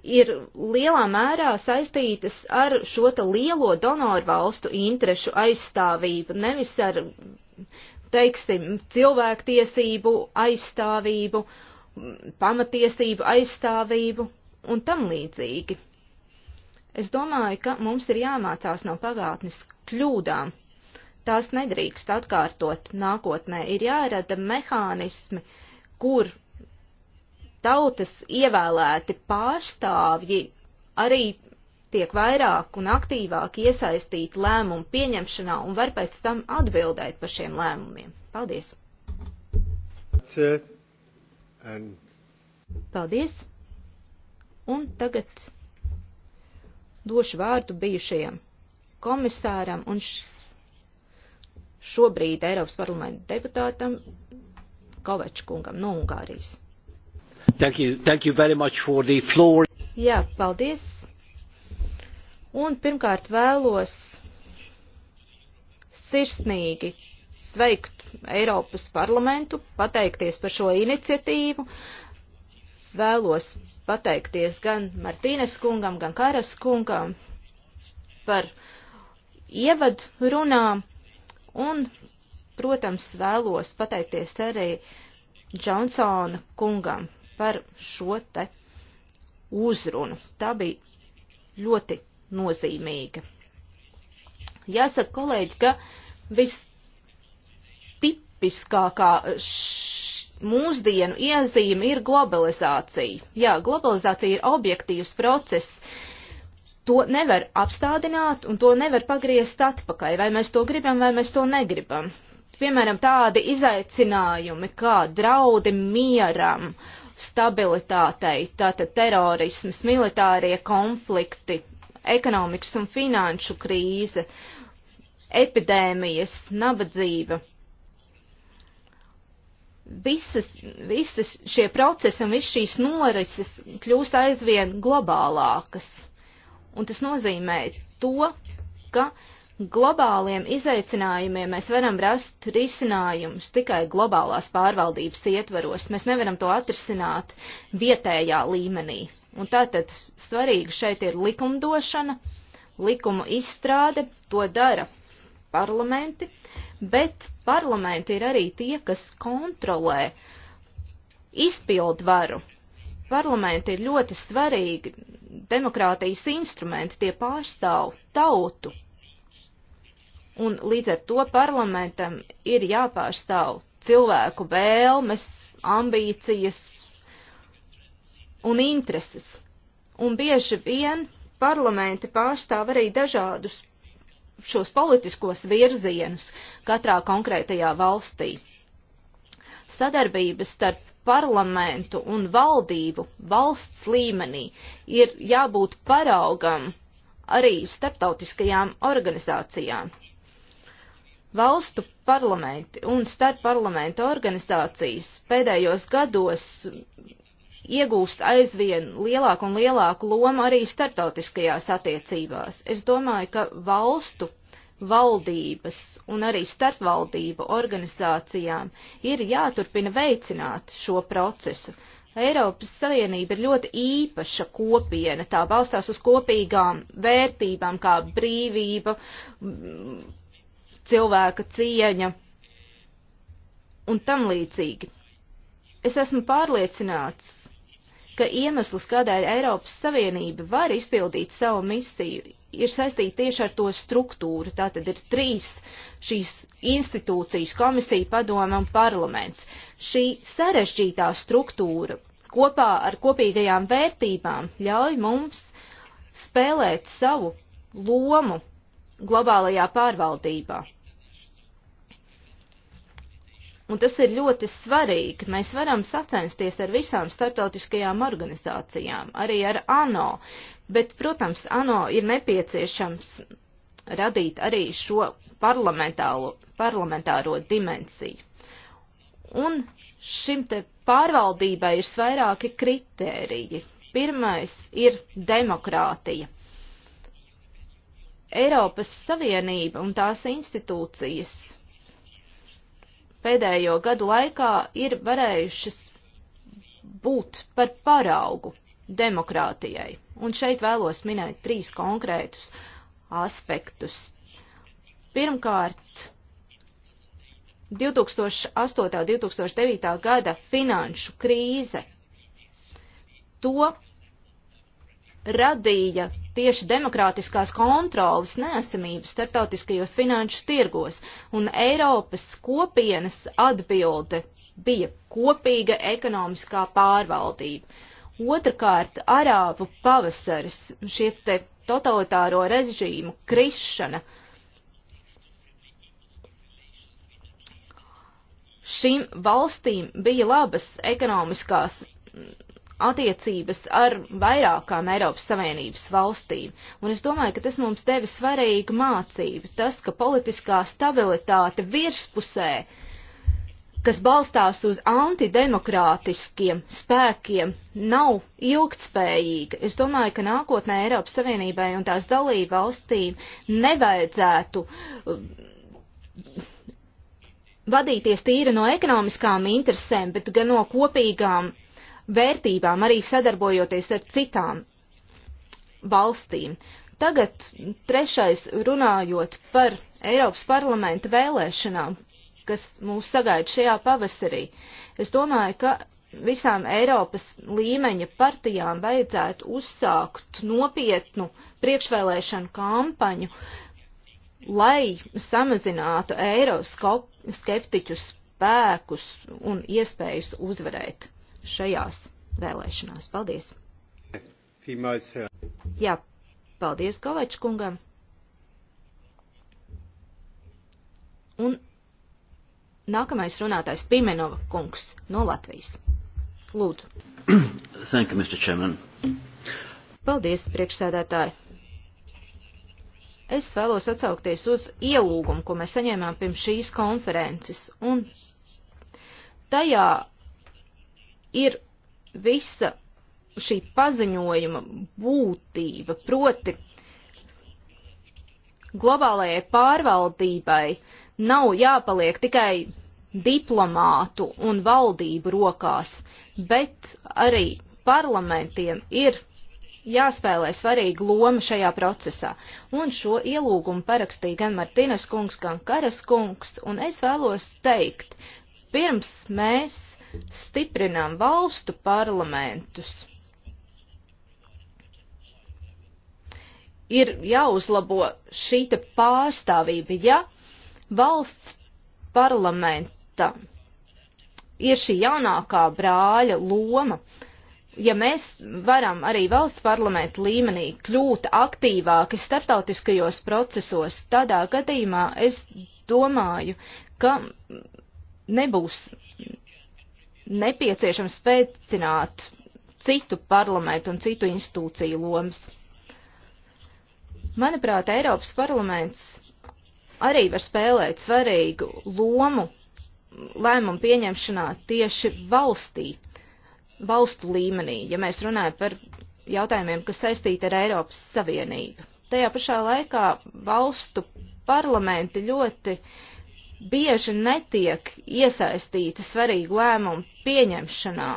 ir lielā mērā saistītas ar šo te lielo donoru valstu interešu aizstāvību, nevis ar, teiksim, cilvēktiesību aizstāvību, pamatiesību aizstāvību un tam līdzīgi. Es domāju, ka mums ir jāmācās no pagātnes kļūdām. Tās nedrīkst atkārtot nākotnē. Ir jārada mehānismi, kur tautas ievēlēti pārstāvji arī tiek vairāk un aktīvāk iesaistīti lēmumu pieņemšanā un var pēc tam atbildēt par šiem lēmumiem. Paldies! Paldies! Un tagad došu vārdu bijušajam komisāram un šobrīd Eiropas parlamenta deputātam Kovačkungam no Ungārijas. Thank you, thank you very much for the floor. Jā, paldies. Un pirmkārt vēlos sirsnīgi sveikt Eiropas parlamentu, pateikties par šo iniciatīvu. Vēlos pateikties gan Martīnes kungam, gan Kāras kungam par ievadu runām un, protams, vēlos pateikties arī Džonsona kungam par šo te uzrunu. Tā bija ļoti nozīmīga. Jāsaka, kolēģi, ka vistipiskākā mūsdienu iezīme ir globalizācija. Jā, globalizācija ir objektīvs process. To nevar apstādināt un to nevar pagriezt atpakaļ, vai mēs to gribam, vai mēs to negribam. Piemēram, tādi izaicinājumi kā draudi mieram, uh, stabilitātei, tātad terorisms, militārie konflikti, ekonomikas un finanšu krīze, epidēmijas, nabadzība. Visas, visas šie procesi un viss šīs norises kļūst aizvien globālākas. Un tas nozīmē to, ka uh, globāliem izaicinājumiem mēs varam rast risinājumus tikai globālās pārvaldības ietveros. Mēs nevaram to atrisināt vietējā līmenī. Un tātad svarīgi šeit ir likumdošana, likumu izstrāde, to dara parlamenti, bet parlamenti ir arī tie, kas kontrolē izpildu varu. Parlamenti ir ļoti svarīgi demokrātijas instrumenti, tie pārstāv tautu, un līdz ar to parlamentam ir jāpārstāv cilvēku vēlmes, ambīcijas un intereses. Un bieži vien parlamenti pārstāv arī dažādus šos politiskos virzienus katrā konkrētajā valstī. Sadarbības starp parlamentu un valdību valsts līmenī ir jābūt paraugam arī starptautiskajām organizācijām. Valstu parlamenti un starp parlamentu organizācijas pēdējos gados iegūst aizvien lielāku un lielāku lomu arī starptautiskajās attiecībās. Es domāju, ka valstu valdības un arī starpvaldību organizācijām ir jāturpina veicināt šo procesu. Eiropas Savienība ir ļoti īpaša kopiena, tā balstās uz kopīgām vērtībām kā brīvība, cilvēka cieņa un tam līdzīgi. Es esmu pārliecināts, ka iemesls, kādēļ Eiropas Savienība var izpildīt savu misiju, ir saistīta tieši ar to struktūru. Tā tad ir trīs šīs institūcijas - komisija, padoma un parlaments. Šī sarežģītā struktūra kopā ar kopīgajām vērtībām ļauj mums spēlēt savu lomu globālajā pārvaldībā. Un tas ir ļoti svarīgi. Mēs varam sacensties ar visām starptautiskajām organizācijām, arī ar ANO, bet, protams, ANO ir nepieciešams radīt arī šo parlamentāro dimensiju. Un šim te pārvaldībai ir vairāki kritēriji. Pirmais ir demokrātija. Eiropas Savienība un tās institūcijas pēdējo gadu laikā ir varējušas būt par paraugu demokrātijai. Un šeit vēlos minēt trīs konkrētus aspektus. Pirmkārt, 2008. un 2009. gada finanšu krīze. To radīja tieši demokrātiskās kontrolas neesamības starptautiskajos finanšu tirgos, un Eiropas kopienas atbilde bija kopīga ekonomiskā pārvaldība. Otrakārt, arābu pavasaris, šie te totalitāro režīmu krišana, šīm valstīm bija labas ekonomiskās attiecības ar vairākām Eiropas Savienības valstīm, un es domāju, ka tas mums deva svarīgu mācību, tas, ka politiskā stabilitāte virspusē, kas balstās uz antidemokrātiskiem spēkiem, nav ilgtspējīga. Es domāju, ka nākotnē Eiropas Savienībai un tās dalību valstīm nevajadzētu uh, vadīties tīri no ekonomiskām interesēm, bet gan no kopīgām vērtībām, arī sadarbojoties ar citām valstīm. Tagad trešais runājot par Eiropas parlamenta vēlēšanām, kas mūs sagaida šajā pavasarī. Es domāju, ka visām Eiropas līmeņa partijām vajadzētu uzsākt nopietnu priekšvēlēšanu kampaņu, lai samazinātu eiroskeptiķu spēkus un iespējas uzvarēt šajās vēlēšanās. Paldies! Jā, paldies Kovačs kungam! Un nākamais runātājs Pimenova kungs no Latvijas. Lūdzu. Thank you, Mr. Chairman. Paldies, priekšsēdētāji. Es vēlos atsaukties uz ielūgumu, ko mēs saņēmām pirms šīs konferences, un tajā ir visa šī paziņojuma būtība, proti globālajai pārvaldībai nav jāpaliek tikai diplomātu un valdību rokās, bet arī parlamentiem ir jāspēlē svarīga loma šajā procesā. Un šo ielūgumu parakstīja gan Martīnas kungs, gan Karas kungs, un es vēlos teikt, pirms mēs stiprinām valstu parlamentus. Ir jāuzlabo šīta pārstāvība, ja valsts parlamenta ir šī jaunākā brāļa loma. Ja mēs varam arī valsts parlamenta līmenī kļūt aktīvāki starptautiskajos procesos, tādā gadījumā es domāju, ka nebūs nepieciešams spēcināt citu parlamentu un citu institūciju lomas. Manuprāt, Eiropas parlaments arī var spēlēt svarīgu lomu lēmumu pieņemšanā tieši valstī, valstu līmenī, ja mēs runājam par jautājumiem, kas saistīti ar Eiropas Savienību. Tajā pašā laikā valstu parlamenti ļoti uh, bieži netiek iesaistīti svarīgu lēmumu pieņemšanā,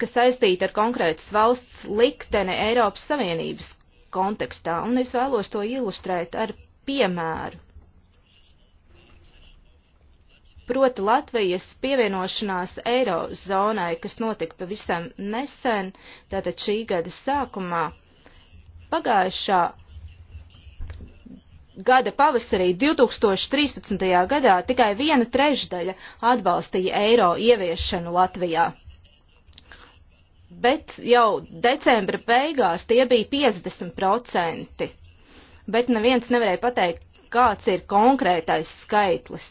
kas saistīta ar konkrētas valsts likteni Eiropas Savienības kontekstā, un es vēlos to ilustrēt ar piemēru. Proti Latvijas pievienošanās eirozonai, kas notika pavisam nesen, tātad šī gada sākumā, pagājušā gada pavasarī 2013. gadā tikai viena trešdaļa atbalstīja eiro ieviešanu Latvijā. Bet jau decembra beigās tie bija 50%. Bet neviens nevarēja pateikt, kāds ir konkrētais skaitlis.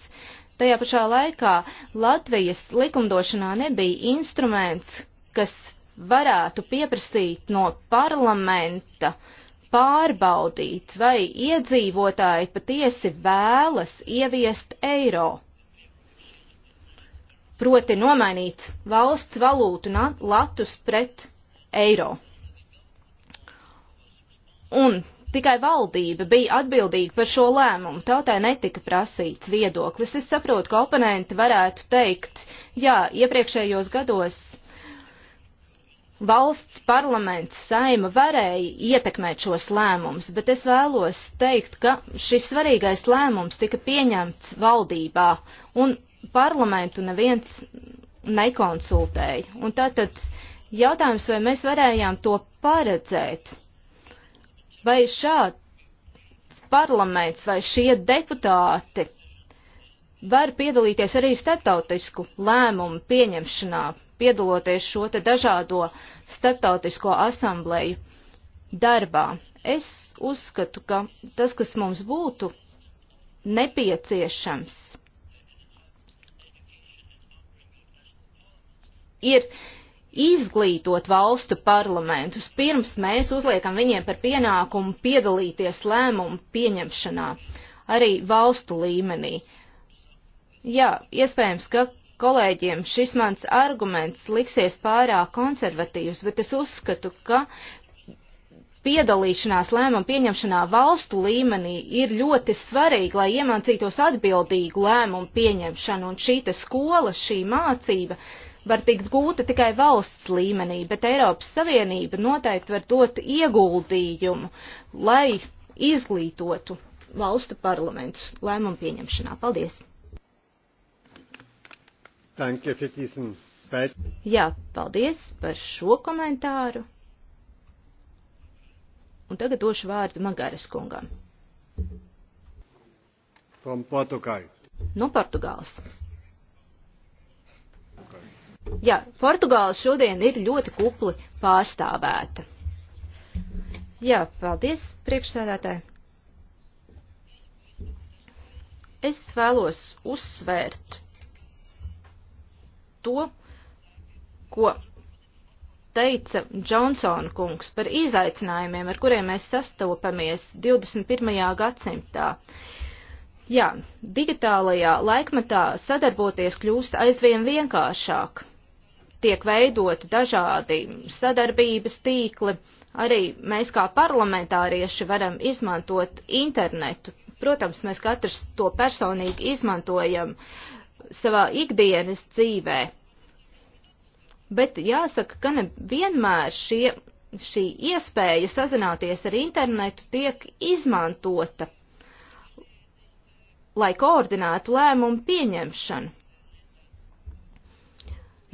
Tajā pašā laikā Latvijas likumdošanā nebija instruments, kas varētu pieprasīt no parlamenta uh, pārbaudīt, vai iedzīvotāji patiesi vēlas ieviest eiro. Proti nomainīt valsts valūtu latus pret eiro. Un tikai valdība bija atbildīga par šo lēmumu. Tautai netika prasīts viedoklis. Es saprotu, ka oponenti varētu teikt, jā, iepriekšējos gados valsts parlaments, saima varēja ietekmēt šos lēmumus, bet es vēlos teikt, ka šis svarīgais lēmums tika pieņemts valdībā un parlamentu neviens nekonsultēja. Un tātad jautājums, vai mēs varējām to paredzēt, vai šāds parlaments vai šie deputāti var piedalīties arī starptautisku lēmumu pieņemšanā piedaloties šo te dažādo starptautisko asamblēju darbā. Es uzskatu, ka tas, kas mums būtu nepieciešams, ir izglītot valstu parlamentus, pirms mēs uzliekam viņiem par pienākumu piedalīties lēmumu pieņemšanā, arī valstu līmenī. Jā, iespējams, ka kolēģiem šis mans arguments liksies pārāk konservatīvs, bet es uzskatu, ka piedalīšanās lēmumu pieņemšanā valstu līmenī ir ļoti svarīgi, lai iemācītos atbildīgu lēmumu pieņemšanu, un šī skola, šī mācība var tikt gūta tikai valsts līmenī, bet Eiropas Savienība noteikti var dot ieguldījumu, lai izglītotu valstu parlamentus lēmumu pieņemšanā. Paldies! Danke für diesen Jā, paldies par šo komentāru. Un tagad došu vārdu Magares kungam. From Portugal. No Portugāles. Jā, Portugāla šodien ir ļoti kupli pārstāvēta. Jā, paldies, priekšsēdētāji. Es vēlos uzsvērt to, ko teica Džonsona kungs par izaicinājumiem, ar kuriem mēs sastopamies 21. gadsimtā. Jā, digitālajā laikmetā sadarboties kļūst aizvien vienkāršāk. Tiek veidoti dažādi sadarbības tīkli, arī mēs kā parlamentārieši varam izmantot internetu. Protams, mēs katrs to personīgi izmantojam uh, savā ikdienas dzīvē. Bet jāsaka, ka nevienmēr šie, šī iespēja sazināties ar internetu tiek izmantota, lai koordinētu lēmumu pieņemšanu.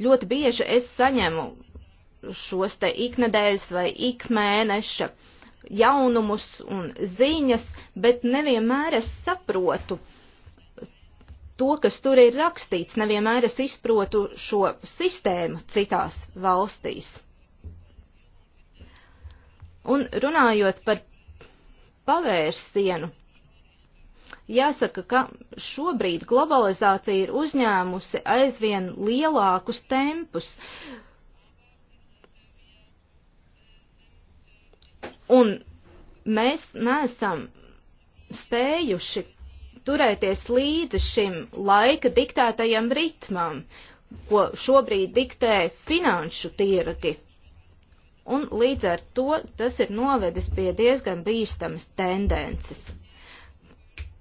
Ļoti bieži es saņemu šos te iknedēļas vai ikmēneša jaunumus un ziņas, bet nevienmēr es saprotu, uh, to, kas tur ir rakstīts, nevienmēr es izprotu šo sistēmu citās valstīs. Un runājot par pavērsienu, jāsaka, ka šobrīd globalizācija ir uzņēmusi aizvien lielākus tempus. Un mēs neesam spējuši turēties līdzi šim laika diktētajam ritmam, ko šobrīd diktē finanšu tirgi. Un līdz ar to tas ir novedis pie diezgan bīstamas tendences.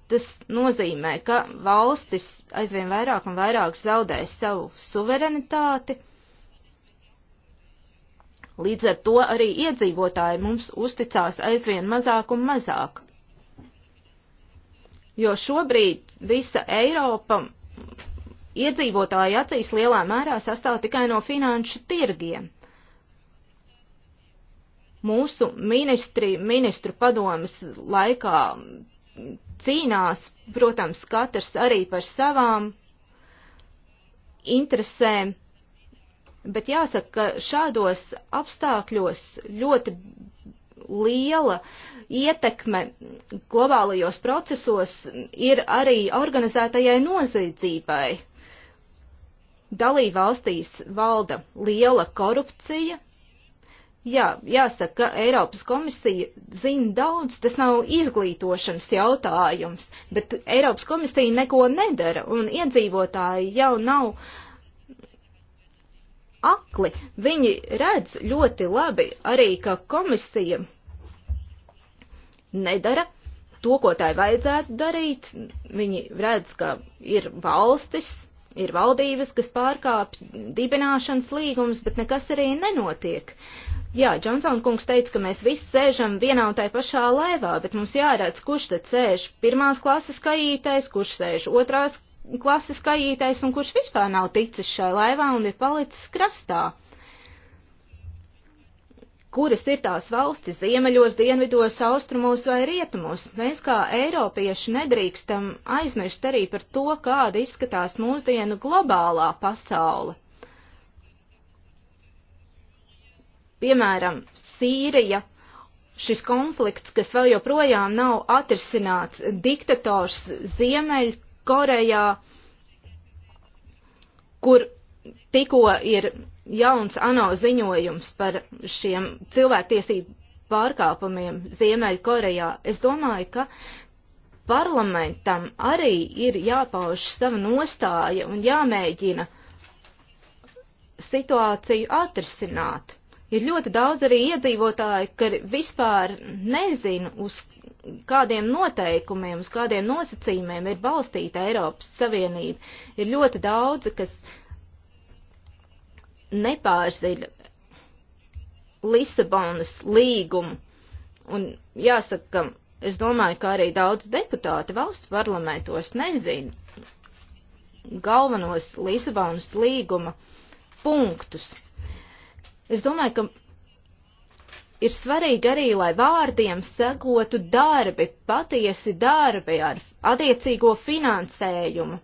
Tas nozīmē, ka valstis aizvien vairāk un vairāk zaudēs savu suverenitāti. Līdz ar to arī iedzīvotāji mums uzticās aizvien mazāk un mazāk jo šobrīd visa Eiropa iedzīvotāja acīs lielā mērā sastāv tikai no finanšu tirgiem. Mūsu ministri, ministru padomas laikā cīnās, protams, katrs arī par savām interesēm, bet jāsaka, ka šādos apstākļos ļoti liela ietekme globālajos procesos ir arī organizētajai noziedzībai. Dalībvalstīs valda liela korupcija. Jā, jāsaka, ka Eiropas komisija zina daudz, tas nav izglītošanas jautājums, bet Eiropas komisija neko nedara un iedzīvotāji jau nav uh, akli. Viņi redz ļoti labi arī, ka komisija nedara to, ko tai vajadzētu darīt. Viņi redz, ka ir valstis, ir valdības, kas pārkāpj dibināšanas līgumus, bet nekas arī nenotiek. Jā, Džonsona kungs teica, ka mēs visi sēžam vienā un tai pašā laivā, bet mums jāredz, kurš tad sēž pirmās klases kājītais, kurš sēž otrās klases kajītais un kurš vispār nav ticis šai laivā un ir palicis krastā. Kuras ir tās valstis ziemeļos, dienvidos, austrumos vai rietumos? Mēs kā eiropieši nedrīkstam aizmirst arī par to, kāda izskatās mūsdienu globālā pasaule. Piemēram, Sīrija, šis konflikts, kas vēl joprojām nav atrisināts, diktators ziemeļ Korejā, kur tikko ir jauns ANO ziņojums par šiem cilvēktiesību pārkāpumiem Ziemeļkorejā. Es domāju, ka parlamentam arī ir jāpauž sava nostāja un jāmēģina situāciju atrisināt. Ir ļoti daudz arī iedzīvotāju, kuri vispār nezina, uz kādiem noteikumiem, uz kādiem nosacījumiem ir balstīta Eiropas Savienība. Ir ļoti daudzi, kas nepārziļ Lisabonas līgumu. Un jāsaka, es domāju, ka arī daudz deputāti valstu parlamentos nezina galvenos Lisabonas līguma punktus. Es domāju, ka ir svarīgi arī, lai vārdiem sekotu darbi, patiesi darbi ar attiecīgo finansējumu.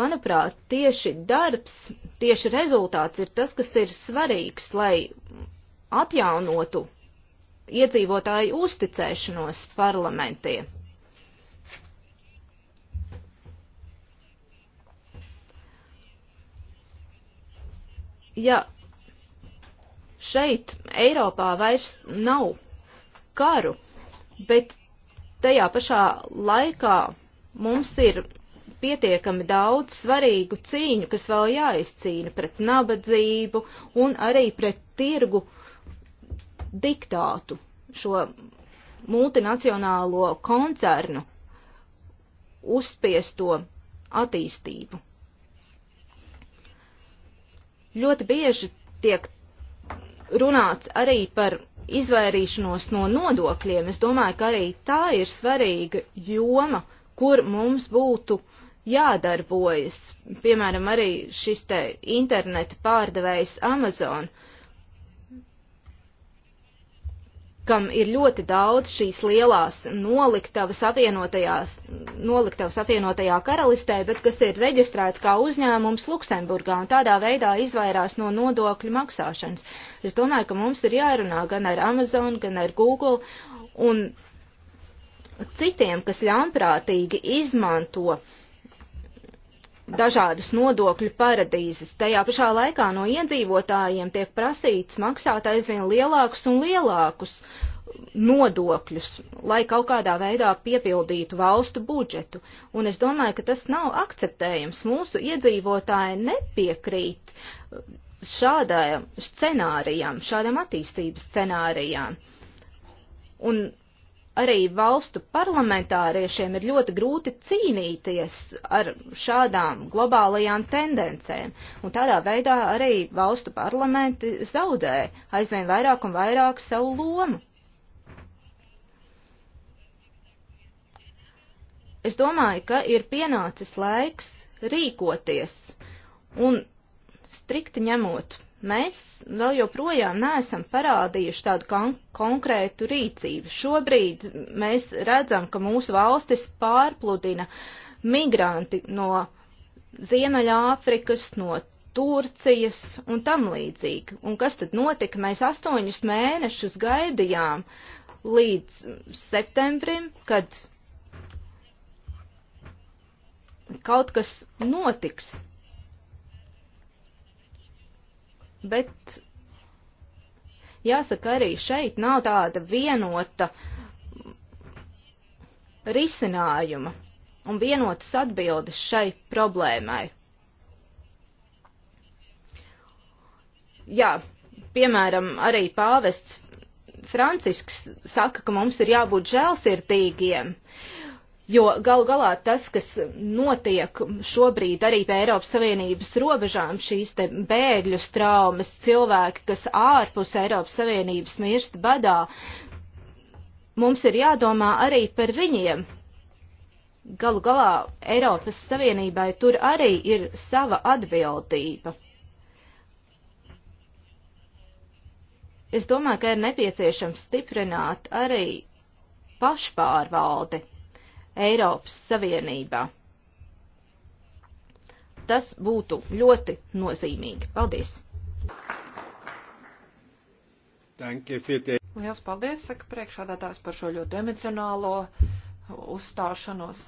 Manuprāt, tieši darbs, tieši rezultāts ir tas, kas ir svarīgs, lai atjaunotu iedzīvotāju uzticēšanos parlamentiem. Ja Šeit Eiropā vairs nav karu, bet tajā pašā laikā mums ir pietiekami daudz svarīgu cīņu, kas vēl jāizcīna pret nabadzību un arī pret tirgu diktātu šo multinacionālo koncernu uzspiesto attīstību. Ļoti bieži tiek runāts arī par izvairīšanos no nodokļiem. Es domāju, ka arī tā ir svarīga joma, kur mums būtu jādarbojas. Piemēram, arī šis te interneta pārdevējs Amazon. Uh, kam ir ļoti daudz šīs lielās noliktavas apvienotajās, noliktavas apvienotajā karalistē, bet kas ir reģistrēts kā uzņēmums Luksemburgā un tādā veidā izvairās no nodokļu maksāšanas. Es domāju, ka mums ir jārunā gan ar Amazon, gan ar Google un citiem, kas ļaunprātīgi izmanto uh, dažādas nodokļu paradīzes. Tajā pašā laikā no iedzīvotājiem tiek prasīts maksāt aizvien lielākus un lielākus nodokļus, lai kaut kādā veidā piepildītu valstu budžetu. Un es domāju, ka tas nav akceptējams. Mūsu iedzīvotāji nepiekrīt šādajam scenārijam, šādam attīstības scenārijam. Un arī valstu parlamentāriešiem ir ļoti grūti cīnīties ar šādām globālajām tendencēm, un tādā veidā arī valstu parlamenti zaudē aizvien vairāk un vairāk savu lomu. Es domāju, ka ir pienācis laiks rīkoties un strikti ņemot mēs vēl joprojām neesam parādījuši tādu kon konkrētu rīcību. Šobrīd mēs redzam, ka mūsu valstis pārpludina migranti no Ziemeļāfrikas, no Turcijas un tam līdzīgi. Un kas tad notika? Mēs astoņus mēnešus gaidījām līdz septembrim, kad kaut kas notiks. bet jāsaka arī šeit nav tāda vienota risinājuma un vienotas atbildes šai problēmai. Jā, piemēram, arī pāvests Francisks saka, ka mums ir jābūt žēlsirdīgiem, uh, Jo gal galā tas, kas notiek šobrīd arī pie Eiropas Savienības robežām, šīs te bēgļu traumas, cilvēki, kas ārpus Eiropas Savienības mirst badā, mums ir jādomā arī par viņiem. Galu galā Eiropas Savienībai tur arī ir sava atbildība. Es domāju, ka ir nepieciešams stiprināt arī pašpārvaldi Eiropas Savienībā. Tas būtu ļoti nozīmīgi. Paldies! Lielas paldies, saka priekšādātājs par šo ļoti emocionālo uzstāšanos.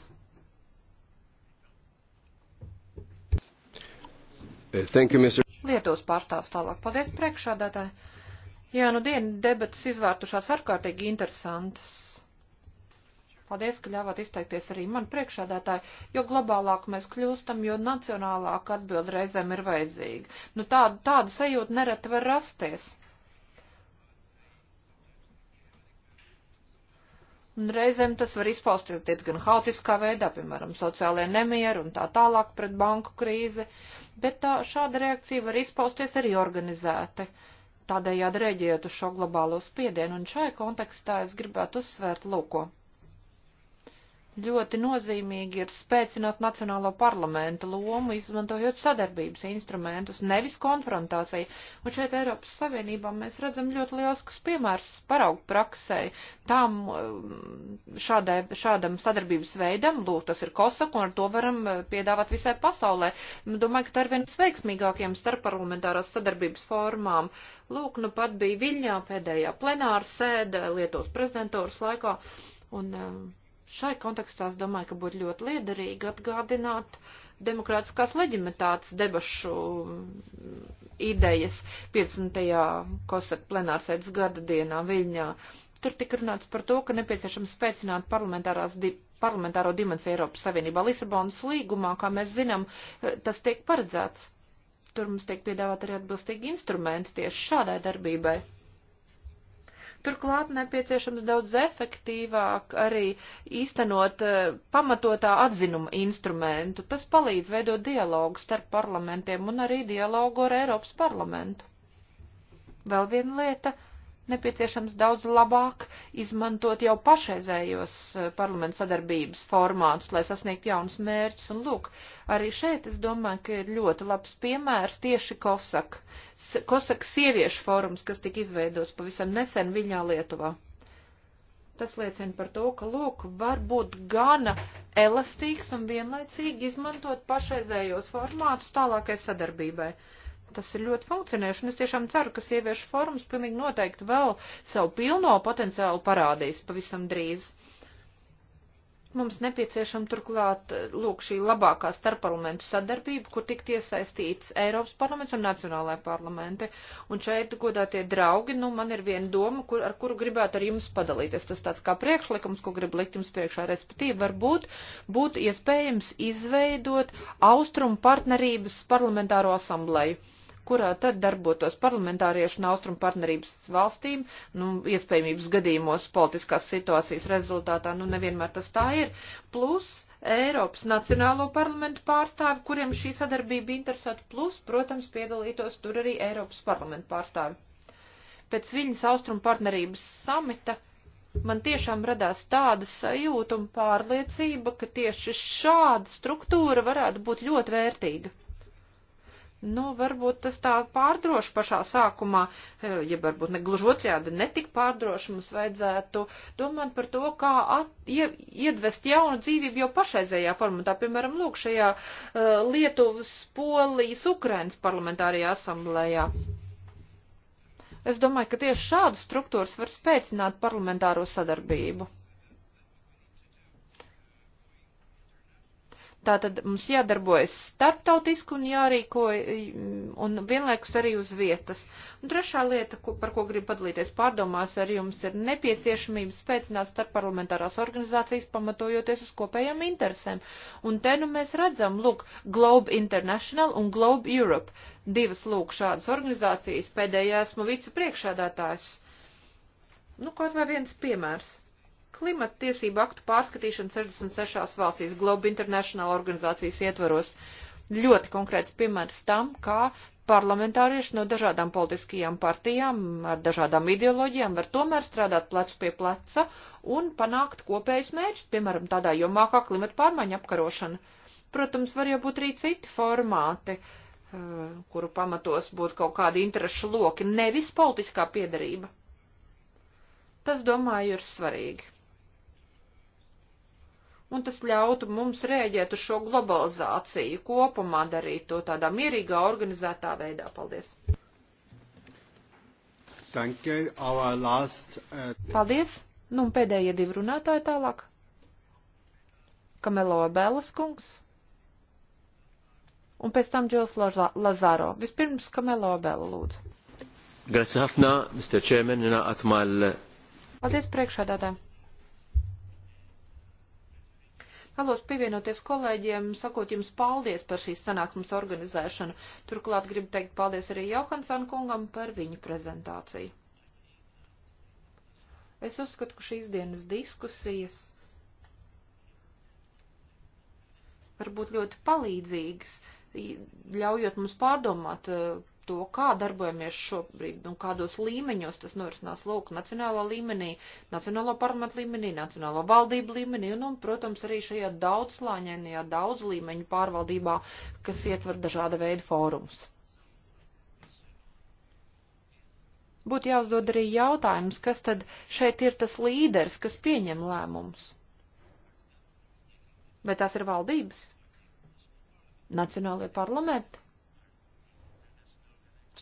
Eh, thank you, Mr. Lietuvas pārstāvs tālāk. Paldies, priekšādātāji. Jā, nu dienu debatas izvērtušās ārkārtīgi interesantas Paldies, ka ļāvāt izteikties arī man priekšādātāji, jo globālāk mēs kļūstam, jo nacionālāk atbild reizēm ir vajadzīga. Nu tāda, tāda sajūta nereti var rasties. Un reizēm tas var izpausties diezgan haotiskā veidā, piemēram, sociālajā nemieru un tā tālāk pret banku krīzi, bet tā, šāda reakcija var izpausties arī organizēti. Tādējādi rēģējot uz šo globālo spiedienu, un šajā kontekstā es gribētu uzsvērt lūko. Ļoti nozīmīgi ir spēcināt Nacionālo parlamentu lomu, izmantojot sadarbības instrumentus, nevis konfrontāciju. Un šeit Eiropas Savienībā mēs redzam ļoti lieliskus piemērus paraugu praksē. Tām um, šādai, šādam sadarbības veidam, lūk, tas ir Kosaka, un ar to varam uh, piedāvāt visai pasaulē. Nu, domāju, ka tā ir viens veiksmīgākiem starpparlamentārās sadarbības formām. Lūk, nu pat bija Viļņā pēdējā plenāra sēde Lietuvas prezidentūras laikā. Un, um, Šai kontekstā es domāju, ka būtu ļoti liederīgi atgādināt demokrātiskās leģimitātes debašu idejas 50. Kosaka plenārsēdes gada dienā Viļņā. Tur tika runāts par to, ka nepieciešams spēcināt parlamentārās di parlamentāro dimensiju Eiropas Savienībā. Lisabonas līgumā, kā mēs zinām, eh, tas tiek paredzēts. Tur mums tiek piedāvāt arī atbilstīgi instrumenti tieši šādai darbībai. Turklāt nepieciešams daudz efektīvāk arī īstenot eh, pamatotā atzinuma instrumentu. Tas palīdz veidot dialogu starp parlamentiem un arī dialogu ar Eiropas parlamentu. Vēl viena lieta nepieciešams daudz labāk izmantot jau pašreizējos eh, parlamentu sadarbības formātus, lai sasniegtu jaunus mērķus. Un lūk, arī šeit es domāju, ka ir ļoti labs piemērs tieši Kosak, Kosak sieviešu forums, kas tika izveidots pavisam nesen Viņā Lietuvā. Tas liecina par to, ka lūk, var būt gana elastīgs un vienlaicīgi izmantot pašreizējos formātus tālākai sadarbībai. Uh, tas ir ļoti funkcionējuši, un es tiešām ceru, ka sieviešu forums pilnīgi noteikti vēl savu pilno potenciālu parādīs pavisam drīz. Mums nepieciešama turklāt, lūk, šī labākā starpparlamentu sadarbība, kur tikt iesaistīts Eiropas parlaments un nacionālajā parlamenti. Un šeit, godātie draugi, nu, man ir viena doma, kur, ar kuru gribētu ar jums padalīties. Tas tāds kā priekšlikums, ko gribu likt jums priekšā, respektīvi, varbūt būtu iespējams izveidot Austrum partnerības parlamentāro asambleju kurā tad darbotos parlamentārieši no austrumu partnerības valstīm, nu, iespējamības gadījumos politiskās situācijas rezultātā, nu, nevienmēr tas tā ir, plus Eiropas Nacionālo parlamentu pārstāvi, kuriem šī sadarbība interesētu, plus, protams, piedalītos tur arī Eiropas parlamentu pārstāvi. Pēc viņas austrumu partnerības samita man tiešām radās tāda sajūta un pārliecība, ka tieši šāda struktūra varētu būt ļoti vērtīga. Nu, varbūt tas tā pārdroši pašā sākumā, eh, ja varbūt ne gluži otrādi, netik pārdroši mums vajadzētu domāt par to, kā at, ie, iedvest jaunu dzīvību jau pašreizējā formatā. Piemēram, lūk, šajā uh, Lietuvas, Polijas, Ukrainas parlamentārajā asamblējā. Es domāju, ka tieši šādas struktūras var spēcināt parlamentāro sadarbību. Tātad mums jādarbojas starptautiski un jārīko un vienlaikus arī uz vietas. Un trešā lieta, ko, par ko gribu padalīties pārdomās ar jums, ir nepieciešamība spēcināt starpparlamentārās organizācijas pamatojoties uz kopējām interesēm. Un te nu mēs redzam, lūk, Globe International un Globe Europe. Divas, lūk, šādas organizācijas. Pēdējā esmu vicepriekšādātājs. Nu, kaut vai viens piemērs klimata tiesību aktu pārskatīšanu 66 valstīs Globe International organizācijas ietvaros. Ļoti konkrēts piemērs tam, kā parlamentārieši no dažādām politiskajām partijām ar dažādām ideoloģijām var tomēr strādāt plecu pie pleca un panākt kopējus mērķus, piemēram, tādā jomā kā klimata pārmaiņa apkarošana. Protams, var jau būt arī citi formāti, eh, kuru pamatos būtu kaut kādi interešu loki, nevis politiskā piedarība. Tas, domāju, ir svarīgi un tas ļautu mums rēģēt uz šo globalizāciju kopumā, darīt to tādā mierīgā, organizētā veidā. Paldies! Danke, our last, uh... Paldies! Nu, un pēdējie divi runātāji tālāk. Kamelo Bēlas kungs. Un pēc tam Džils Lazaro. Vispirms Kamelo Bēla lūdzu. Grazie, Hafnā, Mr. Chairman, atmal. Paldies, priekšādātāji. Vēlos pievienoties kolēģiem, sakot jums paldies par šīs sanāksmes organizēšanu. Turklāt gribu teikt paldies arī Johansan kungam par viņu prezentāciju. Es uzskatu, ka šīs dienas diskusijas var būt ļoti palīdzīgas, ļaujot mums pārdomāt eh, to, kā darbojamies šobrīd un kādos līmeņos tas norisinās lūk nacionālā līmenī, nacionālo parlamentu līmenī, nacionālo valdību līmenī un, un, protams, arī šajā daudzslāņainajā daudzlīmeņu pārvaldībā, kas ietver dažāda veida fórumus. Būtu jāuzdod arī jautājums, kas tad šeit ir tas līderis, kas pieņem lēmumus? Vai tās ir valdības? Nacionālajie parlamenti?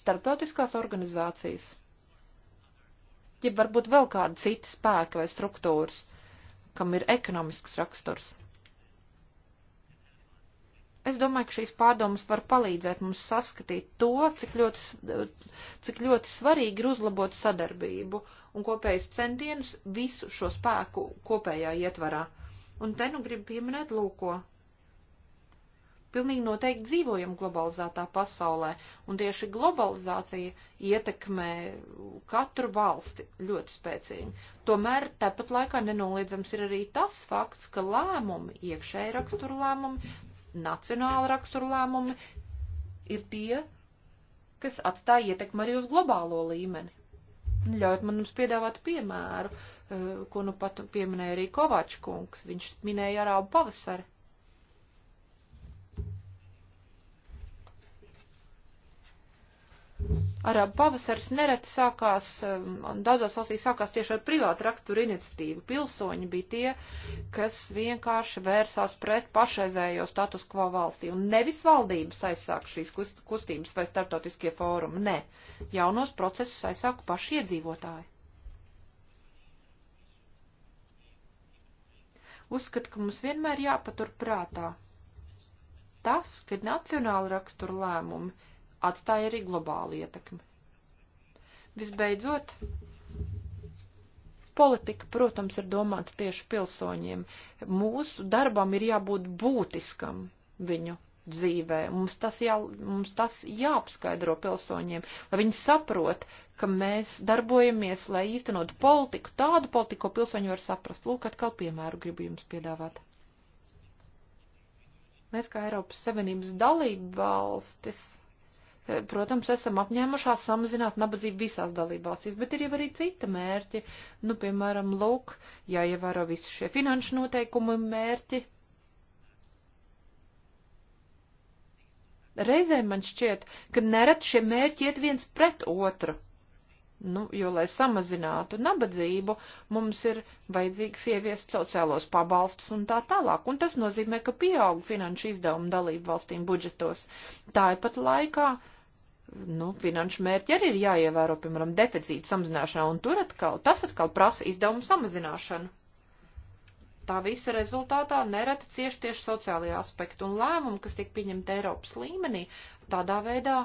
starptautiskās organizācijas, ja varbūt vēl kāda cita spēka vai struktūras, kam ir ekonomisks raksturs. Es domāju, ka šīs pārdomas var palīdzēt mums saskatīt to, cik ļoti, cik ļoti svarīgi ir uzlabot sadarbību un kopējus centienus visu šo spēku kopējā ietvarā. Un te nu gribu pieminēt lūko pilnīgi noteikti dzīvojam globalizētā pasaulē, un tieši globalizācija ietekmē katru valsti ļoti spēcīgi. Tomēr tepat laikā nenoliedzams ir arī tas fakts, ka lēmumi, iekšēja rakstura lēmumi, nacionāla rakstura lēmumi ir tie, kas atstāja ietekmi arī uz globālo līmeni. Nu, Ļaut man jums piedāvāt piemēru, eh, ko nu pat pieminēja arī Kovačkungs, viņš minēja arābu pavasari Arābu pavasars nereti sākās, um, un daudzās valstīs sākās tieši ar privātu raksturu iniciatīvu. Pilsoņi bija tie, kas vienkārši vērsās pret pašreizējo status quo valstī. Un nevis valdības aizsāk šīs kustības vai startautiskie fórumi, nē. Jaunos procesus aizsāku paši iedzīvotāji. Uzskatu, ka mums vienmēr jāpatur prātā tas, ka nacionāla rakstura lēmumi atstāja arī globālu ietekmi. Visbeidzot, politika, protams, ir domāta tieši pilsoņiem. Mūsu darbam ir jābūt būtiskam viņu dzīvē. Mums tas, jā, mums tas jāapskaidro pilsoņiem, lai viņi saprot, ka mēs darbojamies, lai īstenotu politiku, tādu politiku, ko pilsoņi var saprast. Lūk, atkal piemēru gribu jums piedāvāt. Mēs kā Eiropas Savienības dalība valstis protams, esam apņēmušās samazināt nabadzību visās dalībvalstīs, bet ir jau arī cita mērķi, nu, piemēram, lūk, jāievēro visi šie finanšu noteikumi mērķi. Reizēm man šķiet, ka nerad šie mērķi iet viens pret otru. Nu, jo, lai samazinātu nabadzību, mums ir vajadzīgs ieviest sociālos pabalstus un tā tālāk, un tas nozīmē, ka pieaug finanšu izdevumu dalību valstīm budžetos. Tāpat laikā uh, nu, finanšu mērķi arī ir jāievēro, piemēram, deficīta samazināšanā, un tur atkal, tas atkal prasa izdevumu samazināšanu. Tā visa rezultātā nereti cieši tieši sociālajā aspekta un lēmumu, kas tiek pieņemta Eiropas līmenī, tādā veidā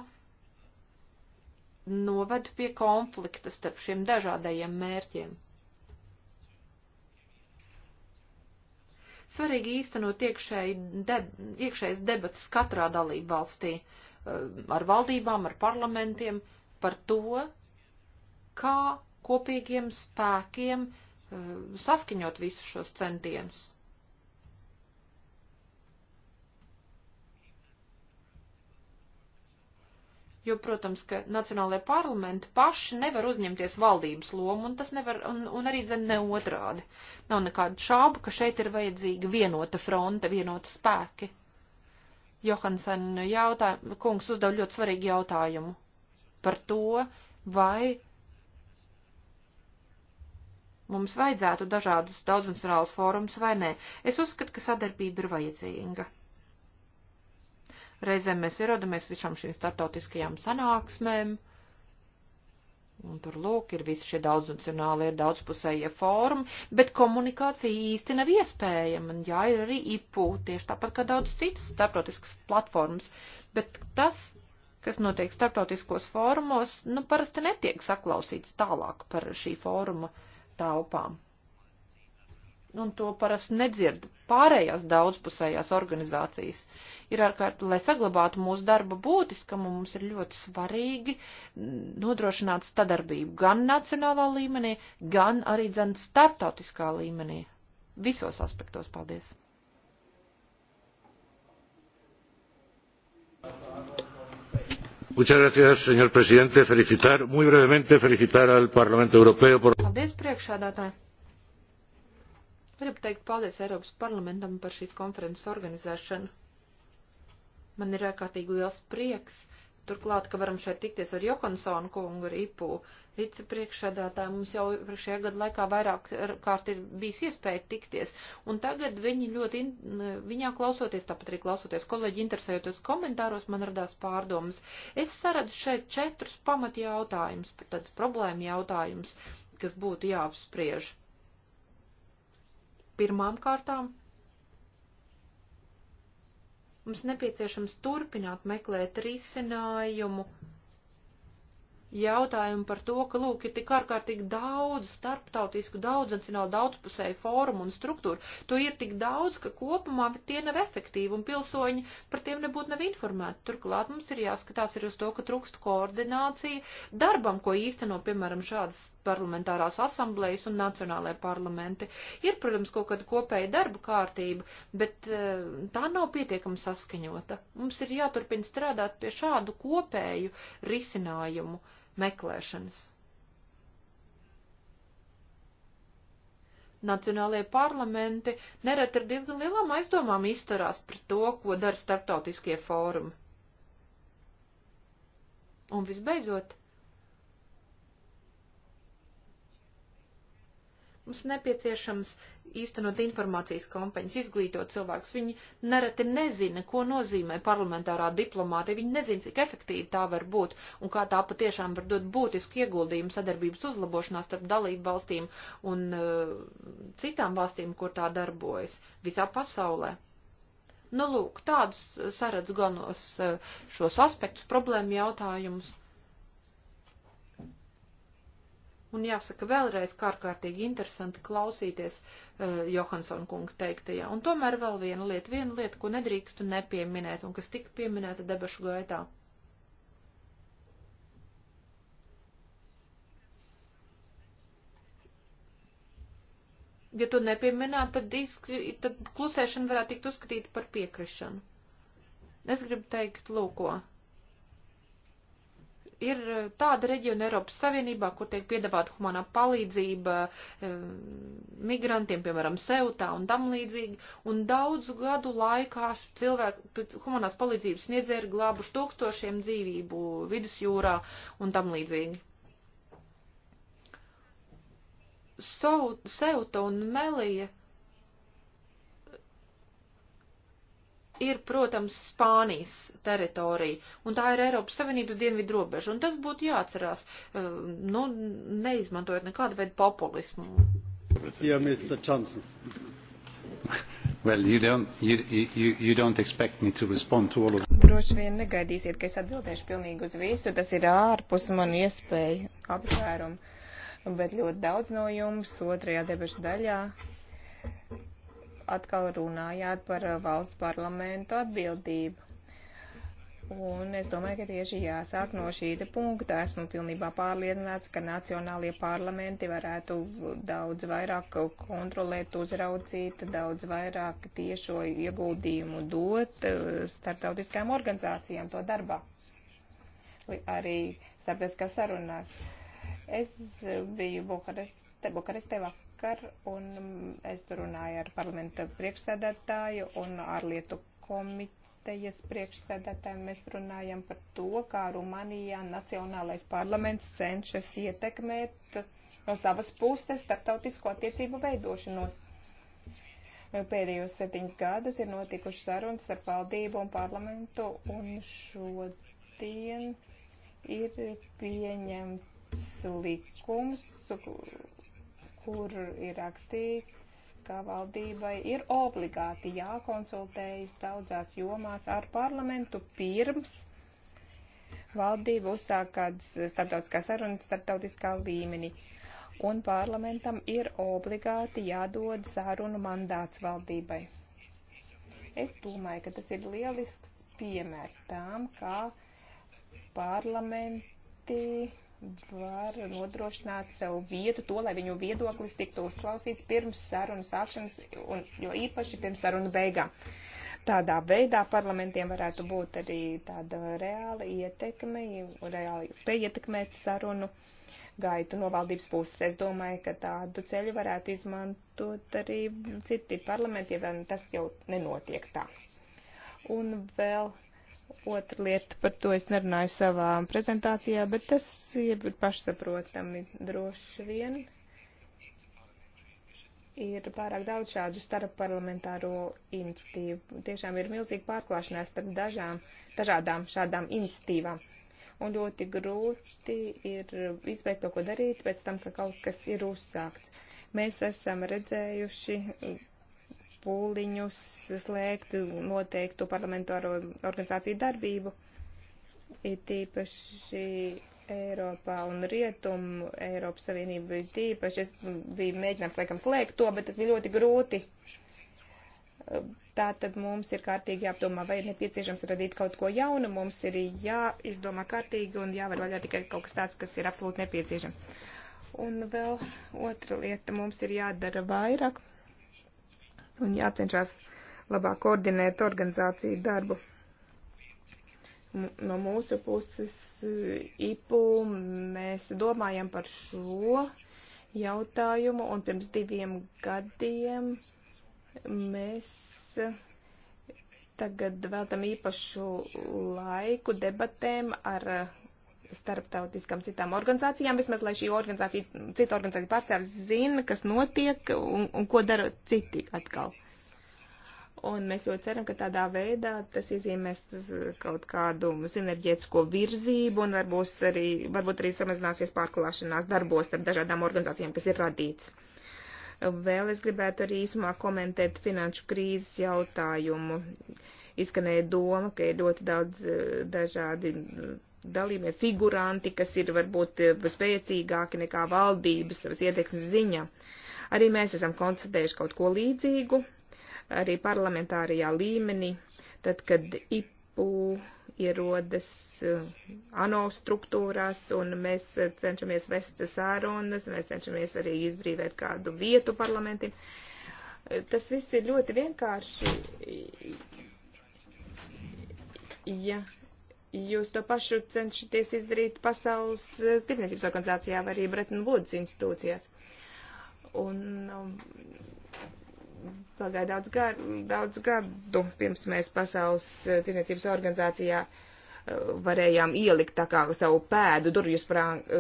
noved pie konflikta starp šiem dažādajiem mērķiem. Svarīgi īstenot iekšēji deb iekšējas debatas katrā dalību valstī. Uh, Eh, ar valdībām, ar parlamentiem par to, kā kopīgiem spēkiem eh, saskaņot visus šos centienus. Jo, protams, ka nacionālajie parlamenti paši nevar uzņemties valdības lomu, un tas nevar, un, un arī zem ne otrādi. Nav nekādu šābu, ka šeit ir vajadzīga vienota fronte, vienota spēki. Johansen jautā, kungs uzdev ļoti svarīgu jautājumu par to, vai mums vajadzētu dažādus daudznacionālus fórumus vai nē. Es uzskatu, ka sadarbība ir vajadzīga. Reizēm mēs ierodamies visām šīm startautiskajām sanāksmēm. Un tur, lūk, ir visi šie daudznacionālie, daudzpusējie fórumi, bet komunikācija īsti nav iespējama. Jā, ir arī IPU, tieši tāpat kā daudz citas starptautiskas platformas, bet tas, kas notiek starptautiskos fórumos, nu, parasti netiek saklausīts tālāk par šī fóruma telpām un to parasti nedzird pārējās daudzpusējās organizācijas. Ir ārkārt, lai saglabātu mūsu darba būtiskam, mums ir ļoti svarīgi nodrošināt sadarbību gan nacionālā līmenī, gan arī dzen startautiskā līmenī. Visos aspektos paldies! Muchas gracias, señor presidente. Felicitar, muy brevemente, felicitar al Parlamento Europeo por. Paldies, priekšādātāji. Gribu teikt paldies Eiropas parlamentam par šīs konferences organizēšanu. Man ir ārkārtīgi liels prieks, turklāt, ka varam šeit tikties ar Johansonu kungu ar IPU vicepriekšsēdētāju. Mums jau priekšējā gada laikā vairāk kārt ir bijis iespēja tikties. Un tagad viņi ļoti, viņā klausoties, tāpat arī klausoties kolēģi interesējoties komentāros, man radās pārdomas. Es saradu šeit četrus pamat jautājumus, tad problēma jautājumus, kas būtu jāapspriež Pirmām kārtām mums nepieciešams turpināt meklēt risinājumu jautājumu par to, ka, lūk, ir tik ārkārtīgi daudz starptautisku, daudznacionālu, daudzpusēju fórumu un struktūru. To ir tik daudz, ka kopumā tie nav efektīvi un pilsoņi par tiem nebūtu nav informēti. Turklāt mums ir jāskatās arī uz to, ka trūkst koordinācija darbam, ko īsteno, piemēram, šādas parlamentārās asamblejas un nacionālajie parlamenti. Ir, protams, kaut kāda kopēja darba kārtība, bet eh, tā nav pietiekami saskaņota. Mums ir jāturpina strādāt pie šādu kopēju risinājumu meklēšanas. Nacionālajie parlamenti nereti ar diezgan lielām aizdomām izturās pret to, ko dara starptautiskie fórumi. Un visbeidzot, Mums nepieciešams īstenot informācijas kampaņas, izglītot cilvēkus. Viņi nereti nezina, ko nozīmē parlamentārā diplomātija. Viņi nezina, cik efektīva tā var būt un kā tā patiešām var dot būtisku ieguldījumu sadarbības uzlabošanā starp dalību valstīm un uh, citām valstīm, kur tā darbojas visā pasaulē. Nu, lūk, tādus saredz galvenos uh, šos aspektus, problēmu jautājumus. Un jāsaka vēlreiz kārkārtīgi interesanti klausīties uh, Johansona kunga teiktajā. Un tomēr vēl viena lieta, viena lieta, ko nedrīkstu nepieminēt un kas tika pieminēta debašu gaitā. Ja to nepieminētu, tad, disk, tad klusēšana varētu tikt uzskatīta par piekrišanu. Es gribu teikt, lūko ir e, tāda reģiona Eiropas Savienībā, kur tiek piedāvāta humanā palīdzība e, migrantiem, piemēram, Seutā un tam līdzīgi, un daudzu gadu laikā cilvēku humanās palīdzības sniedzēji ir glābuši tūkstošiem dzīvību vidusjūrā un tam līdzīgi. Seuta un Melija ir, protams, Spānijas teritorija, un tā ir Eiropas Savienības dienvidu robeža, un tas būtu jāatcerās, eh, nu, neizmantojot nekādu veidu populismu. Yeah, Mr. Johnson. Well, you don't, you, you, you don't expect me to respond to all of Droši vien negaidīsiet, ka es atbildēšu pilnīgi uz visu, tas ir ārpus manu iespēju apvērumu, bet ļoti daudz no jums otrajā debašu daļā atkal runājāt par uh, valstu parlamentu atbildību. Un es domāju, ka tieši jāsāk no šī punkta. Esmu pilnībā pārliecināts, ka nacionālie parlamenti varētu daudz vairāk kontrolēt, uzraudzīt, daudz vairāk tiešo ieguldījumu dot uh, starptautiskām organizācijām to darbā. Arī starptautiskās sarunās. Es biju Bukarestē, Bukarestē vakar vakar, un es runāju ar parlamenta priekšsēdētāju un ārlietu komitejas priekšsēdētāju. Mēs runājam par to, kā Rumānijā Nacionālais parlaments cenšas ietekmēt no savas puses starptautisko attiecību veidošanos. Pēdējos septiņus gadus ir notikušas sarunas ar valdību un parlamentu, un šodien ir pieņemts likums, kur ir rakstīts, ka valdībai ir obligāti jākonsultējas daudzās jomās ar parlamentu pirms valdība uzsāk kādas starptautiskās sarunas starptautiskā līmenī. Un parlamentam ir obligāti jādod sarunu mandāts valdībai. Es domāju, ka tas ir lielisks piemērs tām, kā parlamenti var nodrošināt sev vietu, to, lai viņu viedoklis tiktu uzklausīts pirms sarunu sākšanas, un, jo īpaši pirms sarunu beigām. Tādā veidā parlamentiem varētu būt arī tāda reāla ietekme, reāla spēja ietekmēt sarunu gaitu no valdības puses. Es domāju, ka tādu ceļu varētu izmantot arī citi parlamenti, ja tas jau nenotiek tā. Un vēl Otra lieta, par to es nerunāju savā prezentācijā, bet tas ir pašsaprotami droši vien. Ir pārāk daudz šādu starpparlamentāro iniciatīvu. Tiešām ir milzīga pārklāšanās starp dažām, dažādām šādām iniciatīvām. Un ļoti grūti ir izbeigt kaut ko darīt pēc tam, ka kaut kas ir uzsākts. Mēs esam redzējuši pūliņus slēgt noteiktu parlamentāro organizāciju darbību, ir tīpaši Eiropā un Rietumu Eiropas Savienība ir tīpaši. Es biju mēģinājums, laikam, slēgt to, bet tas bija ļoti grūti. Tātad mums ir kārtīgi jāapdomā, vai ir nepieciešams radīt kaut ko jaunu, mums ir jāizdomā kārtīgi un jāvar vaļā tikai kaut kas tāds, kas ir absolūti nepieciešams. Un vēl otra lieta, mums ir jādara vairāk un jācenšas labāk koordinēt organizāciju darbu. No mūsu puses eh, IPU mēs domājam par šo jautājumu, un pirms diviem gadiem mēs eh, tagad veltam īpašu laiku debatēm ar starptautiskām citām organizācijām, vismaz lai šī organizācija, cita organizācija pārstāvis zina, kas notiek un, un ko dara citi atkal. Un mēs ļoti ceram, ka tādā veidā tas iezīmēs kaut kādu sinerģētisko virzību un varbūt arī, varbūt arī samazināsies pārklāšanās darbos starp dažādām organizācijām, kas ir radīts. Vēl es gribētu arī īsumā komentēt finanšu krīzes jautājumu. Izskanēja doma, ka ir ļoti daudz eh, dažādi dalībnieki, figuranti, kas ir varbūt eh, spēcīgāki nekā valdības savas ietekmes ziņa. Arī mēs esam konstatējuši kaut ko līdzīgu, arī parlamentārajā līmenī, tad, kad IPU ierodas eh, ANO struktūrās un mēs eh, cenšamies vest sārunas, mēs cenšamies arī izbrīvēt kādu vietu parlamentiem. Tas viss ir ļoti vienkārši. Ja Jūs to pašu cenšaties izdarīt Pasaules tirdzniecības organizācijā vai arī Bretton Woods institūcijās. Un um, pagāja daudz, gar, daudz gadu, pirms mēs Pasaules tirdzniecības organizācijā uh, varējām ielikt tā kā savu pēdu durvju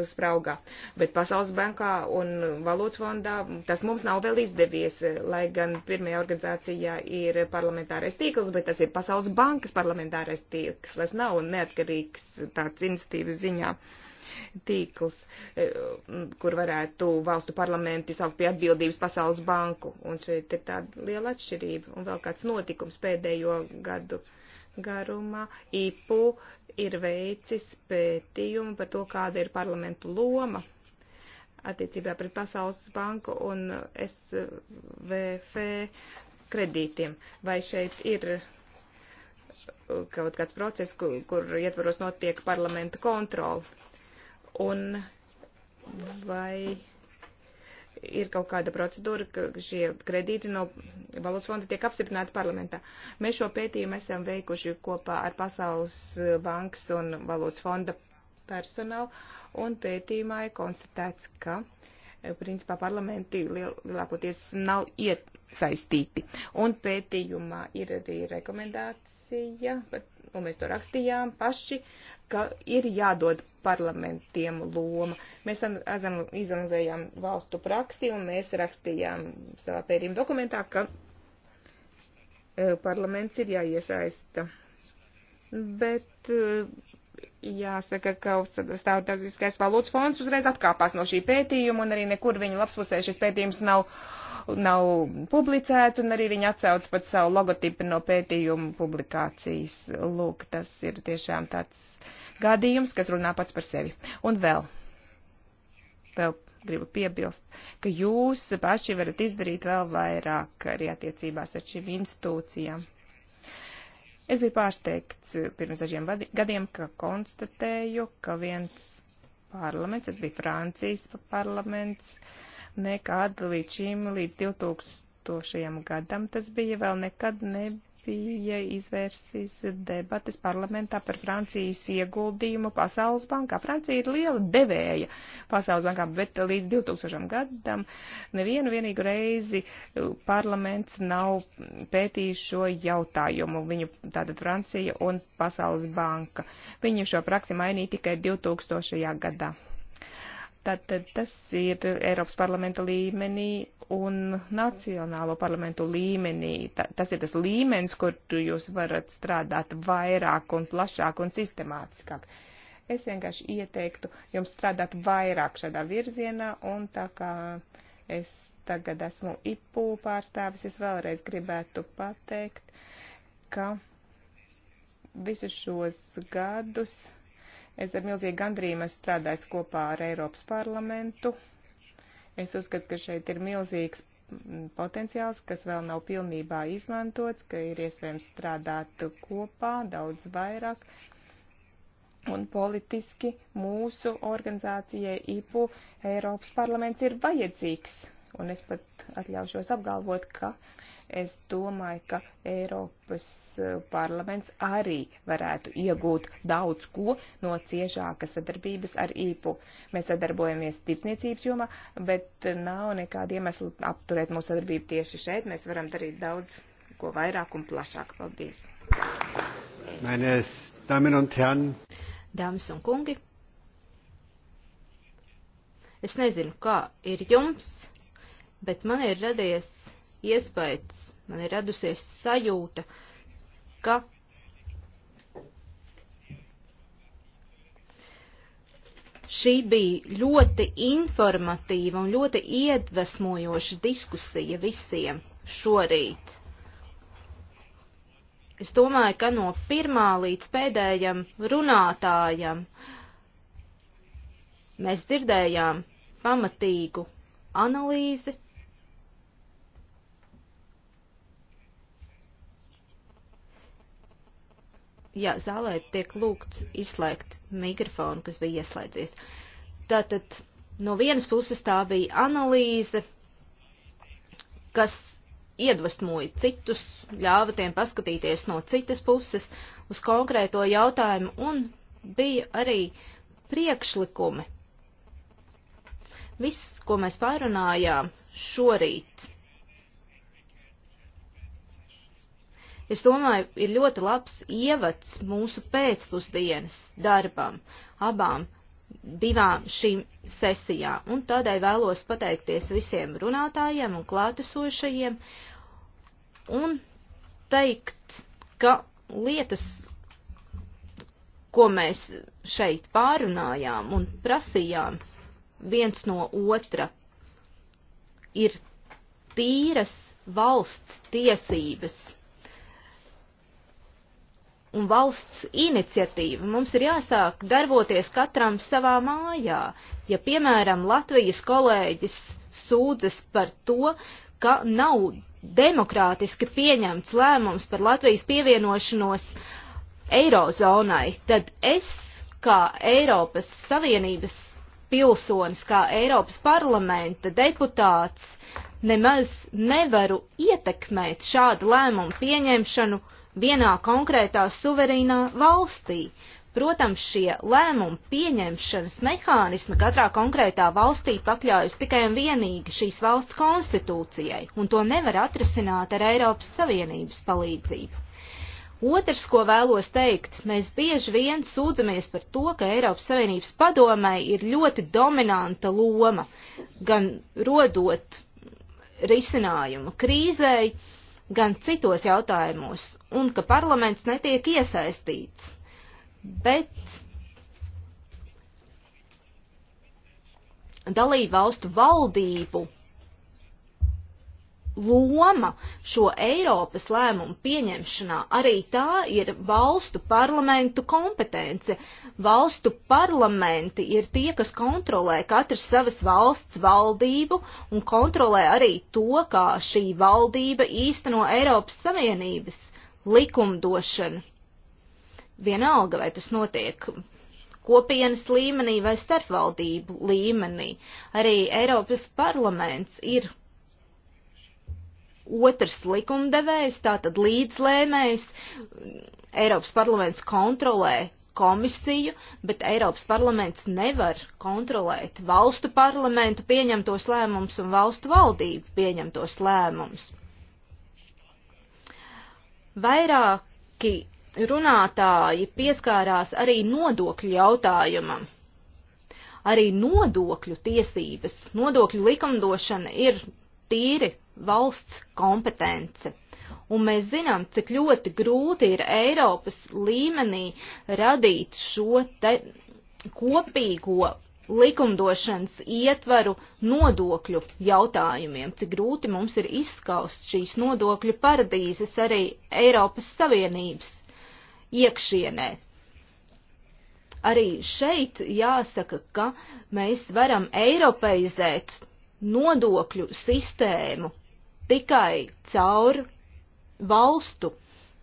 spraugā. Bet Pasaules bankā un Valūtas fondā tas mums nav vēl izdevies, lai gan pirmajā organizācijā ir parlamentārais tīkls, bet tas ir Pasaules bankas parlamentārais tīkls, tas nav neatkarīgs tāds institīvas ziņā tīkls, e, kur varētu valstu parlamenti saukt pie atbildības Pasaules banku. Un šeit ir tāda liela atšķirība un vēl kāds notikums pēdējo gadu garumā IPU ir veicis pētījumu par to, kāda ir parlamentu loma attiecībā pret Pasaules banku un SVF kredītiem. Vai šeit ir uh, kaut kāds process, kur, kur ietvaros notiek parlamenta kontrola? Un vai ir kaut kāda procedūra, ka šie kredīti no valūtas fonda tiek apstiprināti parlamentā. Mēs šo pētījumu esam veikuši kopā ar Pasaules bankas un valūtas fonda personālu, un pētījumā ir konstatēts, ka eh, principā parlamenti liel, lielākoties nav iesaistīti. Un pētījumā ir arī rekomendācija par un mēs to rakstījām paši, ka ir jādod parlamentiem loma. Mēs esam izanalizējām valstu praksi, un mēs rakstījām savā pētījuma dokumentā, ka e, parlaments ir jāiesaista. Bet e, jāsaka, ka starptautiskais valūtas fonds uzreiz atkāpās no šī pētījuma, un arī nekur viņa lapspusē šis pētījums nav uh, nav publicēts, un arī viņi atsauc pat savu logotipu no pētījumu publikācijas. Lūk, tas ir tiešām tāds gadījums, kas runā pats par sevi. Un vēl, vēl gribu piebilst, ka jūs paši varat izdarīt vēl vairāk arī attiecībās ar šīm institūcijām. Es biju pārsteigts pirms dažiem gadiem, ka konstatēju, ka viens parlaments, tas bija Francijas parlaments, uh, nekad līdz šim, līdz 2000. gadam. Tas bija vēl nekad nebija izvērsis debates parlamentā par Francijas ieguldījumu Pasaules bankā. Francija ir liela devēja Pasaules bankā, bet līdz 2000. gadam nevienu vienīgu reizi parlaments nav pētījis šo jautājumu. Viņu tātad Francija un Pasaules banka. Viņi šo praksi mainīja tikai 2000. gadā. Tātad tas ir Eiropas parlamenta līmenī un nacionālo parlamentu līmenī. Ta, tas ir tas līmenis, kur jūs varat strādāt vairāk un plašāk un sistemātiskāk. Es vienkārši ieteiktu jums strādāt vairāk šādā virzienā un tā kā es tagad esmu IPU pārstāvis, es vēlreiz gribētu pateikt, ka visus šos gadus Es ar milzīgu gandrību esmu strādājis kopā ar Eiropas parlamentu. Es uzskatu, ka šeit ir milzīgs potenciāls, kas vēl nav pilnībā izmantots, ka ir iespējams strādāt kopā daudz vairāk. Un politiski mūsu organizācijai IPU Eiropas parlaments ir vajadzīgs un es pat atļaušos apgalvot, ka es domāju, ka Eiropas eh, parlaments arī varētu iegūt daudz ko no ciešākas sadarbības ar IPU. Mēs sadarbojamies tirdzniecības jomā, bet nav nekāda iemesla apturēt mūsu sadarbību tieši šeit. Mēs varam darīt daudz ko vairāk un plašāk. Paldies! Meines Damen un Herren! Dāmas un kungi! Es nezinu, kā ir jums, bet man ir radies iespējas, man ir radusies sajūta, ka šī bija ļoti informatīva un ļoti iedvesmojoša diskusija visiem šorīt. Es domāju, ka no pirmā līdz pēdējam runātājam mēs dzirdējām pamatīgu analīzi Jā, zālē tiek lūgts izslēgt mikrofonu, kas bija ieslēdzies. Tātad no vienas puses tā bija analīze, kas iedvesmoja citus, ļāva tiem paskatīties no citas puses uz konkrēto jautājumu, un bija arī priekšlikumi. Viss, ko mēs pārunājām šorīt, es domāju, ir ļoti labs ievads mūsu pēcpusdienas darbam, abām divām šīm sesijām. Un tādēļ vēlos pateikties visiem runātājiem un klātesošajiem un teikt, ka lietas, ko mēs šeit pārunājām un prasījām viens no otra, ir tīras valsts tiesības un valsts iniciatīva. Mums ir jāsāk darboties katram savā mājā. Ja, piemēram, Latvijas kolēģis sūdzas par to, ka nav demokrātiski pieņemts lēmums par Latvijas pievienošanos Eirozonai, tad es, kā Eiropas Savienības pilsonis, kā Eiropas parlamenta deputāts, nemaz nevaru ietekmēt šādu lēmumu pieņemšanu vienā konkrētā suverīnā valstī. Protams, šie lēmumu pieņemšanas mehānismi katrā konkrētā valstī pakļaujas tikai un vienīgi šīs valsts konstitūcijai, un to nevar atrisināt ar Eiropas Savienības palīdzību. Otrs, ko vēlos teikt, mēs bieži vien sūdzamies par to, ka Eiropas Savienības padomai ir ļoti dominanta loma, gan rodot risinājumu krīzei, uh, gan citos jautājumos, un ka parlaments netiek iesaistīts. Bet dalību valstu valdību loma šo Eiropas lēmumu pieņemšanā, arī tā ir valstu parlamentu kompetence. Valstu parlamenti ir tie, kas kontrolē katrs savas valsts valdību un kontrolē arī to, kā šī valdība īsteno Eiropas Savienības likumdošanu. Vienalga, vai tas notiek kopienas līmenī vai starpvaldību līmenī. Arī Eiropas parlaments ir otrs likumdevējs, tātad līdzlēmējs, Eiropas parlaments kontrolē komisiju, bet Eiropas parlaments nevar kontrolēt valstu parlamentu pieņemtos lēmumus un valstu valdību pieņemtos lēmumus. Vairāki runātāji pieskārās arī nodokļu jautājumam arī nodokļu tiesības, nodokļu likumdošana ir tīri valsts kompetence. Un mēs zinām, cik ļoti grūti ir Eiropas līmenī radīt šo te kopīgo likumdošanas ietvaru nodokļu jautājumiem, cik grūti mums ir izskaust šīs nodokļu paradīzes arī Eiropas Savienības iekšienē. Arī šeit jāsaka, ka mēs varam eiropeizēt nodokļu sistēmu tikai caur valstu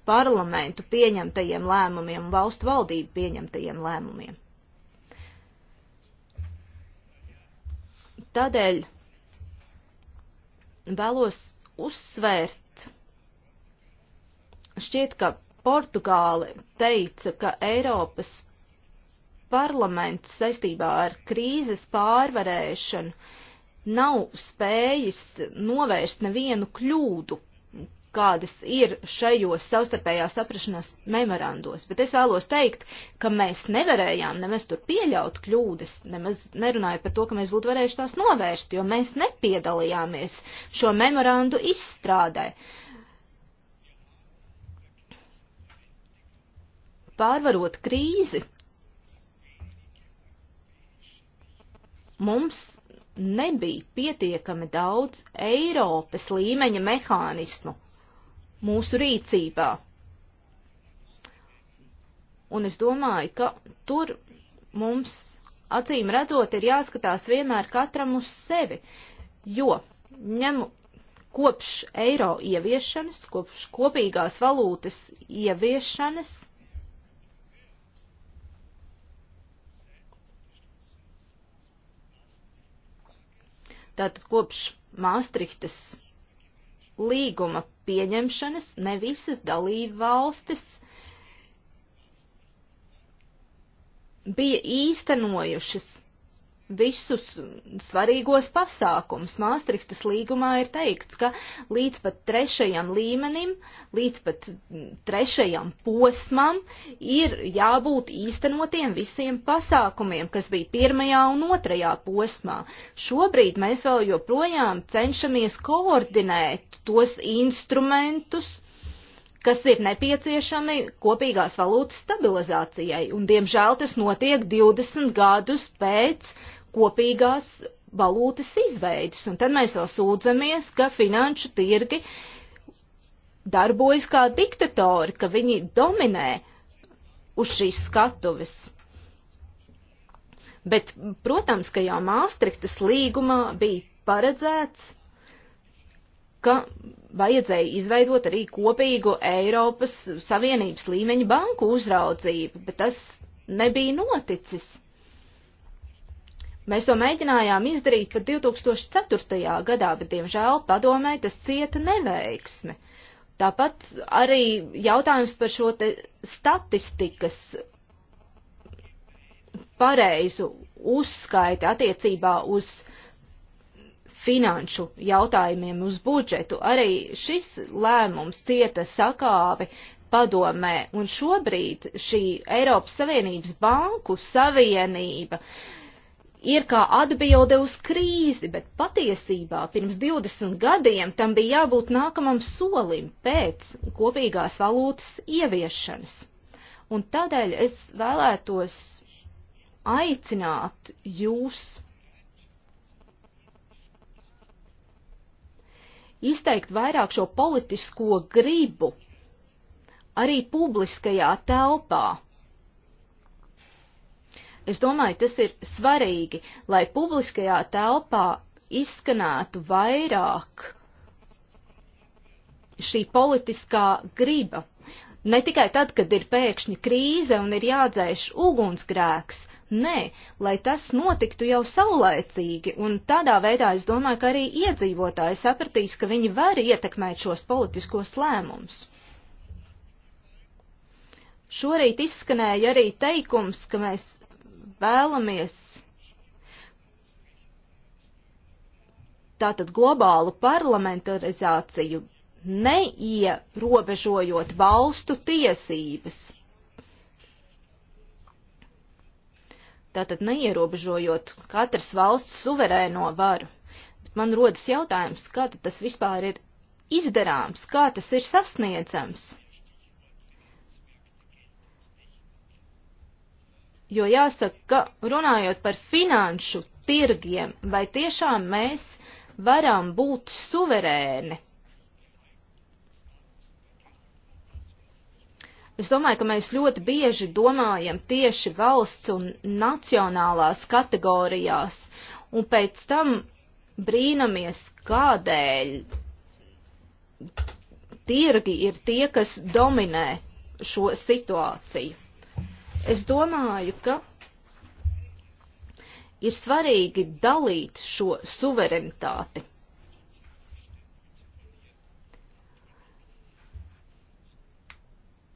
parlamentu pieņemtajiem lēmumiem, valstu valdību pieņemtajiem lēmumiem. Tādēļ vēlos uzsvērt, šķiet, ka Portugāle teica, ka Eiropas parlaments saistībā ar krīzes pārvarēšanu nav spējis novērst nevienu kļūdu, kādas ir šajos savstarpējās saprašanās memorandos. Bet es vēlos teikt, ka mēs nevarējām nemaz tur pieļaut kļūdas, nemaz nerunāju par to, ka mēs būtu varējuši tās novērst, jo mēs nepiedalījāmies šo memorandu izstrādē. Pārvarot krīzi, mums nebija pietiekami daudz Eiropas līmeņa mehānismu mūsu rīcībā. Un es domāju, ka tur mums acīm redzot ir jāskatās vienmēr katram uz sevi, jo ņemu kopš eiro ieviešanas, kopš kopīgās valūtas ieviešanas, Tātad kopš Māstrihtas līguma pieņemšanas ne visas dalību valstis bija īstenojušas visus svarīgos pasākums. Māstrihtas līgumā ir teikts, ka līdz pat trešajam līmenim, līdz pat trešajam posmam ir jābūt īstenotiem visiem pasākumiem, kas bija pirmajā un otrajā posmā. Šobrīd mēs vēl joprojām cenšamies koordinēt tos instrumentus, kas ir nepieciešami kopīgās valūtas stabilizācijai, un diemžēl tas notiek 20 gadus pēc uh, kopīgās valūtas izveidus. Un tad mēs vēl sūdzamies, ka finanšu tirgi darbojas kā diktatori, ka viņi dominē uz šīs skatuves. Bet, protams, ka jau Māstriktas līgumā bija paredzēts, ka vajadzēja izveidot arī kopīgu Eiropas Savienības līmeņa banku uzraudzību, bet tas nebija noticis. Mēs to mēģinājām izdarīt pat 2004. gadā, bet, diemžēl, padomē tas cieta neveiksmi. Tāpat arī jautājums par šo te statistikas pareizu uzskaiti attiecībā uz finanšu jautājumiem, uz budžetu. Arī šis lēmums cieta sakāvi padomē, un šobrīd šī Eiropas Savienības banku savienība uh, ir kā atbilde uz krīzi, bet patiesībā pirms 20 gadiem tam bija jābūt nākamam solim pēc kopīgās valūtas ieviešanas. Un tādēļ es vēlētos aicināt jūs izteikt vairāk šo politisko gribu arī publiskajā telpā Es domāju, tas ir svarīgi, lai publiskajā telpā izskanētu vairāk šī politiskā griba. Ne tikai tad, kad ir pēkšņi krīze un ir jādzēš ugunsgrēks, Nē, lai tas notiktu jau saulēcīgi, un tādā veidā es domāju, ka arī iedzīvotāji sapratīs, ka viņi var ietekmēt šos politiskos lēmumus. Šorīt izskanēja arī teikums, ka mēs vēlamies tātad globālu parlamentarizāciju, neierobežojot valstu tiesības. Tātad neierobežojot katras valsts suverēno varu. Bet man rodas jautājums, kā tas vispār ir izdarāms, kā tas ir sasniedzams. Jo jāsaka, ka runājot par finanšu tirgiem, vai tiešām mēs varam būt suverēni? Es domāju, ka mēs ļoti bieži domājam tieši valsts un nacionālās kategorijās, un pēc tam brīnamies, kādēļ tirgi ir tie, kas dominē šo situāciju. Es domāju, ka ir svarīgi dalīt šo suverenitāti.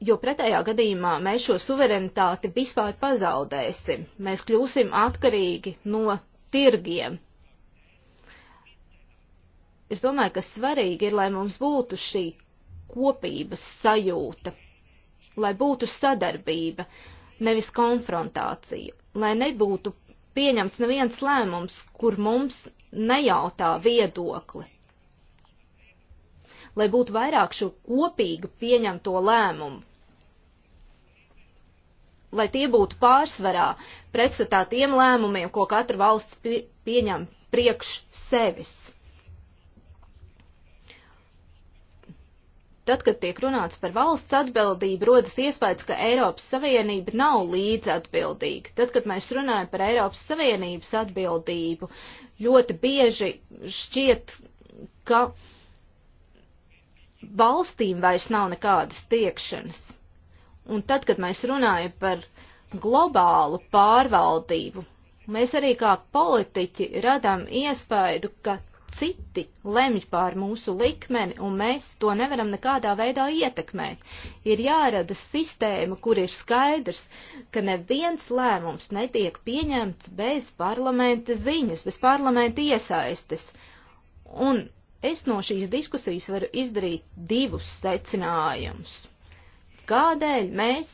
Jo pretējā gadījumā mēs šo suverenitāti vispār pazaudēsim. Mēs kļūsim atkarīgi no tirgiem. Es domāju, ka svarīgi ir, lai mums būtu šī kopības sajūta, lai būtu sadarbība, uh, nevis konfrontāciju, lai nebūtu pieņemts neviens lēmums, kur mums nejautā viedokli, lai būtu vairāk šo kopīgu pieņemto lēmumu, lai tie būtu pārsvarā pretstatā tiem lēmumiem, ko katra valsts pieņem priekš sevis. Tad, kad tiek runāts par valsts atbildību, rodas iespējas, ka Eiropas Savienība nav līdzatbildīga. Tad, kad mēs runājam par Eiropas Savienības atbildību, ļoti bieži šķiet, ka valstīm vairs nav nekādas tiekšanas. Un tad, kad mēs runājam par globālu pārvaldību, mēs arī kā politiķi radām iespēju, ka citi lemj pār mūsu likmeni, un mēs to nevaram nekādā veidā ietekmēt. Ir jārada sistēma, kur ir skaidrs, ka neviens lēmums netiek pieņemts bez parlamenta ziņas, bez parlamenta iesaistes. Un es no šīs diskusijas varu izdarīt divus secinājumus. Kādēļ mēs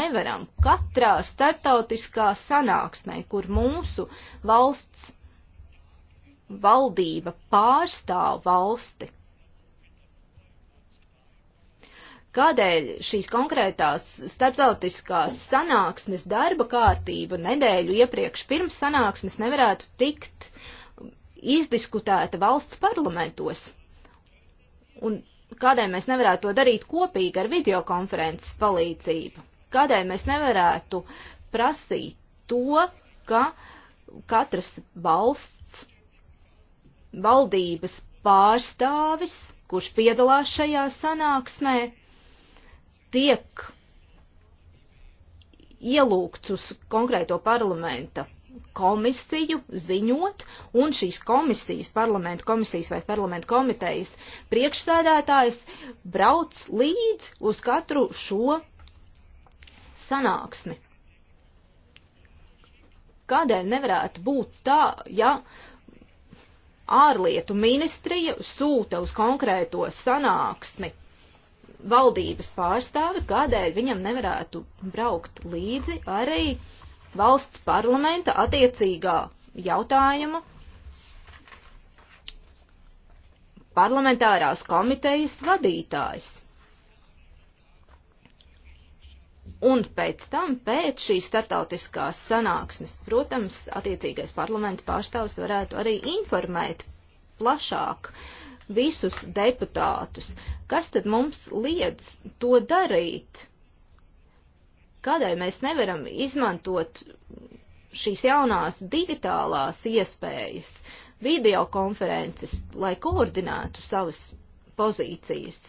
nevaram katrā starptautiskā sanāksmē, kur mūsu valsts valdība pārstāv valsti. Kādēļ šīs konkrētās starptautiskās sanāksmes darba kārtība nedēļu iepriekš pirms sanāksmes nevarētu tikt izdiskutēta valsts parlamentos? Un kādēļ mēs nevarētu to darīt kopīgi ar videokonferences palīdzību? Kādēļ mēs nevarētu prasīt to, ka katras valsts valdības pārstāvis, kurš piedalās šajā sanāksmē, tiek ielūgts uz konkrēto parlamenta komisiju ziņot, un šīs komisijas, parlamentu komisijas vai parlamentu komitejas priekšsēdētājs brauc līdz uz katru šo sanāksmi. Kādēļ nevarētu būt tā, ja uh, ārlietu ministrija sūta uz konkrēto sanāksmi valdības pārstāvi, kādēļ viņam nevarētu braukt līdzi arī valsts parlamenta attiecīgā jautājuma parlamentārās komitejas vadītājs. Un pēc tam, pēc šīs startautiskās sanāksmes, protams, attiecīgais parlamenta pārstāvs varētu arī informēt plašāk visus deputātus, kas tad mums liedz to darīt, kādēļ mēs nevaram izmantot šīs jaunās digitālās iespējas, videokonferences, lai koordinētu savas pozīcijas.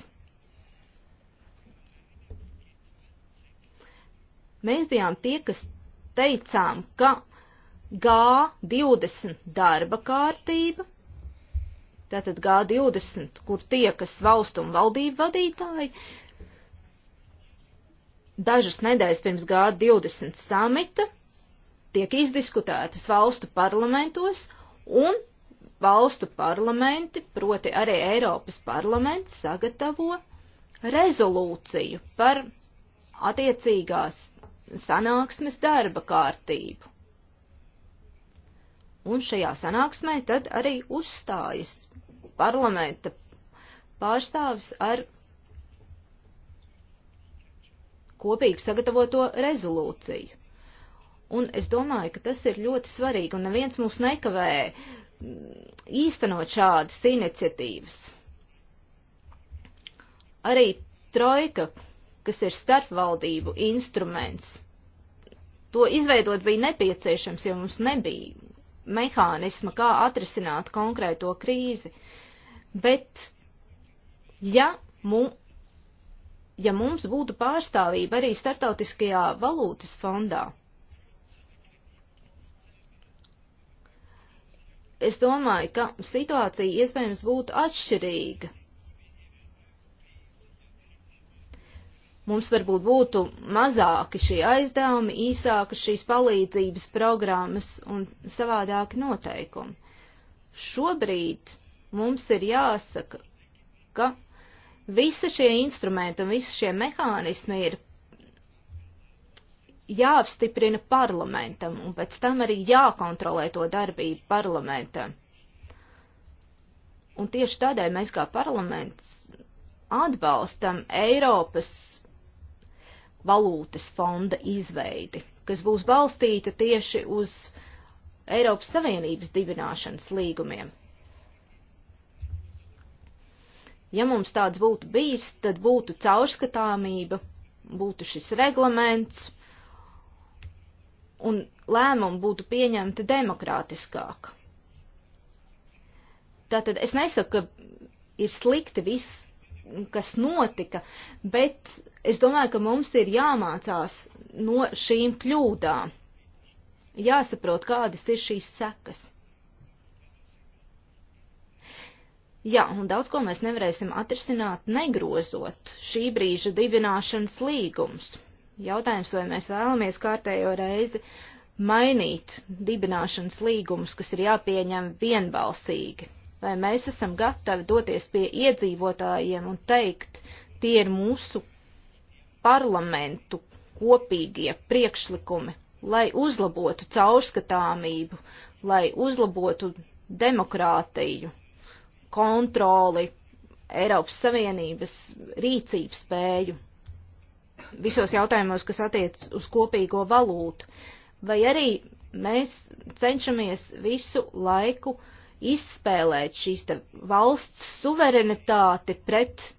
Mēs bijām tie, kas teicām, ka G20 darba kārtība, tātad G20, kur tie, kas valstu un valdību vadītāji, dažas nedēļas pirms G20 samita tiek izdiskutētas valstu parlamentos un valstu parlamenti, proti arī Eiropas parlaments, sagatavo rezolūciju par attiecīgās sanāksmes darba kārtību. Un šajā sanāksmē tad arī uzstājas parlamenta pārstāvis ar kopīgi sagatavoto rezolūciju. Un es domāju, ka tas ir ļoti svarīgi, un neviens mūs nekavē mm, īstenot šādas iniciatīvas. Arī Trojka kas ir starpvaldību instruments. To izveidot bija nepieciešams, jo mums nebija mehānisma, kā atrisināt konkrēto krīzi. Bet, ja, mu, ja mums būtu pārstāvība arī Startautiskajā valūtas fondā, es domāju, ka situācija iespējams būtu atšķirīga. Mums varbūt būtu mazāki šie aizdevumi, īsākas šīs palīdzības programmas un savādāki noteikumi. Šobrīd mums ir jāsaka, ka visi šie instrumenti un visi šie mehānismi ir jāapstiprina parlamentam un pēc tam arī jākontrolē to darbību parlamentam. Un tieši tādēļ mēs kā parlaments atbalstam Eiropas valūtas fonda izveidi, kas būs balstīta tieši uz Eiropas Savienības dibināšanas līgumiem. Ja mums tāds būtu bijis, tad būtu caurskatāmība, būtu šis reglaments, un lēmumi būtu pieņemti demokrātiskāk. Tātad es nesaku, ka ir slikti viss, kas notika, bet Es domāju, ka mums ir jāmācās no šīm kļūdām. Jāsaprot, kādas ir šīs sekas. Jā, un daudz ko mēs nevarēsim atrisināt, negrozot šī brīža dibināšanas līgums. Jautājums, vai mēs vēlamies kārtējo reizi mainīt dibināšanas līgumus, kas ir jāpieņem vienbalsīgi, vai mēs esam gatavi doties pie iedzīvotājiem un teikt, tie ir mūsu parlamentu kopīgie priekšlikumi, lai uzlabotu caurskatāmību, lai uzlabotu demokrātiju, kontroli, Eiropas Savienības rīcības spēju visos jautājumos, kas attiec uz kopīgo valūtu, vai arī mēs cenšamies visu laiku izspēlēt šīs valsts suverenitāti pret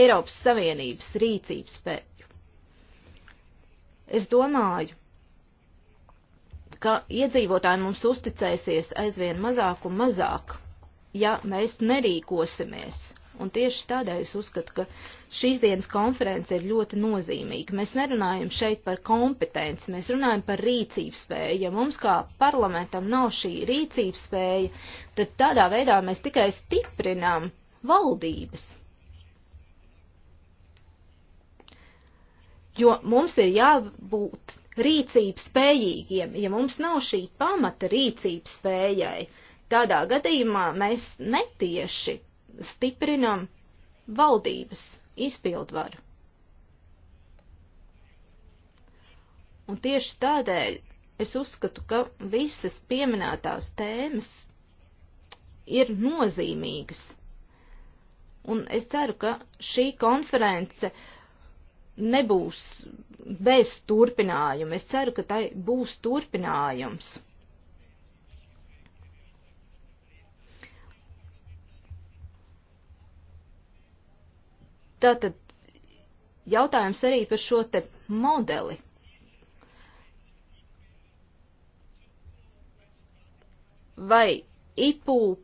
Eiropas Savienības rīcības spēju Es domāju, ka iedzīvotāji mums uzticēsies aizvien mazāk un mazāk, ja mēs nerīkosimies. Un tieši tādēļ es uzskatu, ka šīs dienas konference ir ļoti nozīmīga. Mēs nerunājam šeit par kompetenci, mēs runājam par rīcības spēju. Ja mums kā parlamentam nav šī rīcības spēja, tad tādā veidā mēs tikai stiprinām valdības. jo mums ir jābūt rīcības spējīgiem. Ja mums nav šī pamata rīcības spējai, tādā gadījumā mēs netieši stiprinam valdības izpildvaru. Un tieši tādēļ es uzskatu, ka visas pieminētās tēmas ir nozīmīgas. Un es ceru, ka šī konference uh, nebūs bez turpinājuma. Es ceru, ka tai būs turpinājums. Tātad jautājums arī par šo te modeli. Vai IPU,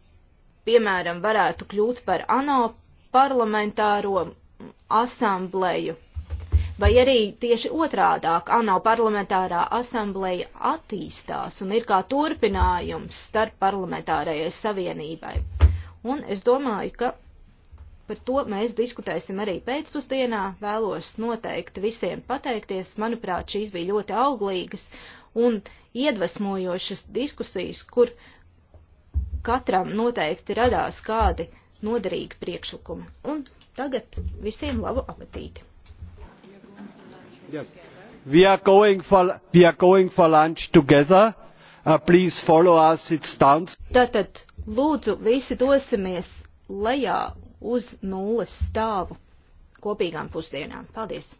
piemēram, varētu kļūt par ANO parlamentāro asambleju? vai arī tieši otrādāk ANO parlamentārā asambleja attīstās un ir kā turpinājums starp parlamentārajai savienībai. Un es domāju, ka par to mēs diskutēsim arī pēcpusdienā. Vēlos noteikti visiem pateikties. Manuprāt, šīs bija ļoti auglīgas un iedvesmojošas diskusijas, kur katram noteikti radās kādi noderīgi priekšlikumi. Un tagad visiem labu apetīti! Yes. We are going for we are going for lunch together. Uh, please follow us. It's down. Tātad lūdzu visi dosimies lejā uz nulles stāvu kopīgām pusdienām. Paldies!